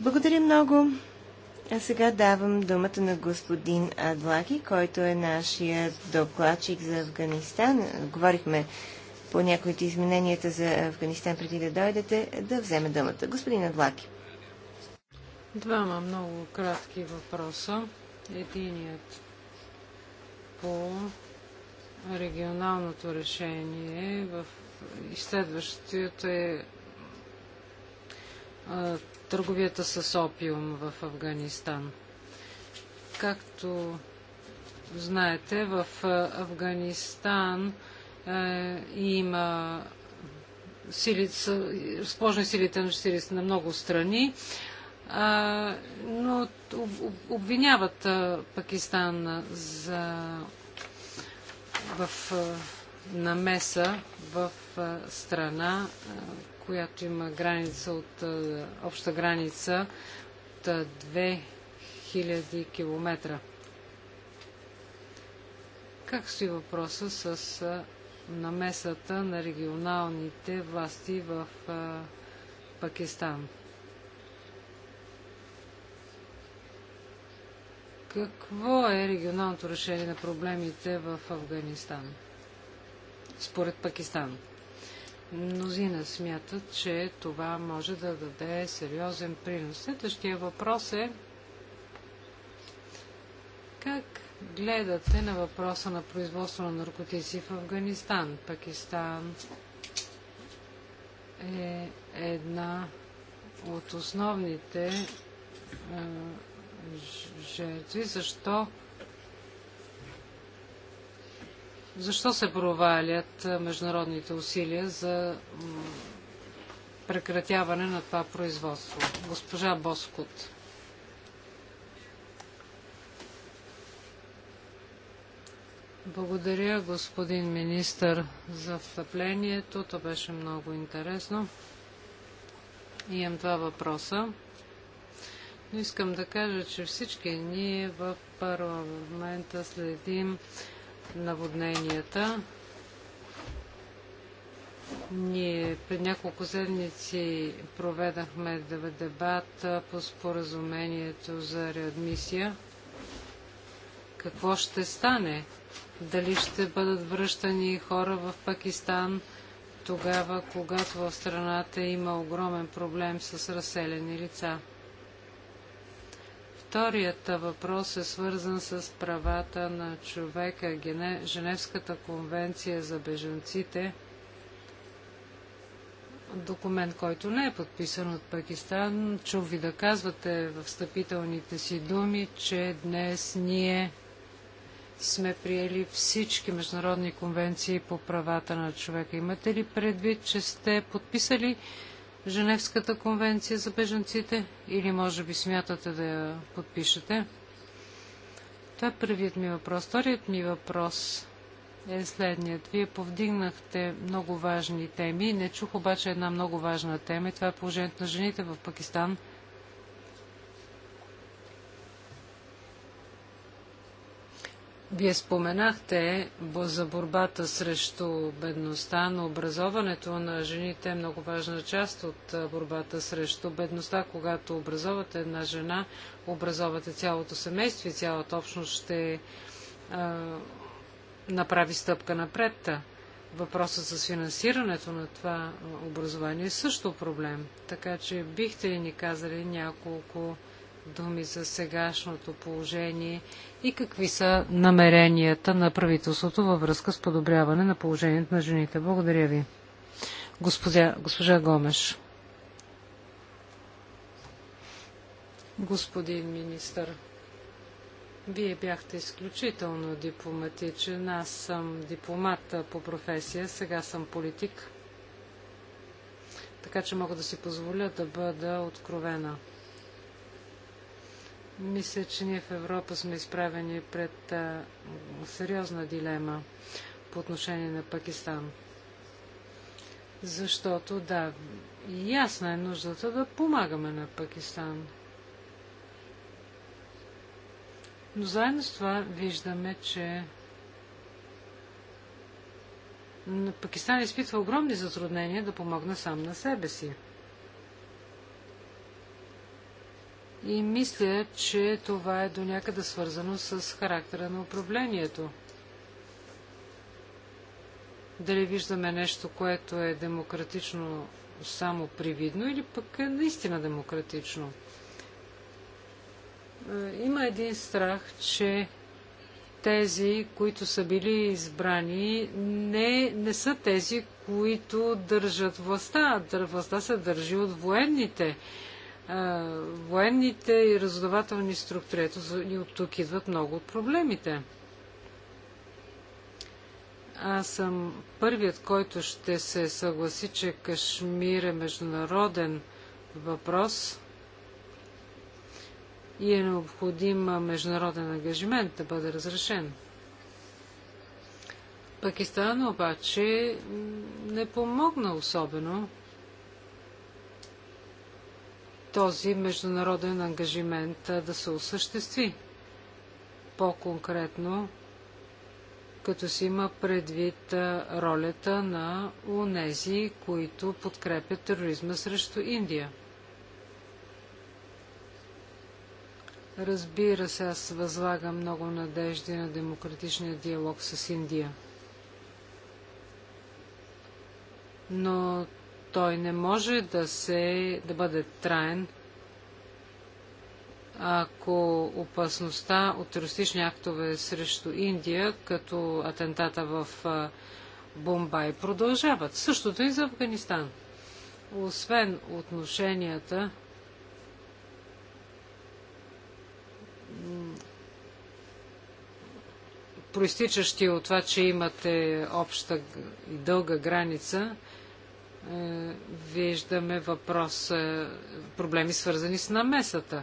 Благодаря много. А сега давам думата на господин Адлаки, който е нашия докладчик за Афганистан. Говорихме по някои от измененията за Афганистан преди да дойдете, да вземе думата. Господин Адлаки. Двама много кратки въпроса. Единият по регионалното решение в изследващото е търговията с опиум в Афганистан. Както знаете, в Афганистан има сили, сложни силите на 40 на много страни но обвиняват Пакистан за в намеса в страна, която има граница от обща граница от 2000 км. Как стои въпроса с намесата на регионалните власти в Пакистан? Какво е регионалното решение на проблемите в Афганистан? Според Пакистан. Мнозина смятат, че това може да даде сериозен принос. Следващия въпрос е как гледате на въпроса на производство на наркотици в Афганистан? Пакистан е една от основните жертви. Защо? Защо се провалят международните усилия за прекратяване на това производство? Госпожа Боскот. Благодаря, господин министър, за встъплението. То беше много интересно. Имам два въпроса. Искам да кажа, че всички ние в парламента следим наводненията. Ние пред няколко седмици проведахме дебат по споразумението за реадмисия. Какво ще стане? Дали ще бъдат връщани хора в Пакистан тогава, когато в страната има огромен проблем с разселени лица? Вторият въпрос е свързан с правата на човека. Женевската конвенция за беженците, документ, който не е подписан от Пакистан, чух ви да казвате в встъпителните си думи, че днес ние сме приели всички международни конвенции по правата на човека. Имате ли предвид, че сте подписали Женевската конвенция за беженците или може би смятате да я подпишете? Това е първият ми въпрос. Вторият ми въпрос е следният. Вие повдигнахте много важни теми. Не чух обаче една много важна тема. Това е положението на жените в Пакистан. Вие споменахте за борбата срещу бедността, но образоването на жените е много важна част от борбата срещу бедността. Когато образовате една жена, образовате цялото семейство и цялата общност ще е, направи стъпка напред. Въпросът с финансирането на това образование е също проблем. Така че бихте ли ни казали няколко думи за сегашното положение и какви са намеренията на правителството във връзка с подобряване на положението на жените. Благодаря ви. Господя, госпожа Гомеш. Господин министър, вие бяхте изключително дипломатичен. Аз съм дипломат по професия, сега съм политик. Така че мога да си позволя да бъда откровена. Мисля, че ние в Европа сме изправени пред а, сериозна дилема по отношение на Пакистан. Защото, да, ясна е нуждата да помагаме на Пакистан. Но заедно с това виждаме, че Пакистан изпитва огромни затруднения да помогне сам на себе си. И мисля, че това е до някъде свързано с характера на управлението. Дали виждаме нещо, което е демократично само привидно или пък е наистина демократично. Е, има един страх, че тези, които са били избрани, не, не са тези, които държат властта. Властта се държи от военните военните и разузнавателни структури. Ето и от тук идват много от проблемите. Аз съм първият, който ще се съгласи, че Кашмир е международен въпрос и е необходим международен ангажимент да бъде разрешен. Пакистан обаче не помогна особено този международен ангажимент да се осъществи. По-конкретно, като си има предвид ролята на унези, които подкрепят тероризма срещу Индия. Разбира се, аз възлагам много надежди на демократичния диалог с Индия. Но той не може да, се, да бъде траен, ако опасността от терористични актове срещу Индия, като атентата в Бомбай, продължават. Същото и за Афганистан. Освен отношенията проистичащи от това, че имате обща и дълга граница, е, виждаме въпрос, е, проблеми свързани с намесата.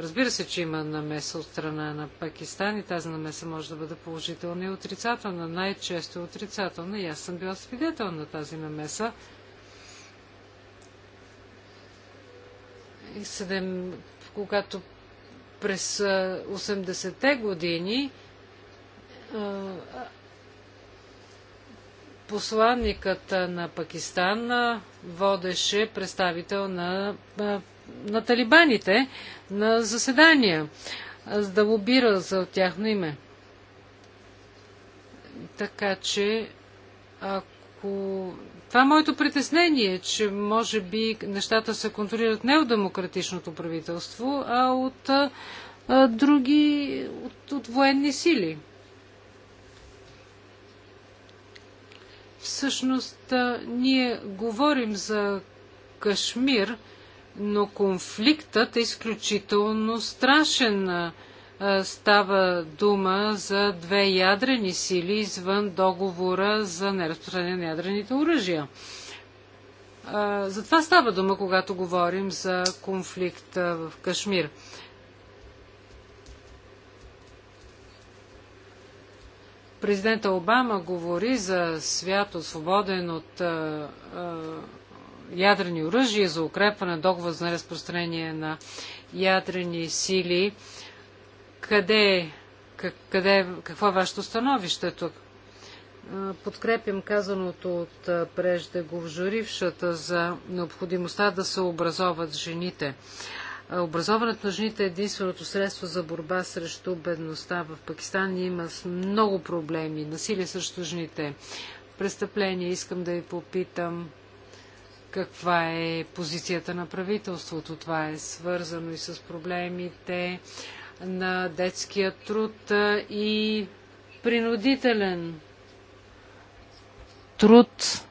Разбира се, че има намеса от страна на Пакистан и тази намеса може да бъде положителна и отрицателна. Най-често е отрицателна и аз съм била свидетел на тази намеса. И седем, когато през 80-те е, години посланникът на Пакистан водеше представител на, на талибаните на заседания, за да лобира за тяхно име. Така че, ако... Това е моето притеснение, че може би нещата се контролират не от демократичното правителство, а от а, други, от, от военни сили. Всъщност ние говорим за Кашмир, но конфликтът е изключително страшен. Става дума за две ядрени сили извън договора за неразпространение на ядрените оръжия. За това става дума, когато говорим за конфликт в Кашмир. Президента Обама говори за свят свободен от а, а, ядрени оръжия, за укрепване на договор за разпространение на ядрени сили. Къде, къде, какво е вашето становище тук? Подкрепям казаното от преждеговжурившата за необходимостта да се образоват жените. Образоването на жените е единственото средство за борба срещу бедността. В Пакистан има много проблеми. Насилие срещу жените, престъпления. Искам да ви попитам каква е позицията на правителството. Това е свързано и с проблемите на детския труд и принудителен труд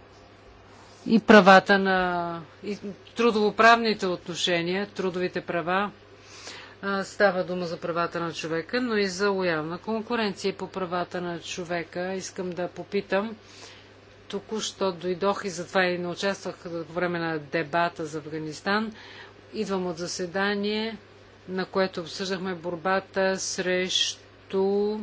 и правата на и трудовоправните отношения, трудовите права, става дума за правата на човека, но и за лоялна конкуренция по правата на човека. Искам да попитам, току-що дойдох и затова и не участвах по време на дебата за Афганистан. Идвам от заседание, на което обсъждахме борбата срещу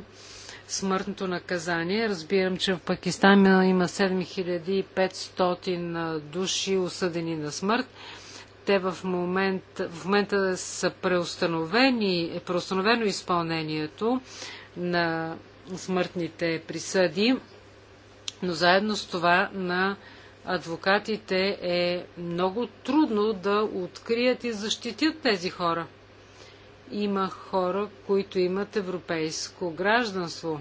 смъртното наказание. Разбирам, че в Пакистан има 7500 души осъдени на смърт. Те в, момент, в момента са преустановени, е преустановено изпълнението на смъртните присъди, но заедно с това на адвокатите е много трудно да открият и защитят тези хора. Има хора, които имат европейско гражданство.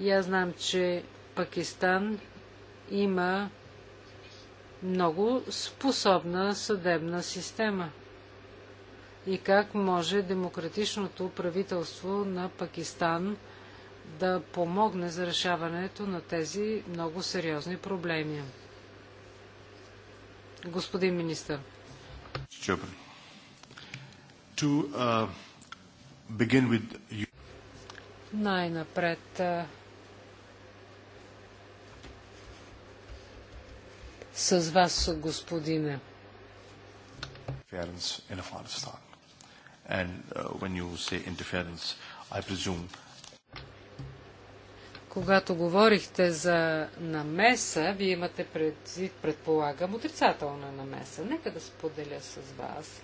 И аз знам, че Пакистан има много способна съдебна система. И как може демократичното правителство на Пакистан да помогне за решаването на тези много сериозни проблеми? Господин министър. Чупри to uh, begin with you. Най-напред с вас, господине. Interference in Afghanistan. And uh, when you say interference, I presume когато говорихте за намеса, вие имате предвид, предполагам, отрицателна намеса. Нека да споделя с вас,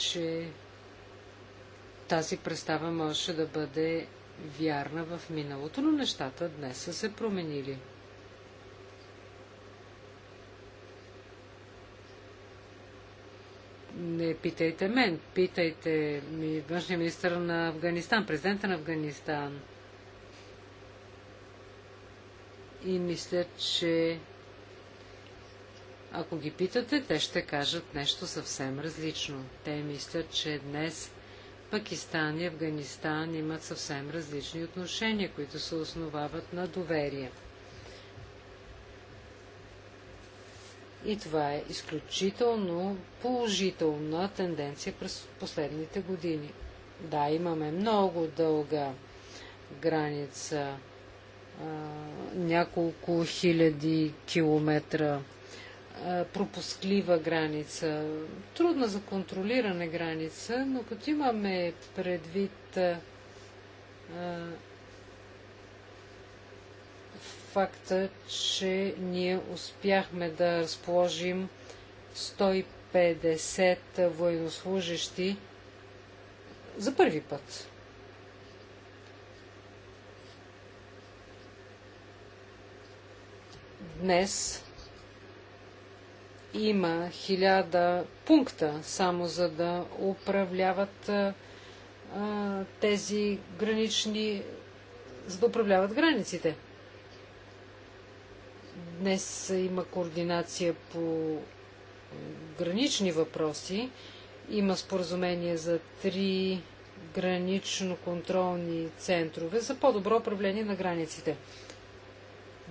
че тази представа може да бъде вярна в миналото, но нещата днес са се променили. Не питайте мен, питайте ми външния министр на Афганистан, президента на Афганистан. И мисля, че ако ги питате, те ще кажат нещо съвсем различно. Те мислят, че днес Пакистан и Афганистан имат съвсем различни отношения, които се основават на доверие. И това е изключително положителна тенденция през последните години. Да, имаме много дълга граница, няколко хиляди километра пропусклива граница, трудна за контролиране граница, но като имаме предвид а, факта, че ние успяхме да разположим 150 военнослужащи за първи път. Днес има хиляда пункта, само за да управляват а, тези гранични, за да управляват границите. Днес има координация по гранични въпроси. Има споразумение за три гранично-контролни центрове за по-добро управление на границите.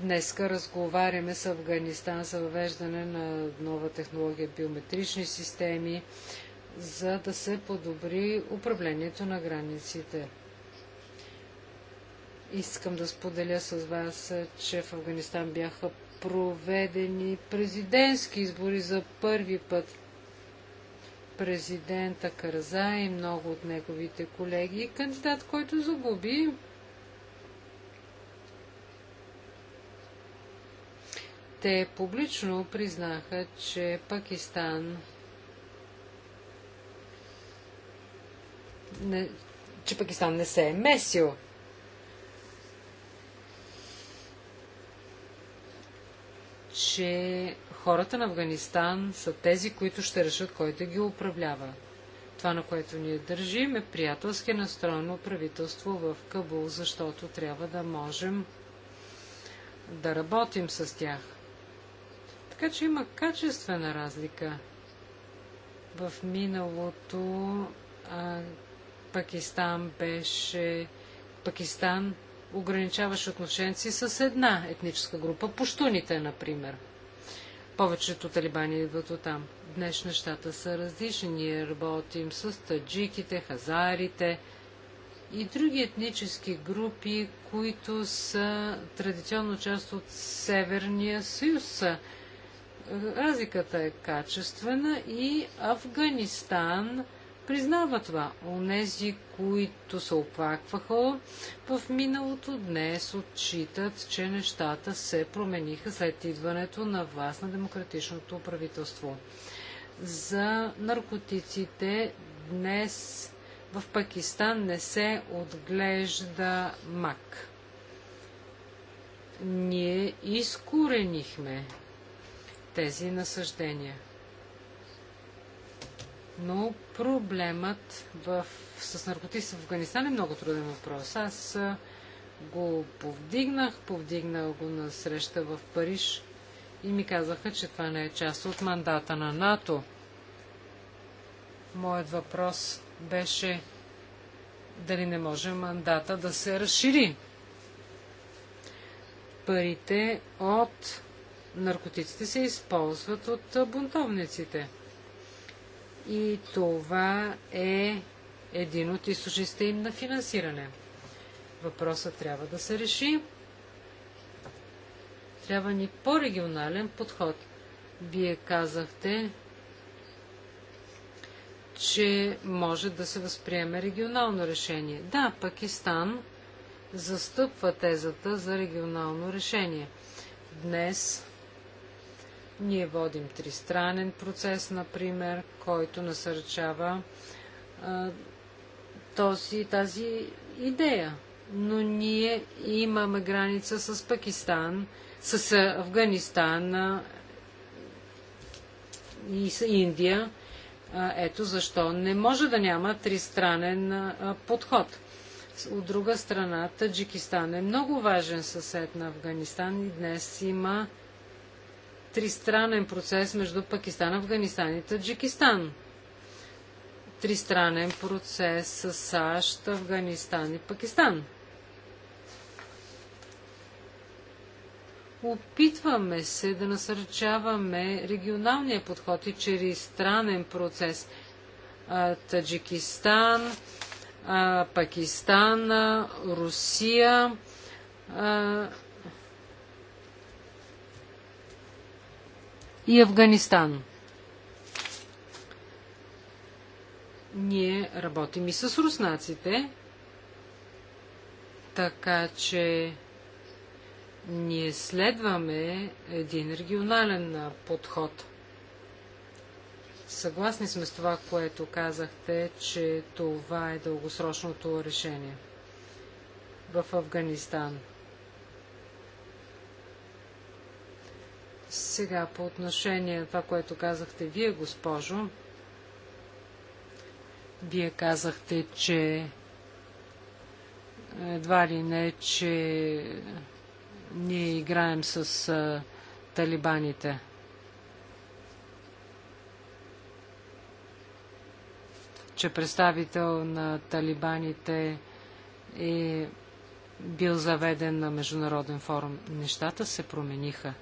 Днеска разговаряме с Афганистан за въвеждане на нова технология биометрични системи, за да се подобри управлението на границите. Искам да споделя с вас, че в Афганистан бяха проведени президентски избори за първи път. Президента Карзай и много от неговите колеги, кандидат, който загуби, Те публично признаха, че Пакистан не, че Пакистан не се е месил. че хората на Афганистан са тези, които ще решат кой да ги управлява. Това, на което ние държим, е приятелски настроено правителство в Кабул, защото трябва да можем да работим с тях. Така че има качествена разлика. В миналото а, Пакистан беше. Пакистан ограничаваше отношенци с една етническа група, пуштуните, например. Повечето талибани идват от там. Днес нещата са различни. Ние работим с таджиките, хазарите и други етнически групи, които са традиционно част от Северния съюз разликата е качествена и Афганистан признава това. Онези, които се оплакваха в миналото, днес отчитат, че нещата се промениха след идването на власт на демократичното правителство. За наркотиците днес в Пакистан не се отглежда мак. Ние изкоренихме тези насъждения. Но проблемът в, с наркотици в Афганистан е много труден въпрос. Аз го повдигнах, повдигнах го на среща в Париж и ми казаха, че това не е част от мандата на НАТО. Моят въпрос беше дали не може мандата да се разшири. Парите от наркотиците се използват от бунтовниците. И това е един от източниците им на финансиране. Въпросът трябва да се реши. Трябва ни по-регионален подход. Вие казахте, че може да се възприеме регионално решение. Да, Пакистан застъпва тезата за регионално решение. Днес ние водим тристранен процес, например, който насърчава а, този, тази идея. Но ние имаме граница с Пакистан, с Афганистан а, и с Индия. А, ето защо не може да няма тристранен а, подход. От друга страна, Таджикистан е много важен съсед на Афганистан и днес има тристранен процес между Пакистан, Афганистан и Таджикистан. Тристранен процес с САЩ, Афганистан и Пакистан. Опитваме се да насърчаваме регионалния подход и чрез странен процес. Таджикистан, Пакистан, Русия, и Афганистан. Ние работим и с руснаците, така че ние следваме един регионален подход. Съгласни сме с това, което казахте, че това е дългосрочното решение в Афганистан – Сега по отношение на това, което казахте вие, госпожо, вие казахте, че едва ли не, че ние играем с а, талибаните. Че представител на талибаните е бил заведен на международен форум. Нещата се промениха.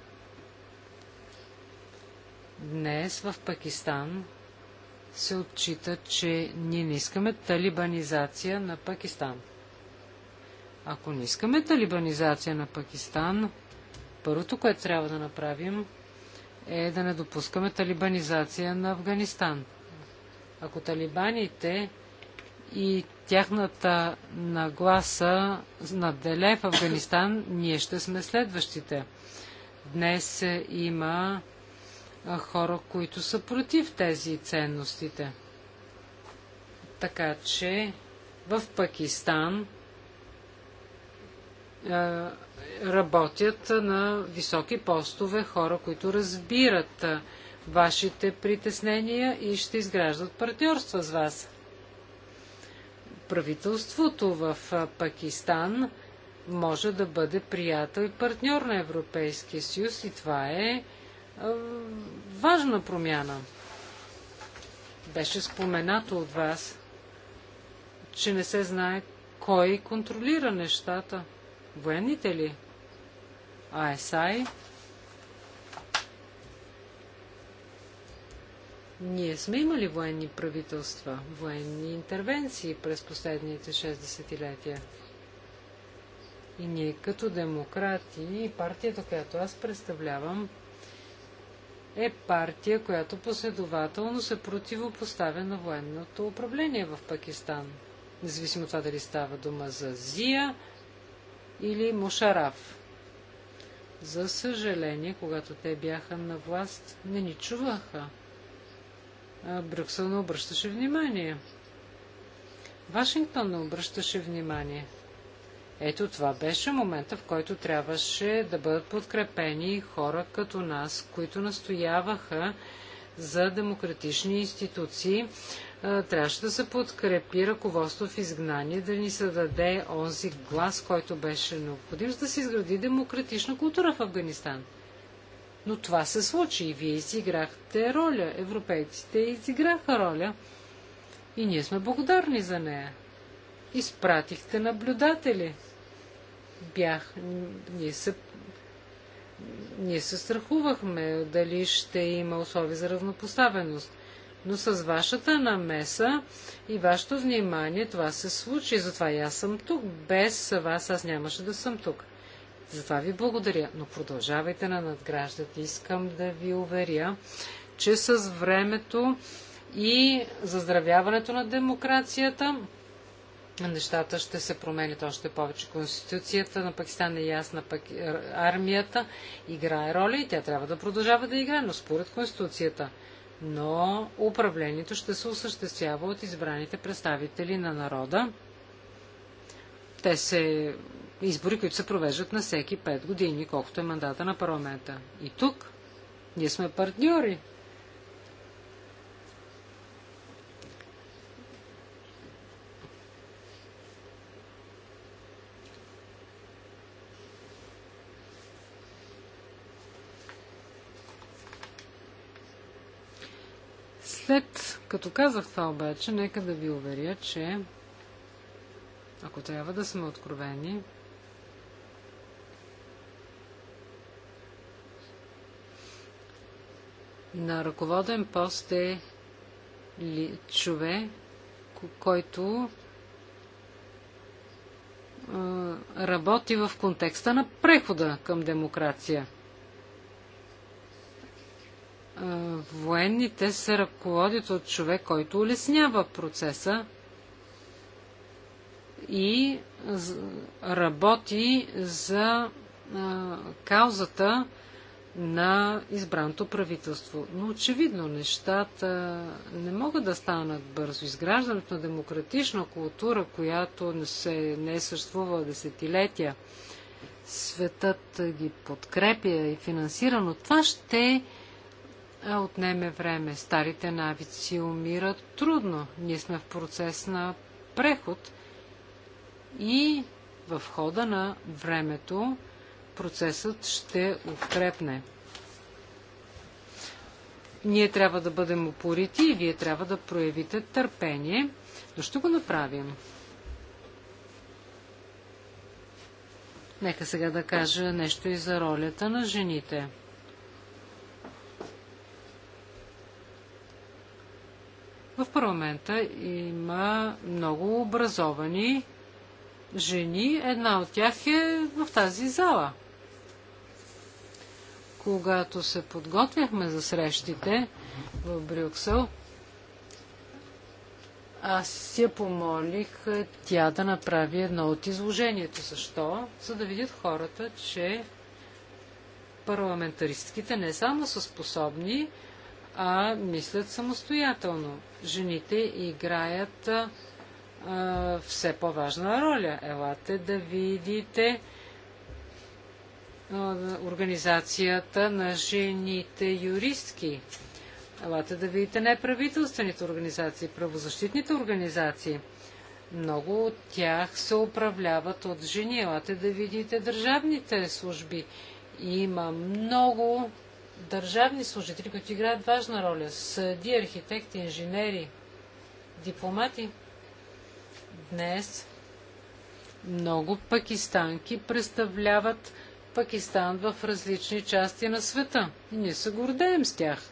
Днес в Пакистан се отчита, че ние не искаме талибанизация на Пакистан. Ако не искаме талибанизация на Пакистан, първото, което трябва да направим, е да не допускаме талибанизация на Афганистан. Ако талибаните и тяхната нагласа наделе в Афганистан, ние ще сме следващите. Днес има хора, които са против тези ценностите. Така че в Пакистан работят на високи постове хора, които разбират вашите притеснения и ще изграждат партньорства с вас. Правителството в Пакистан може да бъде приятел и партньор на Европейския съюз и това е важна промяна. Беше споменато от вас, че не се знае кой контролира нещата. Военните ли? АСАИ? Ние сме имали военни правителства, военни интервенции през последните 6 десетилетия. И ние като демократи и партията, която аз представлявам, е партия, която последователно се противопоставя на военното управление в Пакистан. Независимо от това дали става дума за Зия или Мошараф. За съжаление, когато те бяха на власт, не ни чуваха. Брюксел не обръщаше внимание. Вашингтон не обръщаше внимание. Ето това беше момента, в който трябваше да бъдат подкрепени хора като нас, които настояваха за демократични институции. Трябваше да се подкрепи ръководство в изгнание, да ни се даде онзи глас, който беше необходим, за да се изгради демократична култура в Афганистан. Но това се случи и вие изиграхте роля. Европейците изиграха роля. И ние сме благодарни за нея изпратихте наблюдатели. Бях, ние се, ние се страхувахме дали ще има условия за равнопоставеност. Но с вашата намеса и вашето внимание това се случи. Затова и аз съм тук. Без вас аз нямаше да съм тук. Затова ви благодаря. Но продължавайте на надграждат. Искам да ви уверя, че с времето и заздравяването на демокрацията нещата ще се променят още повече. Конституцията на Пакистан е ясна, пък е, армията играе роля и тя трябва да продължава да играе, но според Конституцията. Но управлението ще се осъществява от избраните представители на народа. Те се избори, които се провеждат на всеки 5 години, колкото е мандата на парламента. И тук ние сме партньори След като казах това обаче, нека да ви уверя, че ако трябва да сме откровени, на ръководен пост е ли, човек, който работи в контекста на прехода към демокрация – военните се ръководят от човек, който улеснява процеса и работи за каузата на избраното правителство. Но очевидно нещата не могат да станат бързо. Изграждането на демократична култура, която не, се, не е съществувала десетилетия, светът ги подкрепя и финансира, но това ще отнеме време. Старите навици умират трудно. Ние сме в процес на преход и в хода на времето процесът ще укрепне. Ние трябва да бъдем упорити и вие трябва да проявите търпение, но ще го направим. Нека сега да кажа нещо и за ролята на жените – парламента има много образовани жени. Една от тях е в тази зала. Когато се подготвяхме за срещите в Брюксел, аз я помолих е, тя да направи едно от изложението. Защо? За да видят хората, че парламентаристките не само са способни, а мислят самостоятелно. Жените играят а, все по-важна роля. Елате да видите а, организацията на жените юристки. Елате да видите неправителствените организации, правозащитните организации. Много от тях се управляват от жени. Елате да видите държавните служби. Има много държавни служители, които играят важна роля, съди, архитекти, инженери, дипломати. Днес много пакистанки представляват Пакистан в различни части на света. И ние се гордеем с тях.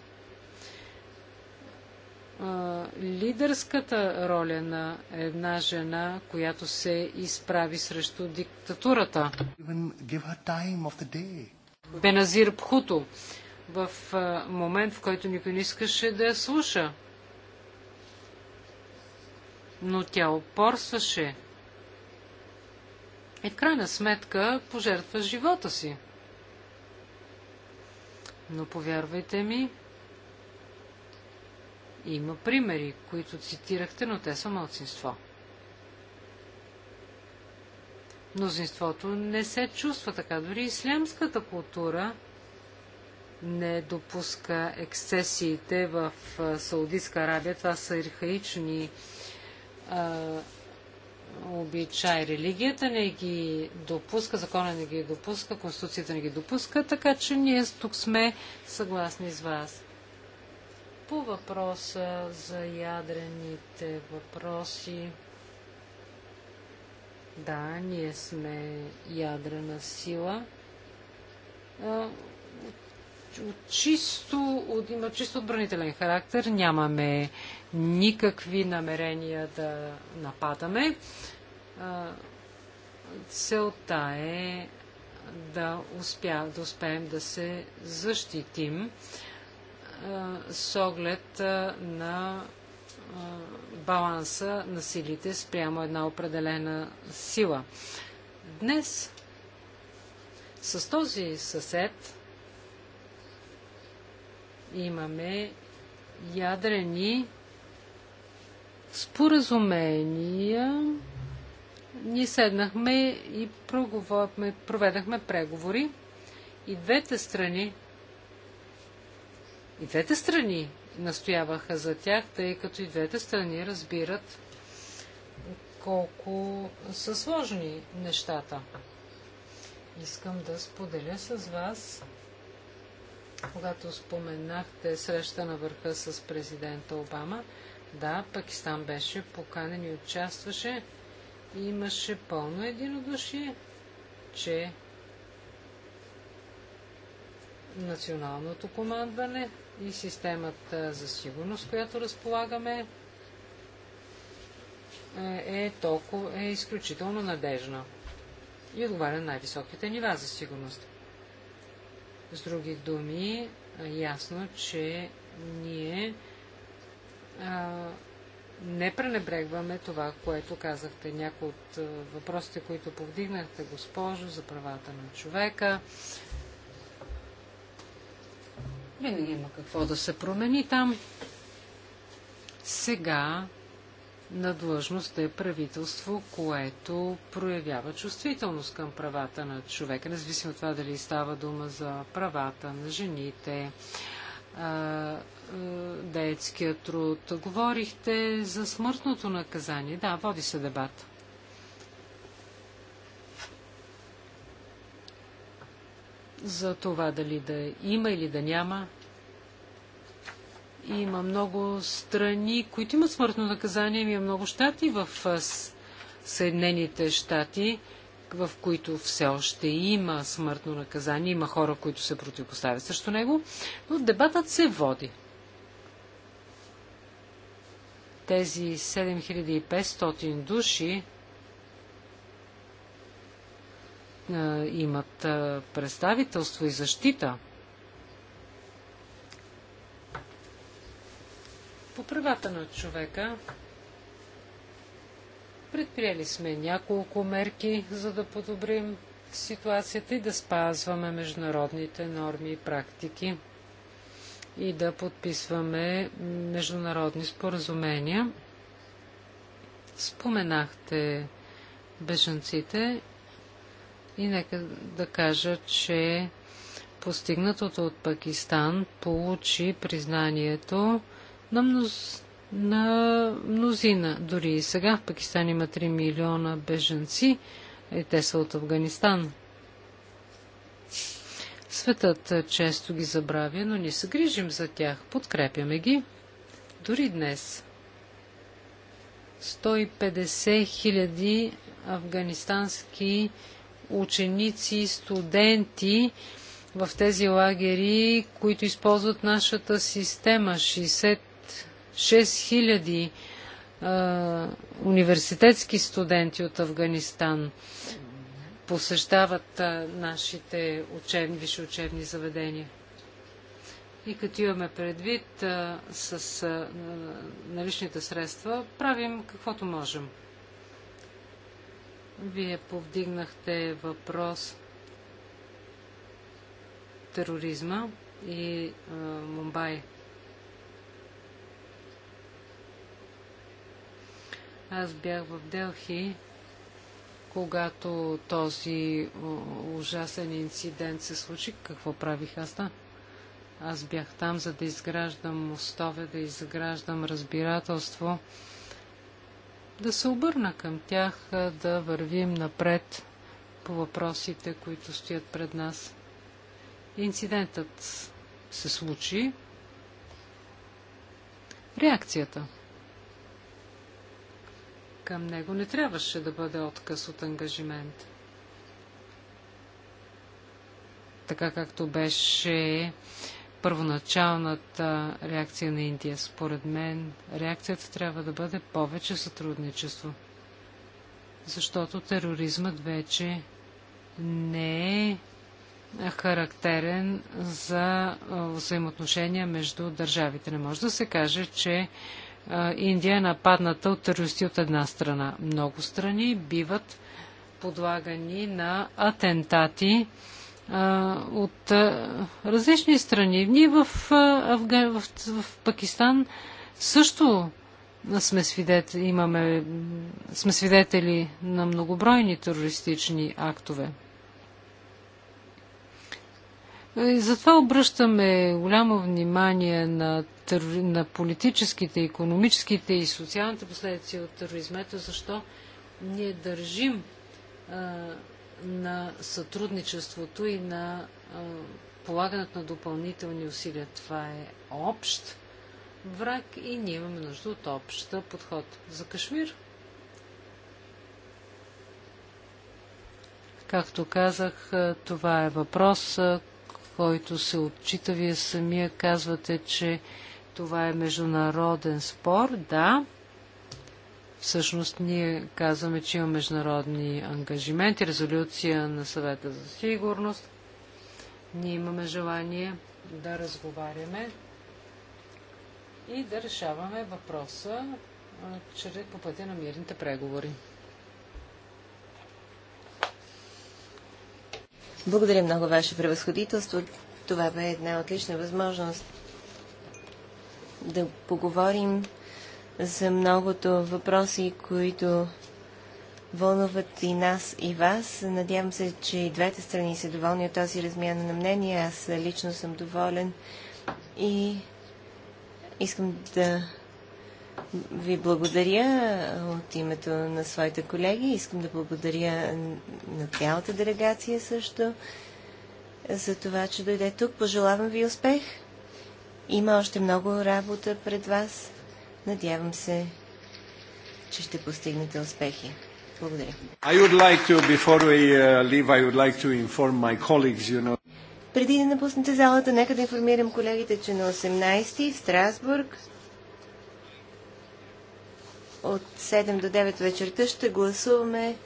Лидерската роля на една жена, която се изправи срещу диктатурата. Беназир Пхуто в момент, в който никой не искаше да я слуша. Но тя опорстваше. И в крайна сметка пожертва живота си. Но повярвайте ми, има примери, които цитирахте, но те са малцинство. Мнозинството не се чувства така. Дори ислямската култура не допуска ексцесиите в Саудитска Арабия. Това са архаични а, обичай. Религията не ги допуска, закона не ги допуска, конституцията не ги допуска, така че ние тук сме съгласни с вас. По въпроса за ядрените въпроси. Да, ние сме ядрена сила чисто, има чисто отбранителен характер. Нямаме никакви намерения да нападаме. Целта е да, успя, да успеем да се защитим с оглед на баланса на силите спрямо една определена сила. Днес с този съсед имаме ядрени споразумения. Ние седнахме и проведахме преговори. И двете страни, и двете страни настояваха за тях, тъй като и двете страни разбират колко са сложни нещата. Искам да споделя с вас когато споменахте среща на върха с президента Обама. Да, Пакистан беше поканен и участваше. И имаше пълно единодушие, че националното командване и системата за сигурност, която разполагаме, е, е толкова, е изключително надежна и отговаря на най-високите нива за сигурност. С други думи, ясно, че ние а, не пренебрегваме това, което казахте. Някои от въпросите, които повдигнахте, госпожо, за правата на човека. Винаги има какво да се промени там. Сега на длъжност е правителство, което проявява чувствителност към правата на човека, независимо от това дали става дума за правата на жените, детския труд. Говорихте за смъртното наказание. Да, води се дебат. За това дали да има или да няма има много страни, които имат смъртно наказание, има много щати в Съединените щати, в които все още има смъртно наказание, има хора, които се противопоставят срещу него, но дебатът се води. Тези 7500 души имат представителство и защита – правата на човека. Предприели сме няколко мерки, за да подобрим ситуацията и да спазваме международните норми и практики и да подписваме международни споразумения. Споменахте бежанците и нека да кажа, че постигнатото от Пакистан получи признанието на, мноз... на мнозина. Дори и сега в Пакистан има 3 милиона беженци. И те са от Афганистан. Светът е, често ги забравя, но ни се грижим за тях. Подкрепяме ги. Дори днес. 150 хиляди афганистански ученици, студенти в тези лагери, които използват нашата система. 60 6000 а, университетски студенти от Афганистан посещават а, нашите учебни, висши учебни заведения. И като имаме предвид а, с а, наличните средства, правим каквото можем. Вие повдигнахте въпрос тероризма и а, Мумбай. Аз бях в Делхи, когато този ужасен инцидент се случи. Какво правих аз там? Аз бях там, за да изграждам мостове, да изграждам разбирателство, да се обърна към тях, да вървим напред по въпросите, които стоят пред нас. Инцидентът се случи. Реакцията – към него не трябваше да бъде отказ от ангажимент. Така както беше първоначалната реакция на Индия. Според мен реакцията трябва да бъде повече сътрудничество. Защото тероризмът вече не е характерен за взаимоотношения между държавите. Не може да се каже, че Индия е нападната от терористи от една страна. Много страни биват подлагани на атентати от различни страни. Ние в, Афган... в, в Пакистан също сме свидетели, имаме, сме свидетели на многобройни терористични актове. И затова обръщаме голямо внимание на, тър... на политическите, економическите и социалните последици от тероризмета, защо ние държим а, на сътрудничеството и на а, полагането на допълнителни усилия. Това е общ враг и ние имаме нужда от обща подход. За Кашмир. Както казах, това е въпрос, който се отчита. Вие самия казвате, че това е международен спор. Да, всъщност ние казваме, че има международни ангажименти, резолюция на съвета за сигурност. Ние имаме желание да разговаряме и да решаваме въпроса по пътя на мирните преговори. Благодаря много, Ваше превъзходителство. Това бе една отлична възможност да поговорим за многото въпроси, които вълнуват и нас, и вас. Надявам се, че и двете страни са доволни от този размяна на мнение. Аз лично съм доволен и искам да ви благодаря от името на своите колеги. Искам да благодаря на цялата делегация също за това, че дойде тук. Пожелавам ви успех. Има още много работа пред вас. Надявам се, че ще постигнете успехи. Благодаря. Like to, uh, leave, like you know. Преди да напуснете залата, нека да информирам колегите, че на 18 в Страсбург от 7 до 9 вечерта ще гласуваме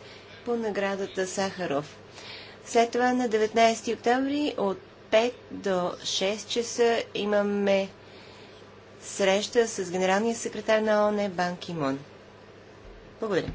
по наградата Сахаров. След това на 19 октомври от 5 до 6 часа имаме среща с генералния секретар на ОНЕ Бан Кимон. Благодаря.